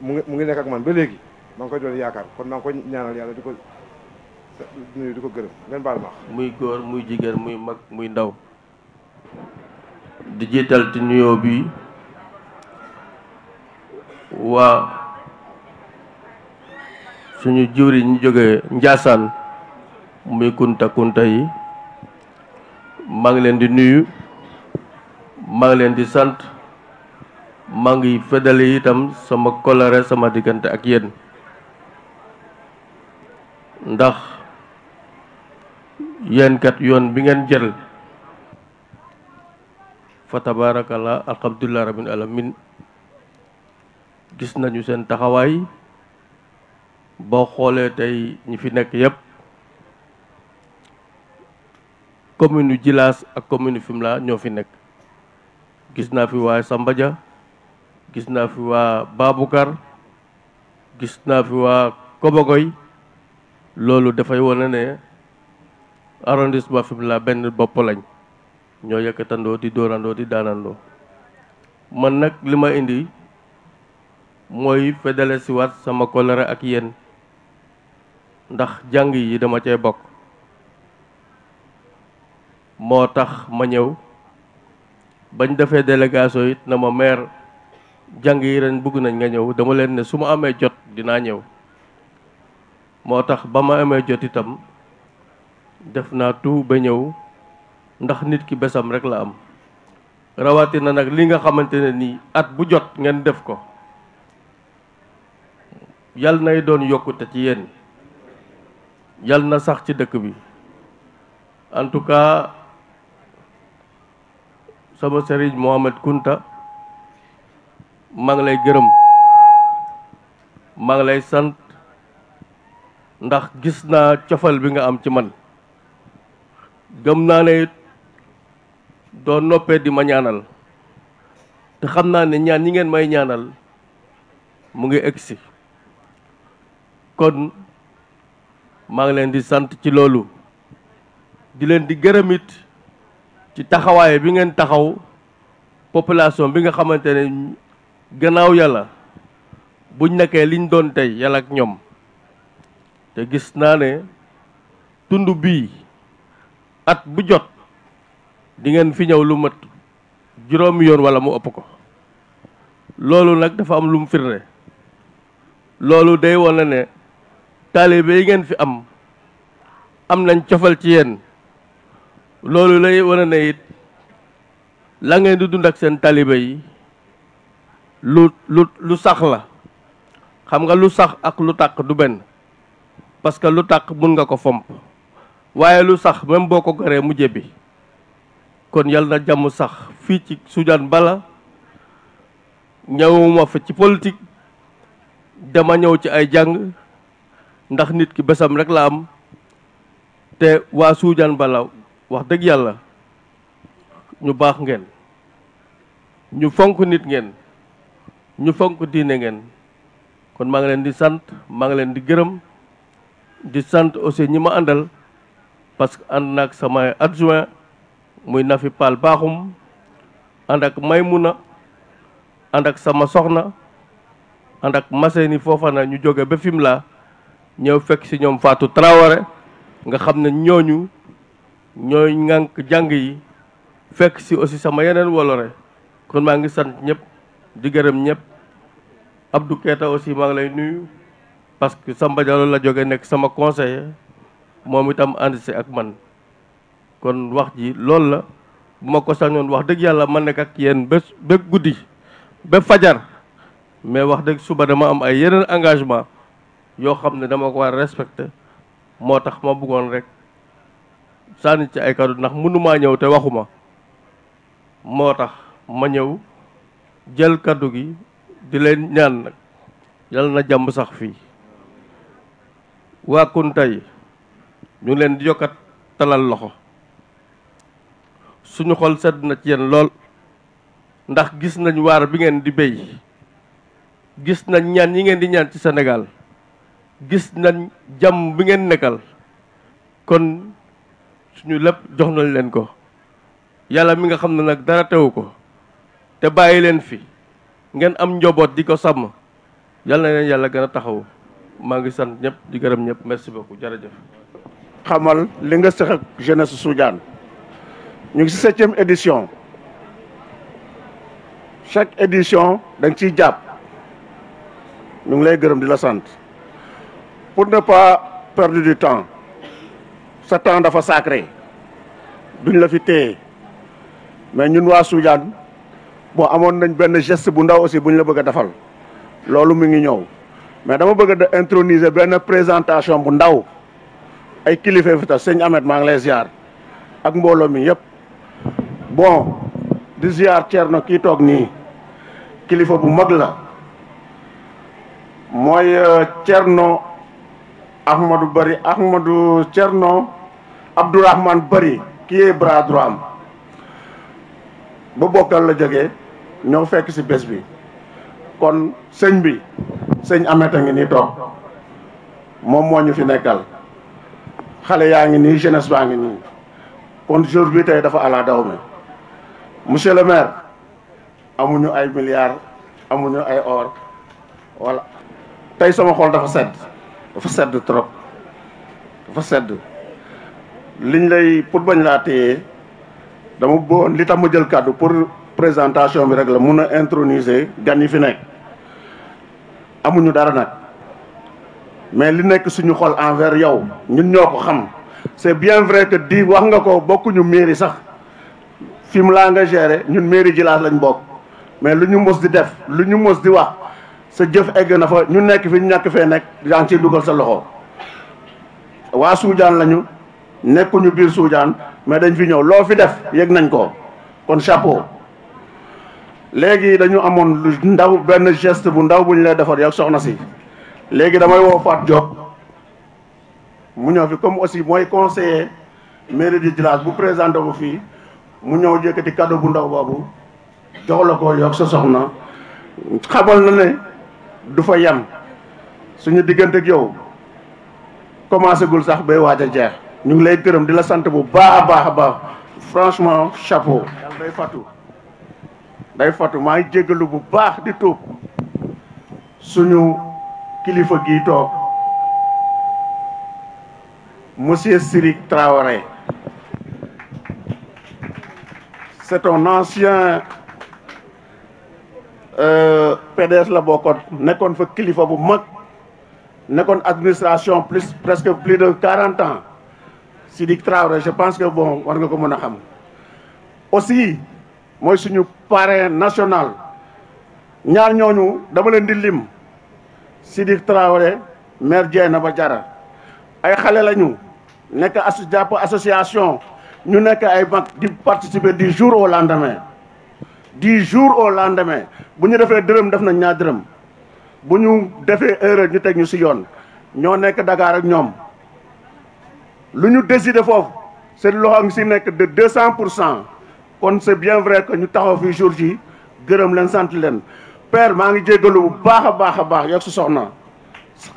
mu ngi mu ngi nekk ak man ba léegi maa ngi koy delloo yaakaar kon maa ngi koy ñaanal yàlla du ko ko gërëm ngeen baal maax muy góor muy jigéen muy mag muy ndaw di jiital ci nuyoo bi waa suñu jiwri ñu jógee Njaasaan muy kunta kunta yi maa ngi leen di nuyu maa ngi leen di sant maa ngi feddali itam sama kolore sama diggante ak yéen ndax yéen kat yoon bi ngeen jël fa tabaarakallah alhamdulilah rabbil alamin gis nañu seen taxawaay boo xoolee tey ñi fi nekk yépp commune Djilass ak commune Fimela ñoo fi nekk gis naa fi waa Samba gis naa fi waa Baboucar gis naa fi waa Kobogoy loolu dafay wane ne arrondissement Fimela benn bopp lañ ñoo yëkkatandoo di dóorandoo di daanandoo man nag li ma indi mooy fedele siwaat sama kolere ak yéen ndax jàng yi dama cee bokk moo tax ma ñëw bañ defee délégation it na ma maire jàng yi ren bëgg nañ nga ñëw dama leen ne su ma amee jot dinaa ñëw moo tax ba ma amee jot itam def naa tout ba ñëw ndax nit ki besam rek la am na nag li nga xamante ne nii at bu jot ngeen def ko yal nay doon yokkute ci yéen yal na sax ci dëkk bi en sama seriñ Mohamed Kunta maa ngi lay gërëm maa ngi lay sant ndax gis naa cofal bi nga am ci man gëm naa ne it doo noppee di ma ñaanal te xam naa ne ñaan ñi ngeen may ñaanal mu ngi egsi kon maa ngi leen di sant ci loolu di leen di gërëmit ci taxawaay bi ngeen taxaw population bi nga xamante ne gannaaw yàlla bu nekkee liñ doon tey yàlla ak ñoom te gis naa ne tund bii at bu jot di ngeen fi ñëw lu mat juróomi yoon wala mu ëpp ko loolu nag dafa am lu mu firnde loolu day wane ne taalibe yi ngeen fi am am nañ cofal ci yéen loolu lay wane ne it la ngeen di dund ak seen talibe yi lu lu lu sax la xam nga lu sax ak lu takk du benn parce que lu takk mën nga ko fomp waaye lu sax même boo ko goree mu bi kon yàlla na jàmm sax fii ci Soudiane Bala ñëwuma fa ci politique dama ñëw ci ay jàng ndax nit ki besam rek la am te waa Soudiane Bala wax dëgg yàlla ñu baax ngeen ñu fonk nit ngeen ñu fonk diine ngeen kon maa ngi leen di sant maa ngi leen di gërëm di sant aussi ñi ma àndal parce que ànd naag samay adjoint muy Nafi Paal Baaxum ànd ak may mu na ànd ak sama soxna ànd ak Maseni Fofana ñu jóge ba Fimela ñëw fekk ci ñoom Fatou Traoré nga xam ne ñooñu ñooy ŋànk jàng yi fekk si aussi sama yeneen wolo wolore kon maa ngi sant ñëpp di gërëm ñëpp Abdou Keita aussi maa ngi lay nuyu parce que Samba Diallo la jóge nekk sama conseiller moom itam ànd si ak man kon wax ji loolu la bu ma ko sañoon wax dëgg yàlla man nekk ak yéen ba ba guddi ba fajar mais wax dëgg suba dama am ay yeneen engagement yoo xam ne dama ko war respecte moo tax ma buggoon rek sànni ci ay kàddu ndax mënumaa ñëw te waxuma moo tax ma ñëw jël kàddu gi di leen ñaan nag yal na jàmm sax fii waa Kunta yi ñu leen di yokkat talal loxo suñu xol sedd na ci yéen lool ndax gis nañ waar bi ngeen di béy gis nañ ñaan yi ngeen di ñaan ci Sénégal gis nañ jàmm bi ngeen nekkal kon suñu lépp jox nañ leen ko yàlla mi nga xam ne nag dara tewu ko te bàyyi leen fi ngeen am njoboot di ko sàmm yàlla na leen yàlla gën a taxaw maa ngi sant ñëpp di gërëm ñëpp merci beaucoup jërëjëf. xamal li nga seq ak jeunesse Soudiane ñu ngi si septième édition chaque édition da nga ciy jàpp ñu ngi lay gërëm di la sant pour ne perdu perdre du temps. sa temps dafa sacré duñ la fi téye mais ñun waa Soudiane bon amoon nañ benn geste bu ndaw aussi buñ la bëgg a defal loolu mu ngi ñëw mais dama bëgg a introniser benn présentation bu ndaw ay kilifa fi tax sëñ Ahmed maa ngi lay ziar ak mbooloo mi yëpp bon di ziar Thierno kii toog nii kilifa bu mag la mooy euh, Thierno Ahmadou Bari du Thierno. Abdourahmane Bari qui est bras droit am bu bokkal la jege ñoo fekk ci bés bi kon sëñ bi sëñ Ameth a ngi nii toog moom moo ñu fi nekkal xale yaa ngi nii jeunesse baa ngi nii kon jour bi tey dafa ala mi monsieur le maire amuñu ay milliards amuñu ay or voilà tey sama xool dafa sedd dafa sedd trop dafa sedd liñ lay pour bañ laa téye dama bëggoon li tam ma jël kàddu pour présentation bi rek la mun a introniser gan yi fi nekk amuñu dara nag mais li nekk suñu xol envers yow ñun ñoo ko xam c'est bien vrai que di wax nga ko bokkuñu mairie sax fi laa nga géré ñun mairie Djilass lañ bokk mais lu ñu mos di def lu ñu mos di wax sa jëf egg na fa ñu nekk fi ñu ñàkk fee nekk yaa ngi ciy dugal sa loxo waa Soundiane lañu nekkuñu biir Soudiane mais dañ fi ñëw loo fi def yëg nañ ko kon chapeau léegi dañu amoon lu ndaw benn geste bu ndaw bu ñu lay defar yow soxna si léegi damay woo Fatou Diop mu ñëw fi comme aussi mooy conseiller mairie du village bu présenté bu fii mu ñëw jëkkati cadeau bu ndaw boobu jox la ko yow sa soxna xamal na ne du fa yem suñu diggante ak yow commencé gul sax bay waaj a jeex ñu ngi lay gërëm di la sant bu baax a baax a baax franchement chapeau yàlla day fatu day fatu maa ngi jéggalu bu baax di tuub suñu kilifa gii toog monsieur Siric Traoré c'est un ancien euh, PDS la bokkoon nekkoon fa kilifa bu mag nekkoon administration plus presque plus de quarante ans Sidiki Traoré je pense que bon war nga ko mën a xam aussi mooy suñu parrain national ñaar ñooñu dama leen di lim Sidiki Traoré maire ba jara ay xale lañu nekk asu jàpp association ñu nekk ay mag di participer du jour au lendemain du jour au lendemain bu ñu defee dërëm def nañ ñaar dërëm bu ñu defee erreur ñu teg ñu si yoon ñoo nekk dakaar ak ñoom lu ñu décidé foofu seen loxo ngi si nekk de deux cent pour cent kon c'est bien vrai que ñu taxaw fii jour ji gërëm leen sant leen père maa ngi jéggalu bu baax a baax a baax yegg su soxna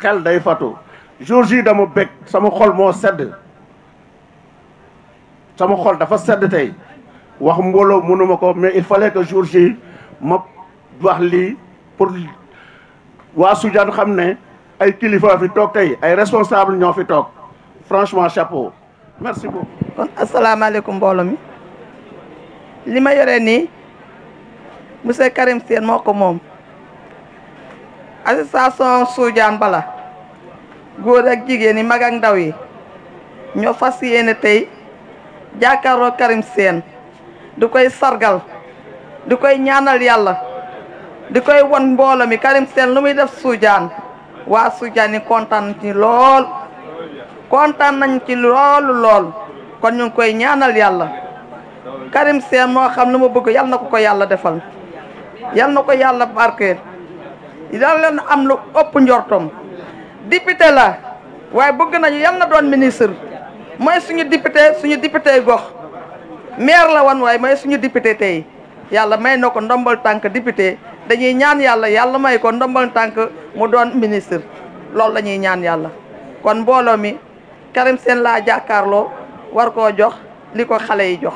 xel day fatu jour ji dama bég sama xol moo sedd sama xol dafa sedd tey wax mbooloo mënuma ko mais il fallait que jour ji ma wax lii pour waa Soudiane xam ne ay kilifa fi toog tey ay responsable ñoo fi toog franchement chapeau merci beaucoup. mbooloo mi li ma yore nii monsieur Karim Sène moo ko moom association Soudiane Bala góor ak jigéen yi mag ak ndaw yi ñoo fas yéene tey jàkkaaroo Karim Sène du koy sargal di koy ñaanal yàlla di koy won mbooloo mi Karim lu muy def Soudiane waa Soudiane yi kontaan ci lool. kontaan nañ ci loolu lool kon ñu ngi koy ñaanal yàlla Karim Sène moo xam lu mu bëgg yal na ko ko yàlla defal yal na ko yàlla barkeel yal leen am lu ëpp njortom député la waaye bëgg nañu yal na doon ministre mooy suñu député suñu député gox maire la won waaye mooy suñu député tey yàlla may na ko ndombal tànk député dañuy ñaan yàlla yàlla may ko ndombal tànk mu doon ministre loolu la ñuy ñaan yàlla kon mbooloo mi Karim Sène laa jàkkaarloo war koo jox li ko xale yi jox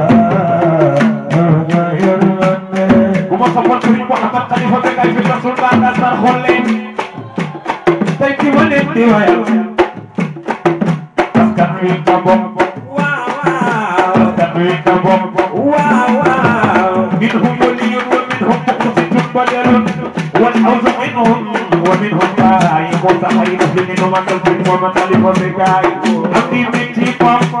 Ahmad Khalifa Bekay bi la sultaan asar xool leen tey ci ma leen di wayal askan wi ka bokk waaw waaw askan wi ka bokk waaw waaw minhum waliyun wa minhum muqsitun badalun wal awzu minhum wa minhum baay ko taxay na fi ni no magal bi mo ma Khalifa Bekay am di metti papa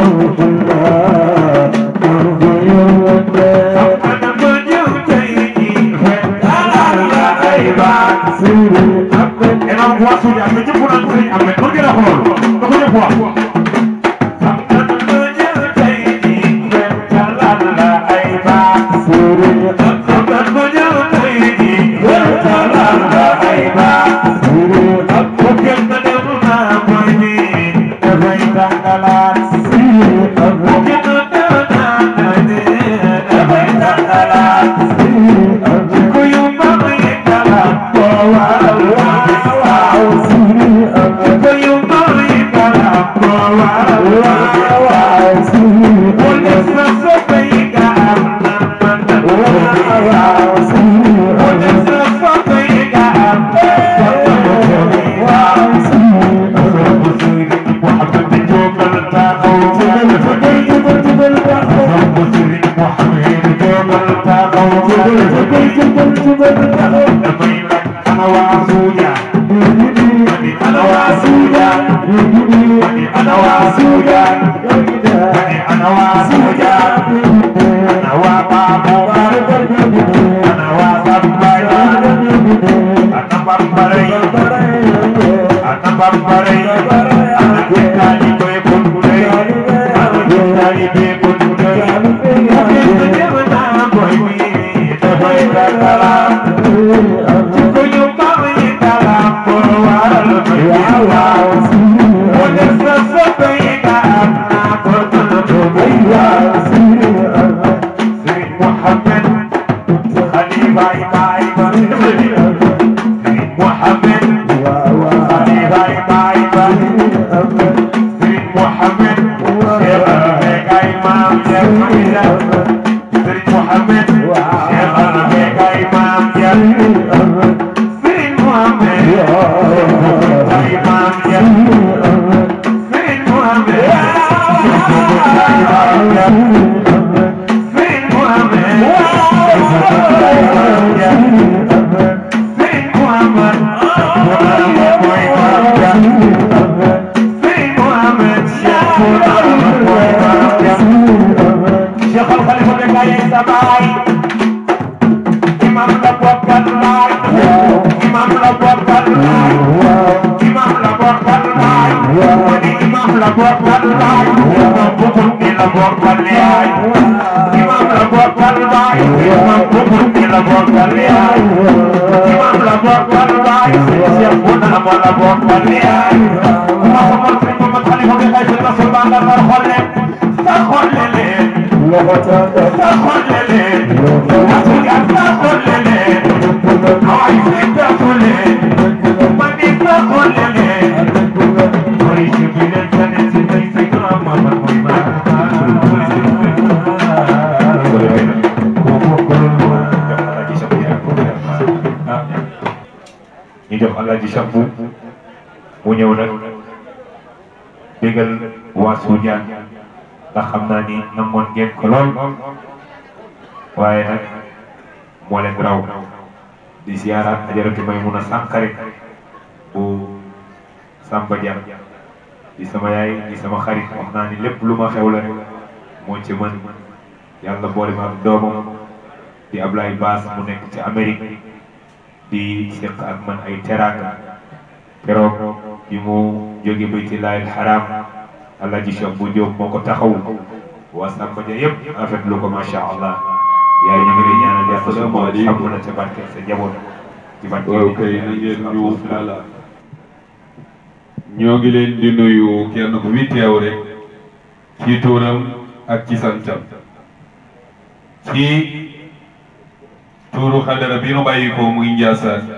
له বলা বক বলিয়া আমার প্রেম মাথালি হবে কাছে রাসূল বান্দার হলে তখন লেলে লোকটা তখন লেলে Mansour Diagne ndax xam naa ni namoon ngeen ko waaye nag moo leen raw di ziyaaraat ajaratu Maymuna Sankare bu Samba Diagne di sama yaay di sama xarit wax naa ni lépp lu ma xew la rek moo ci mën yàlla boole ma ak di Ablaye Baas mu nekk ci Amérique di seq ak man ay teraanga keroog bi mu jóge baytillaahil xaraam alaaji Cheikh bu Diop moo ko taxaw waa Samba Dia yëpp rafetlu ko macha allah yaay ñu ngi lay ñaanal yàlla suñu borom xam na ca barke ñu ngi leen di nuyu kenn ku fi teew rek ci tuuram ak ci santam ci tuuru xadara bi nu bàyyi ko muy Njaasaan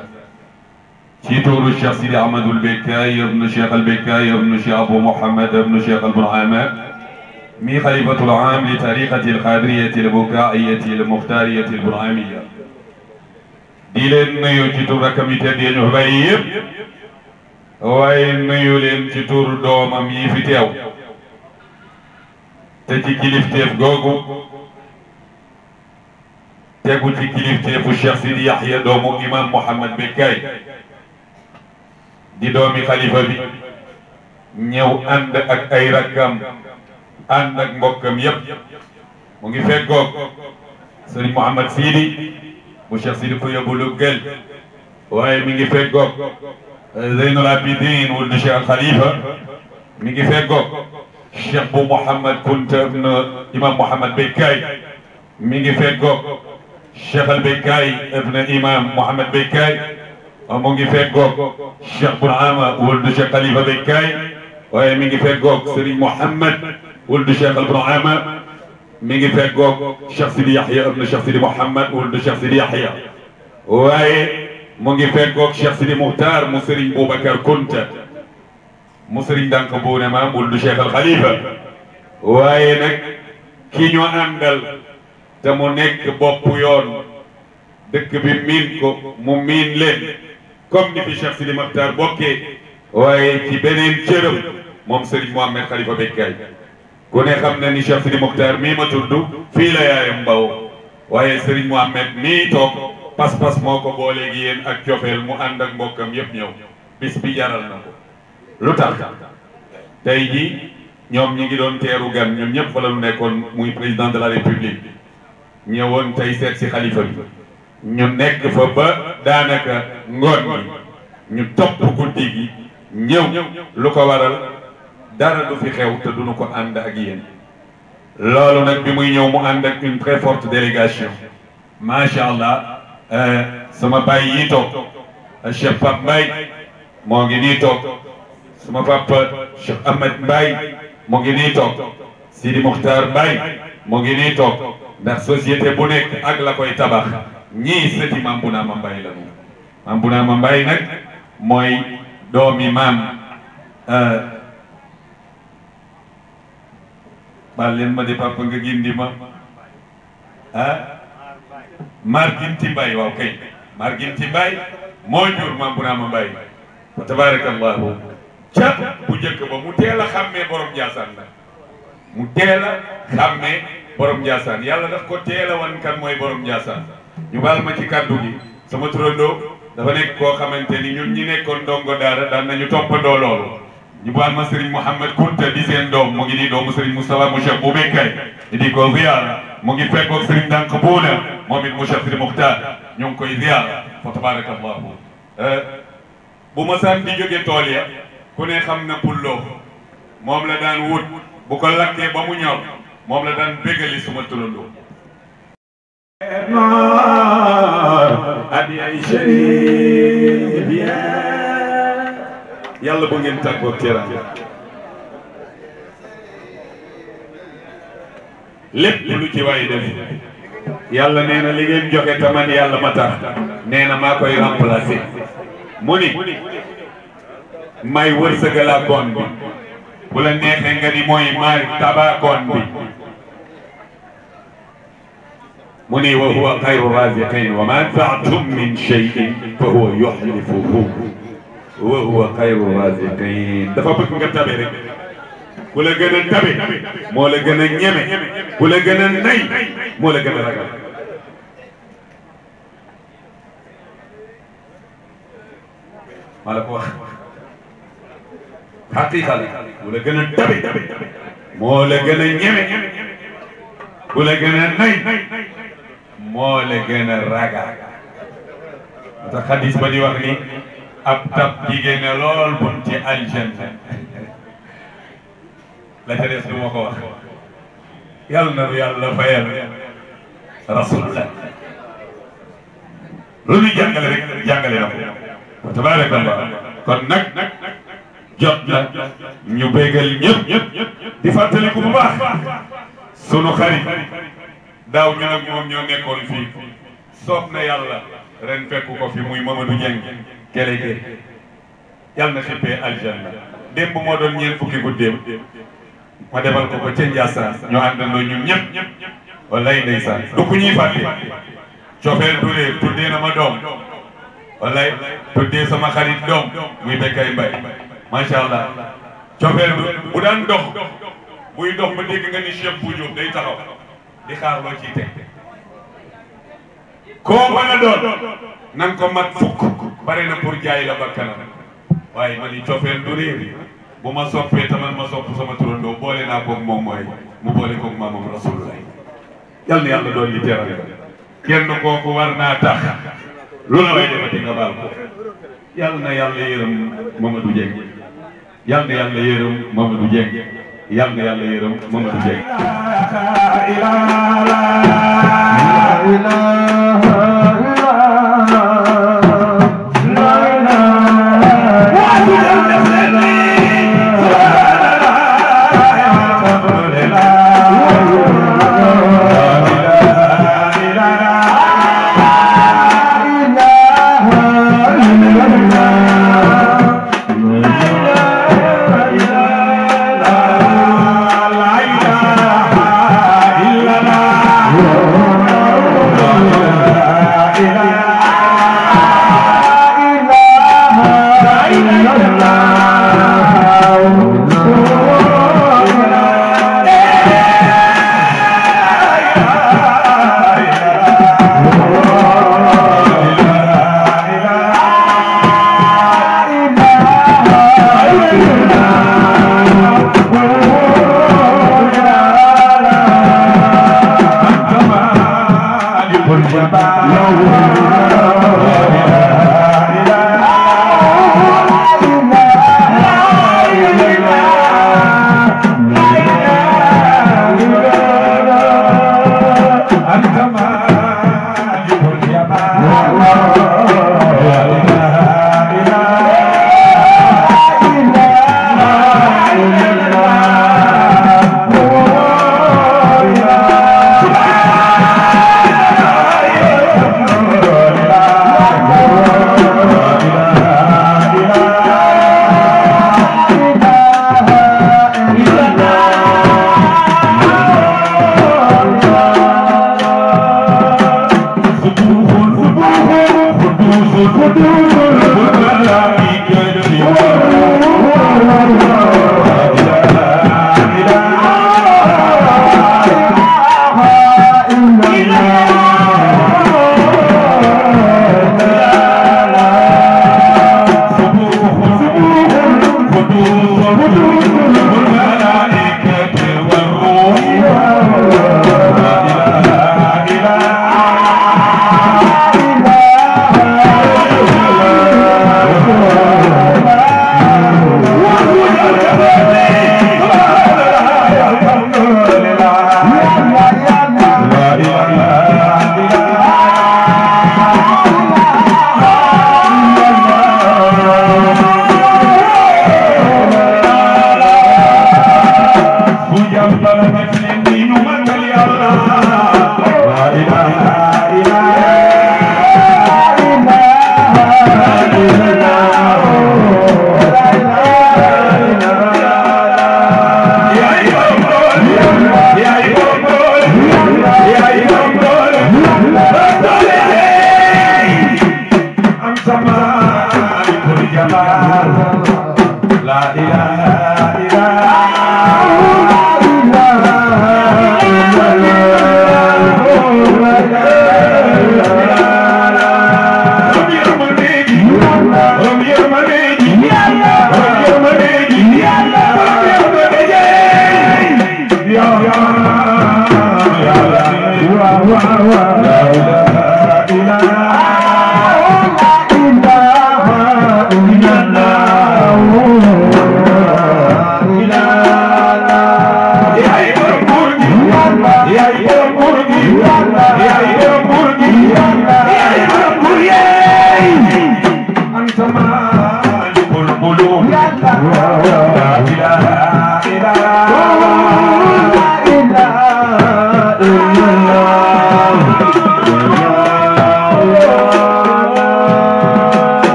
ci turu Cheikh Sidi Ahmed al-Bekkaay ibnu Cheikh al-Bekkaay ibnu Cheikh Abu Muhammad ibnu Cheikh al-Bun'aama mi xalifatul aam li tariqati al-Qaadiriyyati al-Bukaaiyati al-Muxtaariyati al-Bun'aamiyya di leen nuyu ci tur rakam yi tedd yi ñu bàyyi leen ci tur doomam yi fi teew te ci kilifteef googu tegu ci kilifteefu Cheikh Sidi Yaxya doomu imam Mouhamed Bekkaay di doomi xalifa bi ñëw ànd ak ay rakkam ànd ak mbokkam yépp mu ngi fekkoog sëriñ Mouhamad Sidi mu Cheikh Sidi Fouye bu Luggel waaye mi ngi fekkoog Zeynul Abidin wul du Cheikh al Khalifa mi ngi fekkoog Cheikh bu Mouhamad Kounta ibnu imam Mouhamad Bekkay mi ngi fekkoog Cheikh al Bekkay ibnu imam Mouhamad Bekkay mu ngi feggoog Cheikh Bourama wuldu Cheikh Khalifa Bekkaay waaye mi ngi feggoog Serigne Mouhamed wuldu Cheikh Bourama mi ngi feggoog Cheikh Sidi Yahya ibnu Cheikh Sidi Mouhamed wuldu Cheikh Sidi Yahya waaye mu ngi feggoog Cheikh Sidi Mouhtar mu Serigne Boubacar Kounta mu Serigne Danka Boune Maam wuldu Cheikh Al Khalifa waaye nag ki ñu àndal nekk bopp yoon dëkk bi miin ko mu miin leen comme ni fi Cheikh Sidi Makhtar bokkee waaye ci beneen cëram moom Serigne Mohamed Khalifa Bekkaay ku ne xam na ni Cheikh Sidi Makhtar mii ma tudd fii la yaayam mbaw waaye Serigne Mohamed mii toog pas-pas moo ko boolee gi yéen ak cofeel mu ànd ak mbokkam yépp ñëw bis bi jaral na ko lu tax tey jii ñoom ñu ngi doon teeru gan ñoom ñëpp fa la ñu nekkoon muy président de la république ñëwoon tey seet si xalifa bi ñu nekk fa ba daanaka ngoon gi ñu topp guddi gi ñëw lu ko waral dara lu fi xew te duñu ko ànd ak yéen loolu nag bi muy ñëw mu ànd ak une très forte délégation macha allah euh, sama bàyyi yi toog Cheikh Pape Mbaye moo ngi nii toog sama papa Cheikh Ahmed Mbaye moo ngi nii toog Sidi Mokhtar Mbaye moo ngi nii toog ndax société bu nekk ak la koy tabax ñii sëti maam bu naa la ñu maam bu nag mooy doomi maam euh, baal leen ma di papa nga gindi ma ah marginti mbay waaw kay marginti mbay moo jur maam bu naa ma mbay wa bu njëkk ba mu teel a xàmmee borom jaasaan la mu teel a xàmmee borom jaasaan yàlla daf ko teel a wan kan mooy borom jaasaan ñu baal ma ci kàddu gi sama turandoo dafa nekk koo xamante ni ñun ñi nekkoon ndongo daara daan nañu toppandoo loolu ñu baal ma Serigne Mouhamed Kounta di seen doom mu ngi doom doomu Serigne Moustapha mu Cheikh Boubé Kay di ko ziar mu ngi fekkoog Serigne Ndànk Buuna moom it mu Cheikh Sidi Muxtaar ñu ngi koy ziar fa tabarakallahu euh, bu ma saan di jóge tool ya ku ne xam na pulloo moom la daan wut bu ko lakkee ba mu ñor moom la daan bégali suma turandoo abi ay sharif yàlla bu ngeen ci waay def yàlla nee na li ngeen yàlla ma tax nee na maa koy remplacer mu ni may wërsëgal ak koon bi bu la neexee nga ni mooy maay tabaakoon bi mu ne wa huwa xayru raazikayn wa ma anfa'tum min shay'in fa huwa yuxlifuhu wa huwa xayru raazikayn dafa bëgg nga tabe rek ku la gën a tabe moo la gën a ñeme ku la gën a nay moo la gën a ragal maa la ko wax xaqiqa la ku la gën a tabe moo la gën a ñeme ku la gën a nay moo la gën a ragal te xadis ba di wax ni ab tab jigéen ne lool bun ci aljanna la ca des du ma ko wax yàlla na yàlla fayal rasulullah lu ñuy jàngale rek jàngale na ko tabaarakallah kon nag jot na ñu bégal ñëpp di fàttaliku bu baax sunu xarit daaw ñu nag moom ñoo nekkoon fii soob na yàlla ren fekk ko fi muy Mamadou Dieng Keleke yàlla na xippee aljanna démb moo doon ñeent fukki guddeem ma defal ko ko ca Ndiassane ñu àndandoo ñun ñëpp wallaay ndeysaan du ku ñuy fàtte cofeel durée tuddee na ma doom wallaay tuddee sama xarit doom muy bekkay mbay macha allah cofeel bu daan dox buy dox ba dégg nga ni chef bu jóg day taxaw. di xaar loo koo mën a doon nan ko mat fukk bare na pour jaay la bakkanam waaye man yi cofeel du réer bu ma soppee taman ma sopp sama turandoo boole naa koog moom mooy mu boole koog maamam rasulullah yal na yàlla doon ñu teral kenn kooku war naa tax lu la way defati nga baal ko yal na yàlla yërëm Mamadou Dieng yal na yàlla yërëm Mamadou yàgg yàlla yërëm mën ko jeg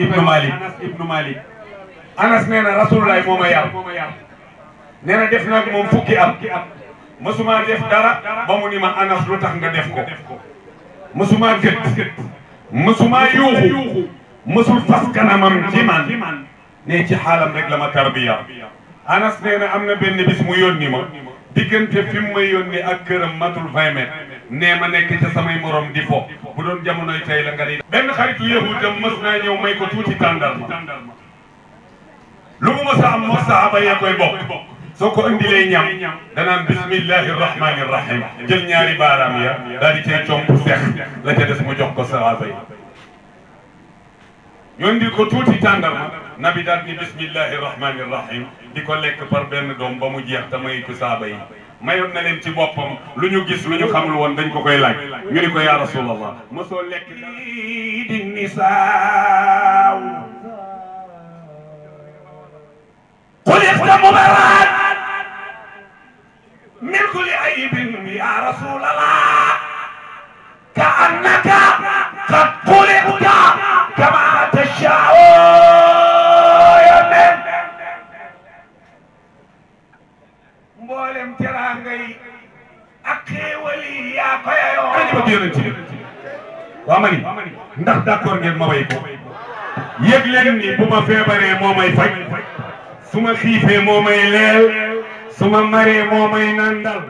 ibnu Malik ibnu Malik Anas nee na Rasulullah moo ma yar nee na def nag moom fukki am mësuma def dara ba mu ni ma Anas lu tax nga def ko mësuma gët mësuma yuuxu mësul fas kanamam ci man ne ci xaalam rek la ma tarbiya Anas nee na am na benn bis mu yónni ma diggante fi mu may yónni ak këram matul vingt mètres nee ma nekk ca samay morom di fo bu doon jamonoy tey la nga di xaritu yahudam mës ko tuuti tàndarma lu mu mës a saaba yee koy bokk soo ko indilee ñam danaan bismillahi rahmani rahim ñaari baaraam ya daal di cay comp seex la ca des mu jox ko tuuti tàndarma nabi daal ni di ko lekk par benn doom ba mu jeex te mayitu saaba mayoon na leen ci boppam lu ñu gis lu ñu xamul woon dañ ko koy laaj ñu ni ko yaa rasulallah mosoo lekk di nisaaw xulista mubarak min kulli aybin ya rasulallah ka annaka qad xulita kama tashaa'u kañ bëgg yonent waa ma ni ndax d'accord ngeen ma way ko yëg leen ni bu ma feebaree moo may faj su ma xiifee moo may leel su ma maree moo may nandal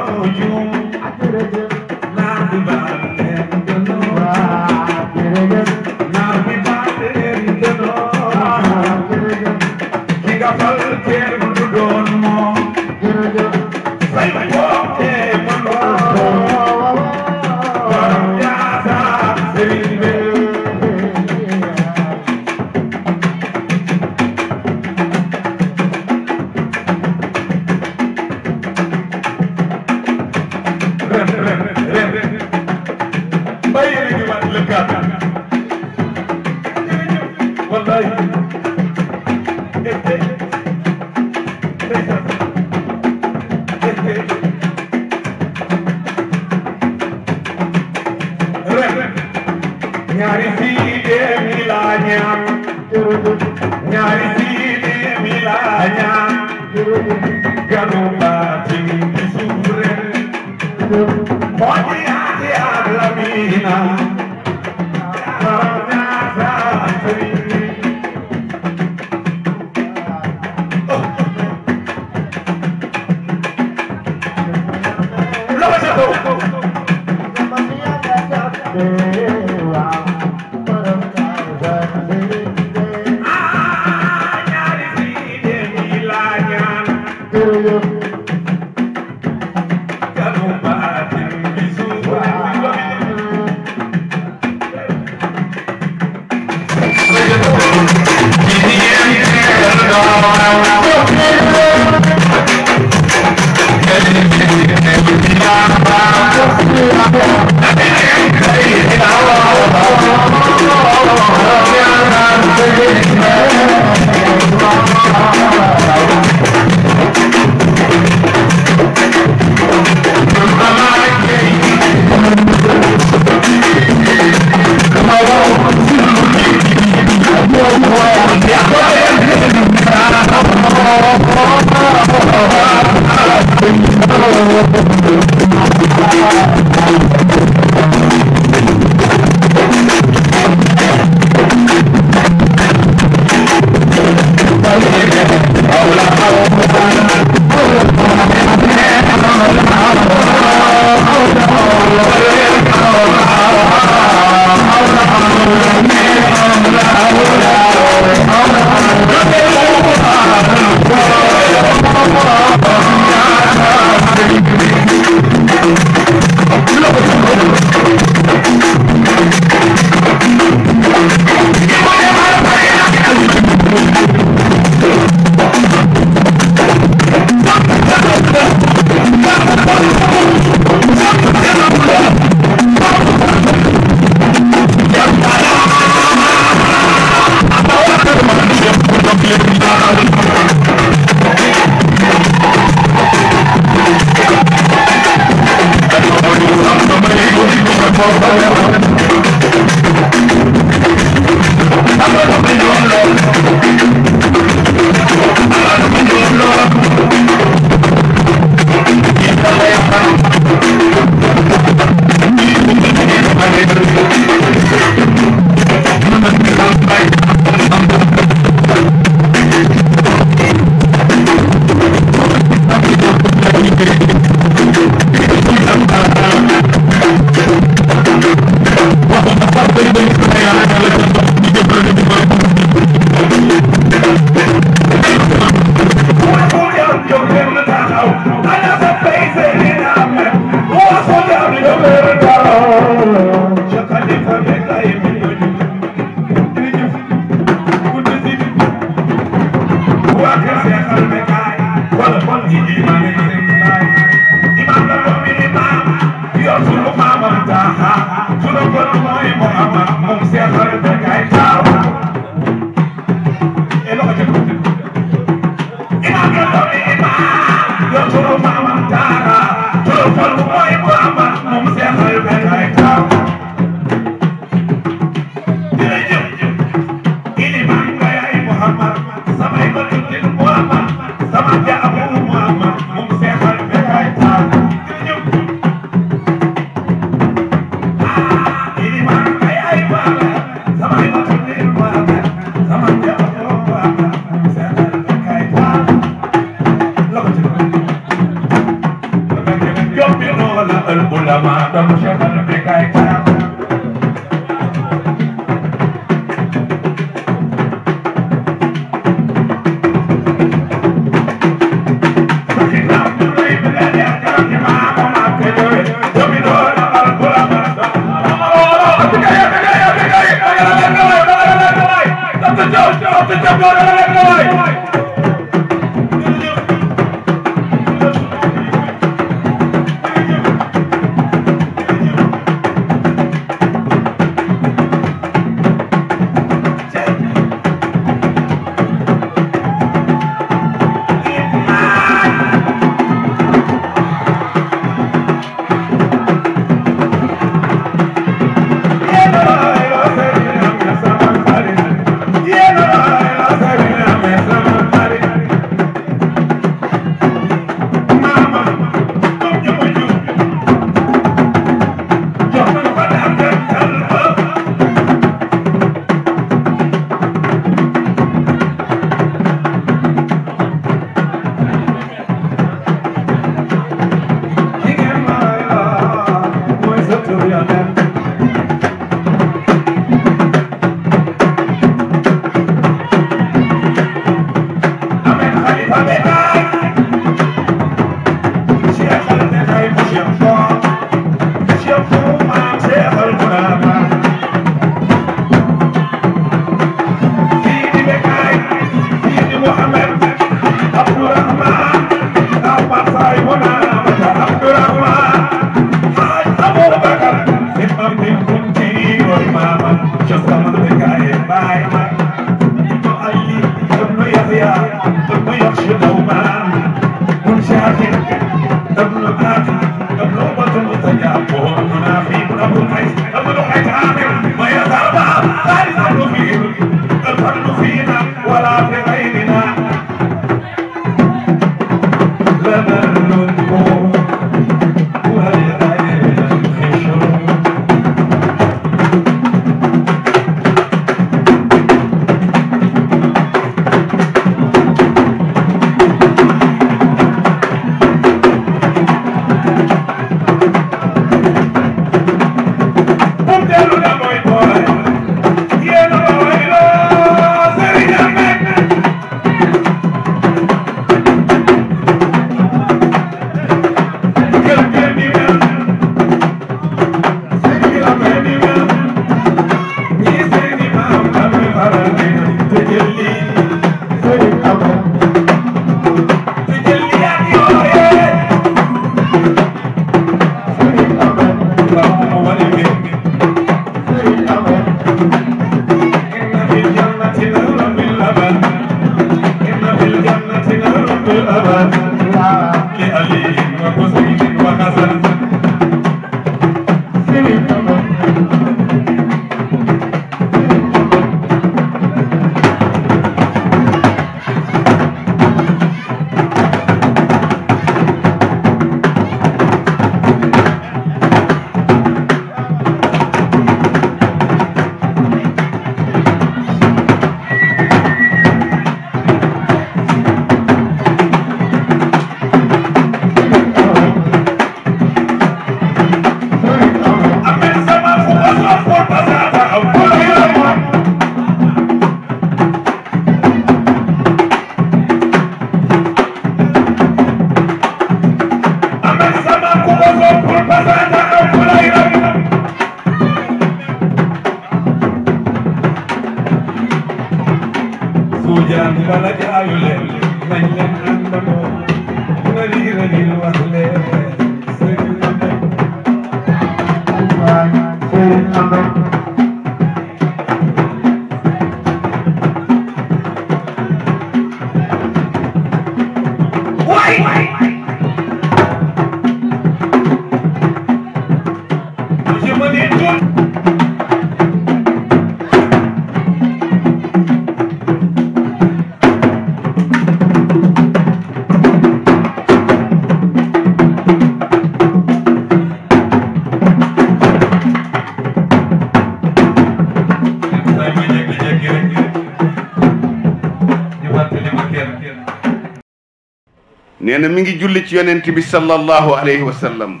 mi ngi julli ci yonent bi sallallahu alayhi wa sallam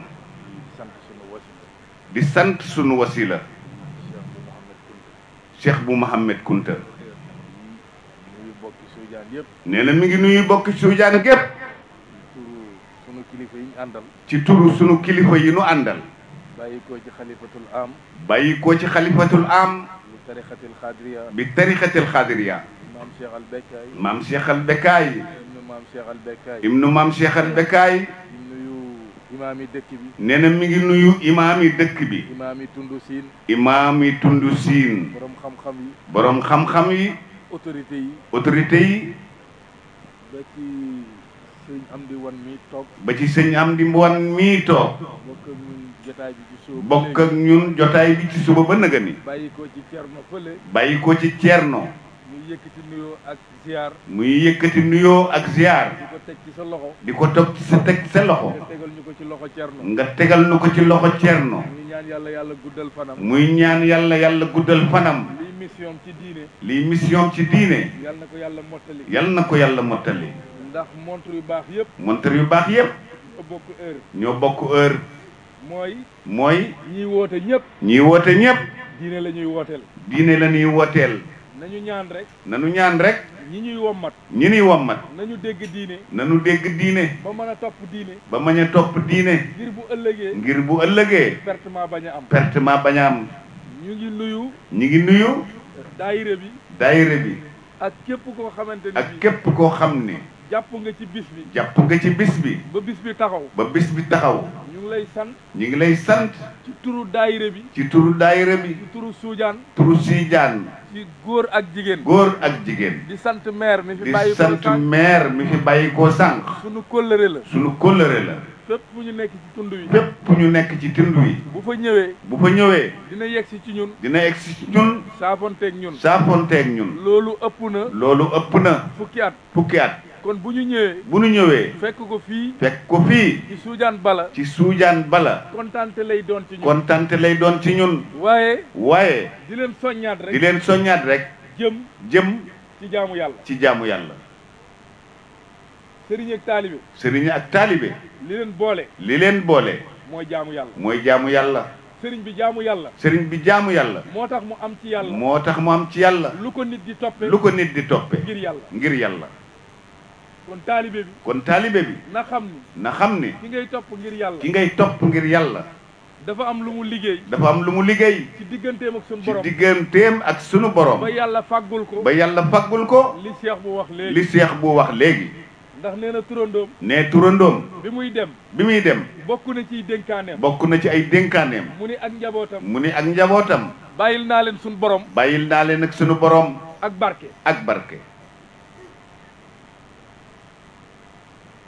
di sant sunu wasila cheikh bu Mohammed Kunta nee mi ngi nuyu bokki suujaan gépp ci turu sunu kilifa yi nu àndal bàyyi koo ci xalifatul am bi tarixatil xaadiriya bi tarixatil xaadiriya maam cheikh al maam Cheikh al maam Cheikh al Bekkaay. bi. nee na mi ngi nuyu imaam yi dëkk bi. imaam yi tundu siin. imaam yi tundu siin. borom xam-xam yi. borom xam-xam yi. autorité yi. autorité yi. ba ci sëñ Amdi wan toog. ba ci sëñ Amdi wan mii toog. bokk ak ñun jotaay bi ci suba. bokk ak ñun jotaay bi ci suba ba nëgëni. bàyyi ko ci Cerno fële. ci Cerno. yëkkati nuyoo ak ziar. muy yëkkati nuyoo ak ziar. ko teg ci sa loxo. di ko toog sa teg sa loxo. nga ñu ko ci loxo cerno. nga tegal ñu ko ci loxo cerno. muy ñaan yàlla yàlla guddal fanam. muy ñaan yàlla yàlla guddal fanam. lii mission ci diine. lii mission ci diine. yal ko yàlla mottali. yal na ko yàlla mottali. ndax montre yu baax yëpp. montre yu baax yëpp. ñoo bokk heure. ñoo bokk heure. mooy. mooy. ñii woote ñëpp. ñii woote ñëpp. diine la ñuy wooteel. diine la ñuy wooteel. nañu ñaan rek. nañu ñaan rek. ñi ñuy wommat. ñi ñuy wommat. nañu dégg diine. nañu dégg diine. ba mën a topp diine. ba mën a topp diine. ngir bu ëllëgee. ngir bu ëllëgee. pertement bañ am. pertement bañ a am. ñu ngi nuyu. ñu ngi nuyu. daayire bi. daayire bi. ak képp koo xamante ni ak képp koo xam ne. jàpp nga ci bis bi. jàpp nga ci bis bi. ba bis bi taxaw. ba bis bi taxaw. ñu ngi lay sant. ñu ngi lay sant. ci turu daayire bi. ci turu bi. ci turu Suujaan. turu Suujaan. ci góor ak jigéen. góor ak jigéen. di sant maire mi fi bàyyi ko sànq sant maire mi fi bàyyi sànq. sunu kóllëre la. sunu kóllëre la. fépp fu ñu nekk ci tund wi. fépp ñu nekk ci tund wi. bu fa ñëwee. bu fa ñëwee. dina yegsi ci ñun. dina yegsi ci ñun. saafonteeg ñun. saafonteeg ñun. loolu ëpp na. loolu ëpp na. fukki at. fukki at. kon bu ñu ñëwee. bu ñu ñëwee. fekk ko fii. fekk ko fii. ci suujaan bala. ci suujaan bala. kontante lay doon ci ñun. kontante lay doon ci ñun. waaye. waaye. di leen soññaat rek. di leen soññaat rek. jëm. jëm. ci jaamu yàlla. ci jaamu yàlla. sëriñ ak taalibe. sëriñ ak taalibe. li leen boole. li leen boole. mooy jaamu yàlla. mooy jaamu yàlla. sëriñ bi jaamu yàlla. sëriñ bi jaamu yàlla. moo tax mu am ci yàlla. moo tax mu ci yàlla. lu ko nit di toppee. lu ko nit di toppee. ngir yàlla ngir yàlla. kon taalibe bi kon taalibe bi na xam ni na xam ni ki ngay topp ngir yàlla ki ngay topp ngir yàlla dafa am lu mu liggéey dafa am lu mu liggéey ci digganteem ak sunu borom ci digganteem ak sunu borom ba yàlla faggul ko ba yàlla faggul ko li seex bu wax léegi li seex bu wax léegi ndax nee na turandoom nee turandoom bi muy dem bi muy dem bokk na ci dénkaaneem bokk na ci ay dénkaaneem mu ni ak njabootam mu ni ak njabootam bàyyil naa leen sunu borom bàyyil naa leen ak sunu borom ak barke ak barke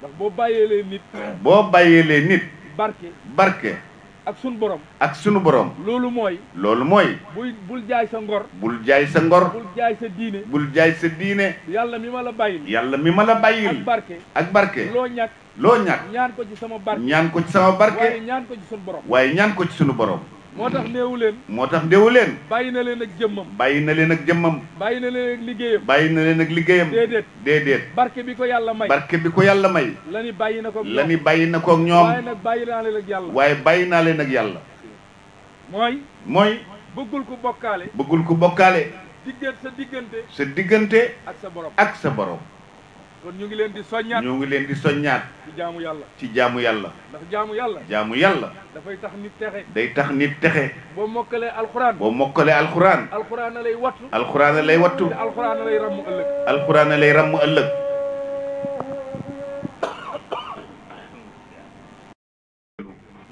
ndax boo bàyyeelee nit. boo bàyyeelee nit. barke barke. ak sunu borom. ak sunu borom. loolu mooy. loolu mooy. buy bul jaay sa ngor. bul jaay sa ngor. bul jaay sa diine. bul jaay sa diine. yàlla mi ma la bàyyil. yàlla mi ma la bàyyil. ak barke. ak barke. loo ñàkk. loo ñàkk. ñaan ko ci sama barke. ñaan ko ci sama barke. ñaan ko ci sunu borom. waaye ñaan ko ci sunu borom. moo tax néewu leen moo tax néewu leen bàyyi na leen ak jëmmam bàyyi na leen ak jëmmam bàyyi na leen ak liggéeyam bàyyi na leen ak liggéeyam déedéet déedéet barke bi ko yàlla may barke bi ko yàlla may la ni bàyyi na ko la ni bàyyi na ko ñoom waaye bàyyi naa leen ak yàlla waaye bàyyi yàlla mooy mooy bëggul ko bokkaale bëggul ko bokkaale diggante sa diggante sa diggante ak sa borom ak sa borom kon ñu ngi leen di soññaat ñu ngi leen di soññaat. ci jaamu yàlla ci jaamu yàlla. ndax jaamu yàlla. jaamu yàlla. dafay tax nit texe. day tax nit texe. boo mokkalee alxuraan. boo mokkalee alxuraan. alxuraan lay wattu. alxuraan lay wattu. te alxuraan lay ràmm ëllëg. alxuraan lay ràmm ëllëg.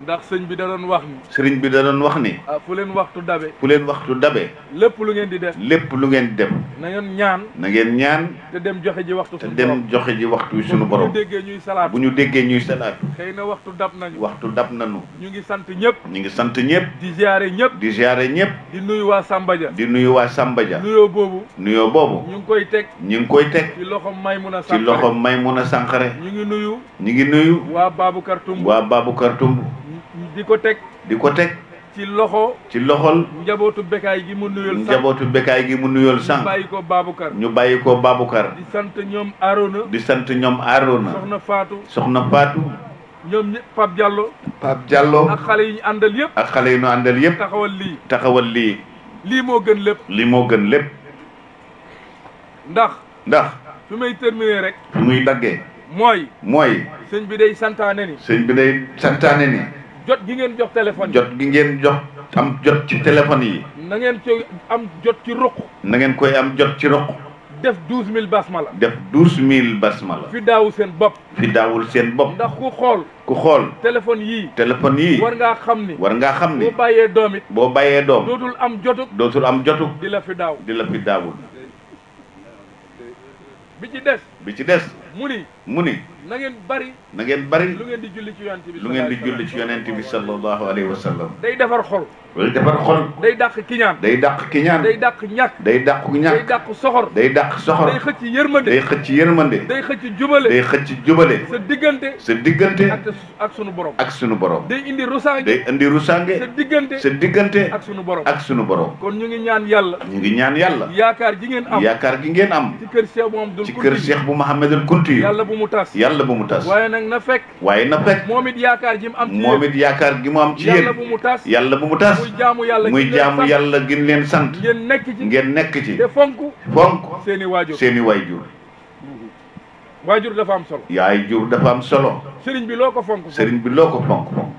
ndax sëñ bi da doon wax ni. sëriñ bi da doon wax ni. ah fu leen waxtu dabe. fu leen waxtu dabe. lépp lu ngeen di def. lépp lu ngeen di def. na ngeen ñaan. na ngeen ñaan. dem joxe ji waxtu suñu borom te dem joxe ji waxtu sunu borom. bu ñu déggee ñuy salaatu bu ñu déggee ñuy salaatu. xëy na waxtu dab nañu. waxtu dab nañu. ñu ngi sant ñëpp. ñu ngi sant ñëpp. di ziare ñëpp. di ziare ñëpp. di nuyu waa Samba Dia. di nuyu waa Samba Dia. boobu. nuyoo boobu. ñu ngi koy teg. ñu ngi koy teg. ci loxo Maymuna Sankare ci loxo Maymuna Sankare. ñu ngi nuyu. ñu ngi nuyu. waa Babou Kartoum waa Babou Kartoum di ko teg di ko teg ci loxo ci loxol njabootu bekaay gi mu nuyol sànq njabootu bekaay gi mu nuyol sànq ñu bàyyi ko Babacar ñu bàyyi ko Babacar di sant ñoom Arona di sant ñoom Arona soxna Faatu soxna Faatu ñoom ñëpp Pape Diallo Pape Diallo ak xale yi ñu àndal yëpp ak xale yi ñu àndal yëpp taxawal lii taxawal lii lii moo gën lépp lii moo gën lépp ndax ndax fi may terminer rek muy dagge mooy mooy sëñ bi day santaane ni sëñ bi day santaane ni jot gi ngeen jox téléphone yi. jot gi jox am jot ci téléphone yi. na ngeen koy am jot ci ruq. na ngeen koy am jot ci def douze mille basmala. def douze mille basmala. fi daawu seen bopp. fi daawul seen bopp. ndax ku xool. ku xool. téléphone yii. téléphone yi war ngaa xam ni. war ngaa xam ni. boo bàyyee doom it. boo bàyyee doom. dootul am jotug. dootul am jotug. di la fi daaw di la fi daawul. bi ci des. bi ci des. mu ni mu ni na ngeen bari na ngeen bari lu ngeen di julli ci yonent bi lu ngeen di julli ci yonent bi sallallahu alayhi wa sallam day defar xol day defar xol day dàq kiñaan day dàq kiñaan day dàq ñàkk day dàq ñàkk day dàq soxor day dàq soxor day xëcc yërmande day xëcc yërmande day xëcc jubale day xëcc jubale sa diggante sa diggante ak sunu borom ak sunu borom day indi rusaange day indi rusaange sa diggante sa diggante ak sunu borom ak sunu borom kon ñu ngi ñaan yàlla ñu ngi ñaan yàlla yaakaar gi ngeen am yaakaar gi am ci kër Cheikh buntu yi yàlla bu mu tas yàlla bu mu tas waaye nag na fekk waaye na fekk moom yaakaar ji mu am ci yaakaar gi mu am ci yéen yàlla bu mu tas yàlla bu mu tas muy jaamu yàlla muy jaamu yàlla gin leen sant ngeen nekk ci ngeen nekk ci te fonk fonk seen i waajur seen i waajur waajur dafa am solo yaay jur dafa am solo sëriñ bi loo fonk sëriñ bi loo ko fonk fonk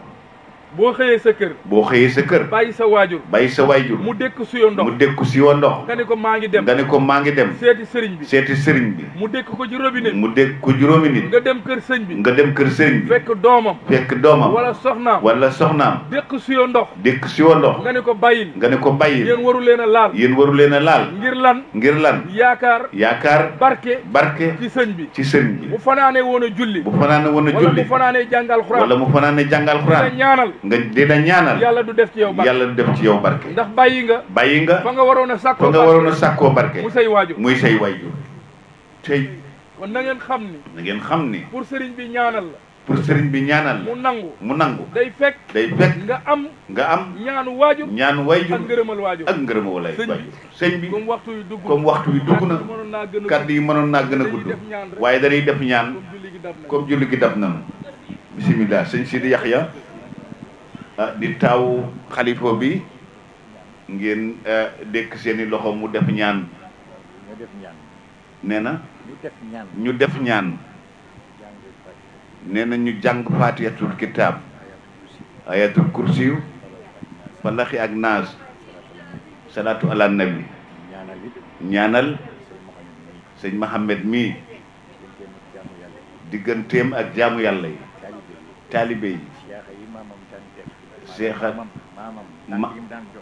boo xëyee sa kër boo xëyee sa kër bàyyi sa waajur bay sa waajur mu dékk si yoo ndox mu dékk si yoo ndox nga ne ko maa ngi dem nga ne ko maa ngi dem seeti sëriñ bi seeti sëriñ bi mu dékk ko juróomi nit mu dékk ko juróomi nit nga dem kër sëñ bi nga dem kër sëriñ bi fekk doomam fekk doomam wala soxnaam wala soxnaam dékk si yoo ndox dékk si yoo ndox nga ne ko bàyyil nga ne ko bàyyil yéen waru leen a laal yéen waru leen a laal ngir lan ngir lan yaakaar yaakaar barke barke ci sëñ bi ci sëriñ bi bu fanaanee woon a julli bu fanaanee woon a julli wala mu fanaanee jàngal xuraan wala mu fanaanee jàngal xuraan ñaanal nga di na ñaanal yàlla du def ci yow barke yàlla du def ci yow barke ndax bàyyi nga bàyyi nga fa nga waroon a sàkkoo fa nga waroon a sàkkoo barke muy say waajur muy say waajur tey kon na ngeen xam ni na ngeen xam ni pour sëriñ bi ñaanal la pour sëriñ bi ñaanal mu nangu mu nangu day fekk day fekk nga am nga am ñaanu waajur ñaanu waajur ak ngërëmal waajur ak ngërëmal waajur sëñ bi comme waxtu yu dugg comme waxtu yu dugg na kàddu yi mënoon naa gën a gudd waaye dañuy def ñaan comme julli gi dab nañu bisimilah sëñ yax ya Ah, di taawu xalifa bi ngeen eh, dékk seeni loxo mu def ñaan nee na ñu def ñaan nee na ñu jàng faatiyatul kitaab ayatul kursiyu falaxi ak naas salaatu ala nabi ñaanal sëñ Mohamed mi digganteem ak jaamu yàlla yi taalibe yi seex ak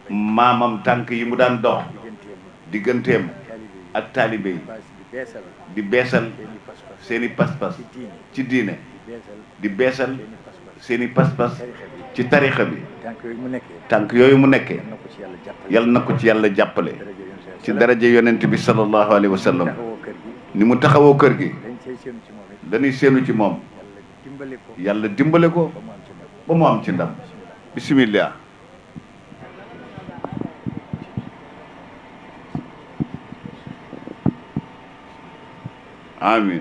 maamam tànk yi mu daan dox digganteem ak taalibe yi di beesal seeni pas-pas ci diine di beesal seeni pas-pas ci tarixa bi tànk yooyu mu nekkee yal na ko ci yàlla jàppale ci daraja yonent bi sallallahu alayhi wa sallam ni mu taxawoo kër gi dañuy seenu ci moom yàlla dimbale ko ba mu am ci ndam bisimilah. amin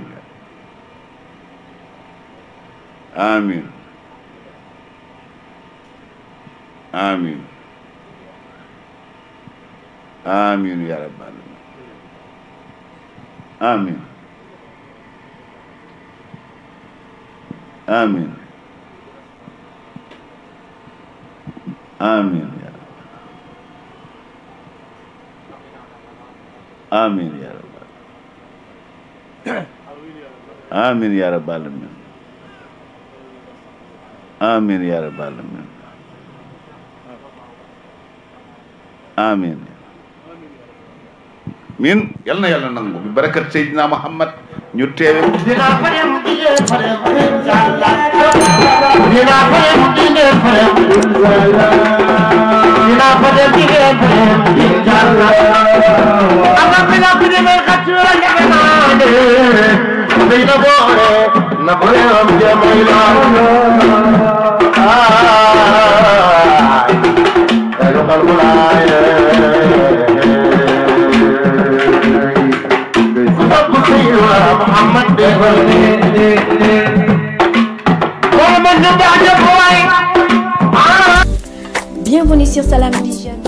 amin amin amin ya rabbal amin amin amiin yaa amiin yaa rabbal amiin yaa rabbal amiin amiin yaa rabbal amiin amiin min yal na yàlla nangu bi barakat Seydina Muhammad ñu teewe Thank you. محمد Bienvenue sur Salam Vision.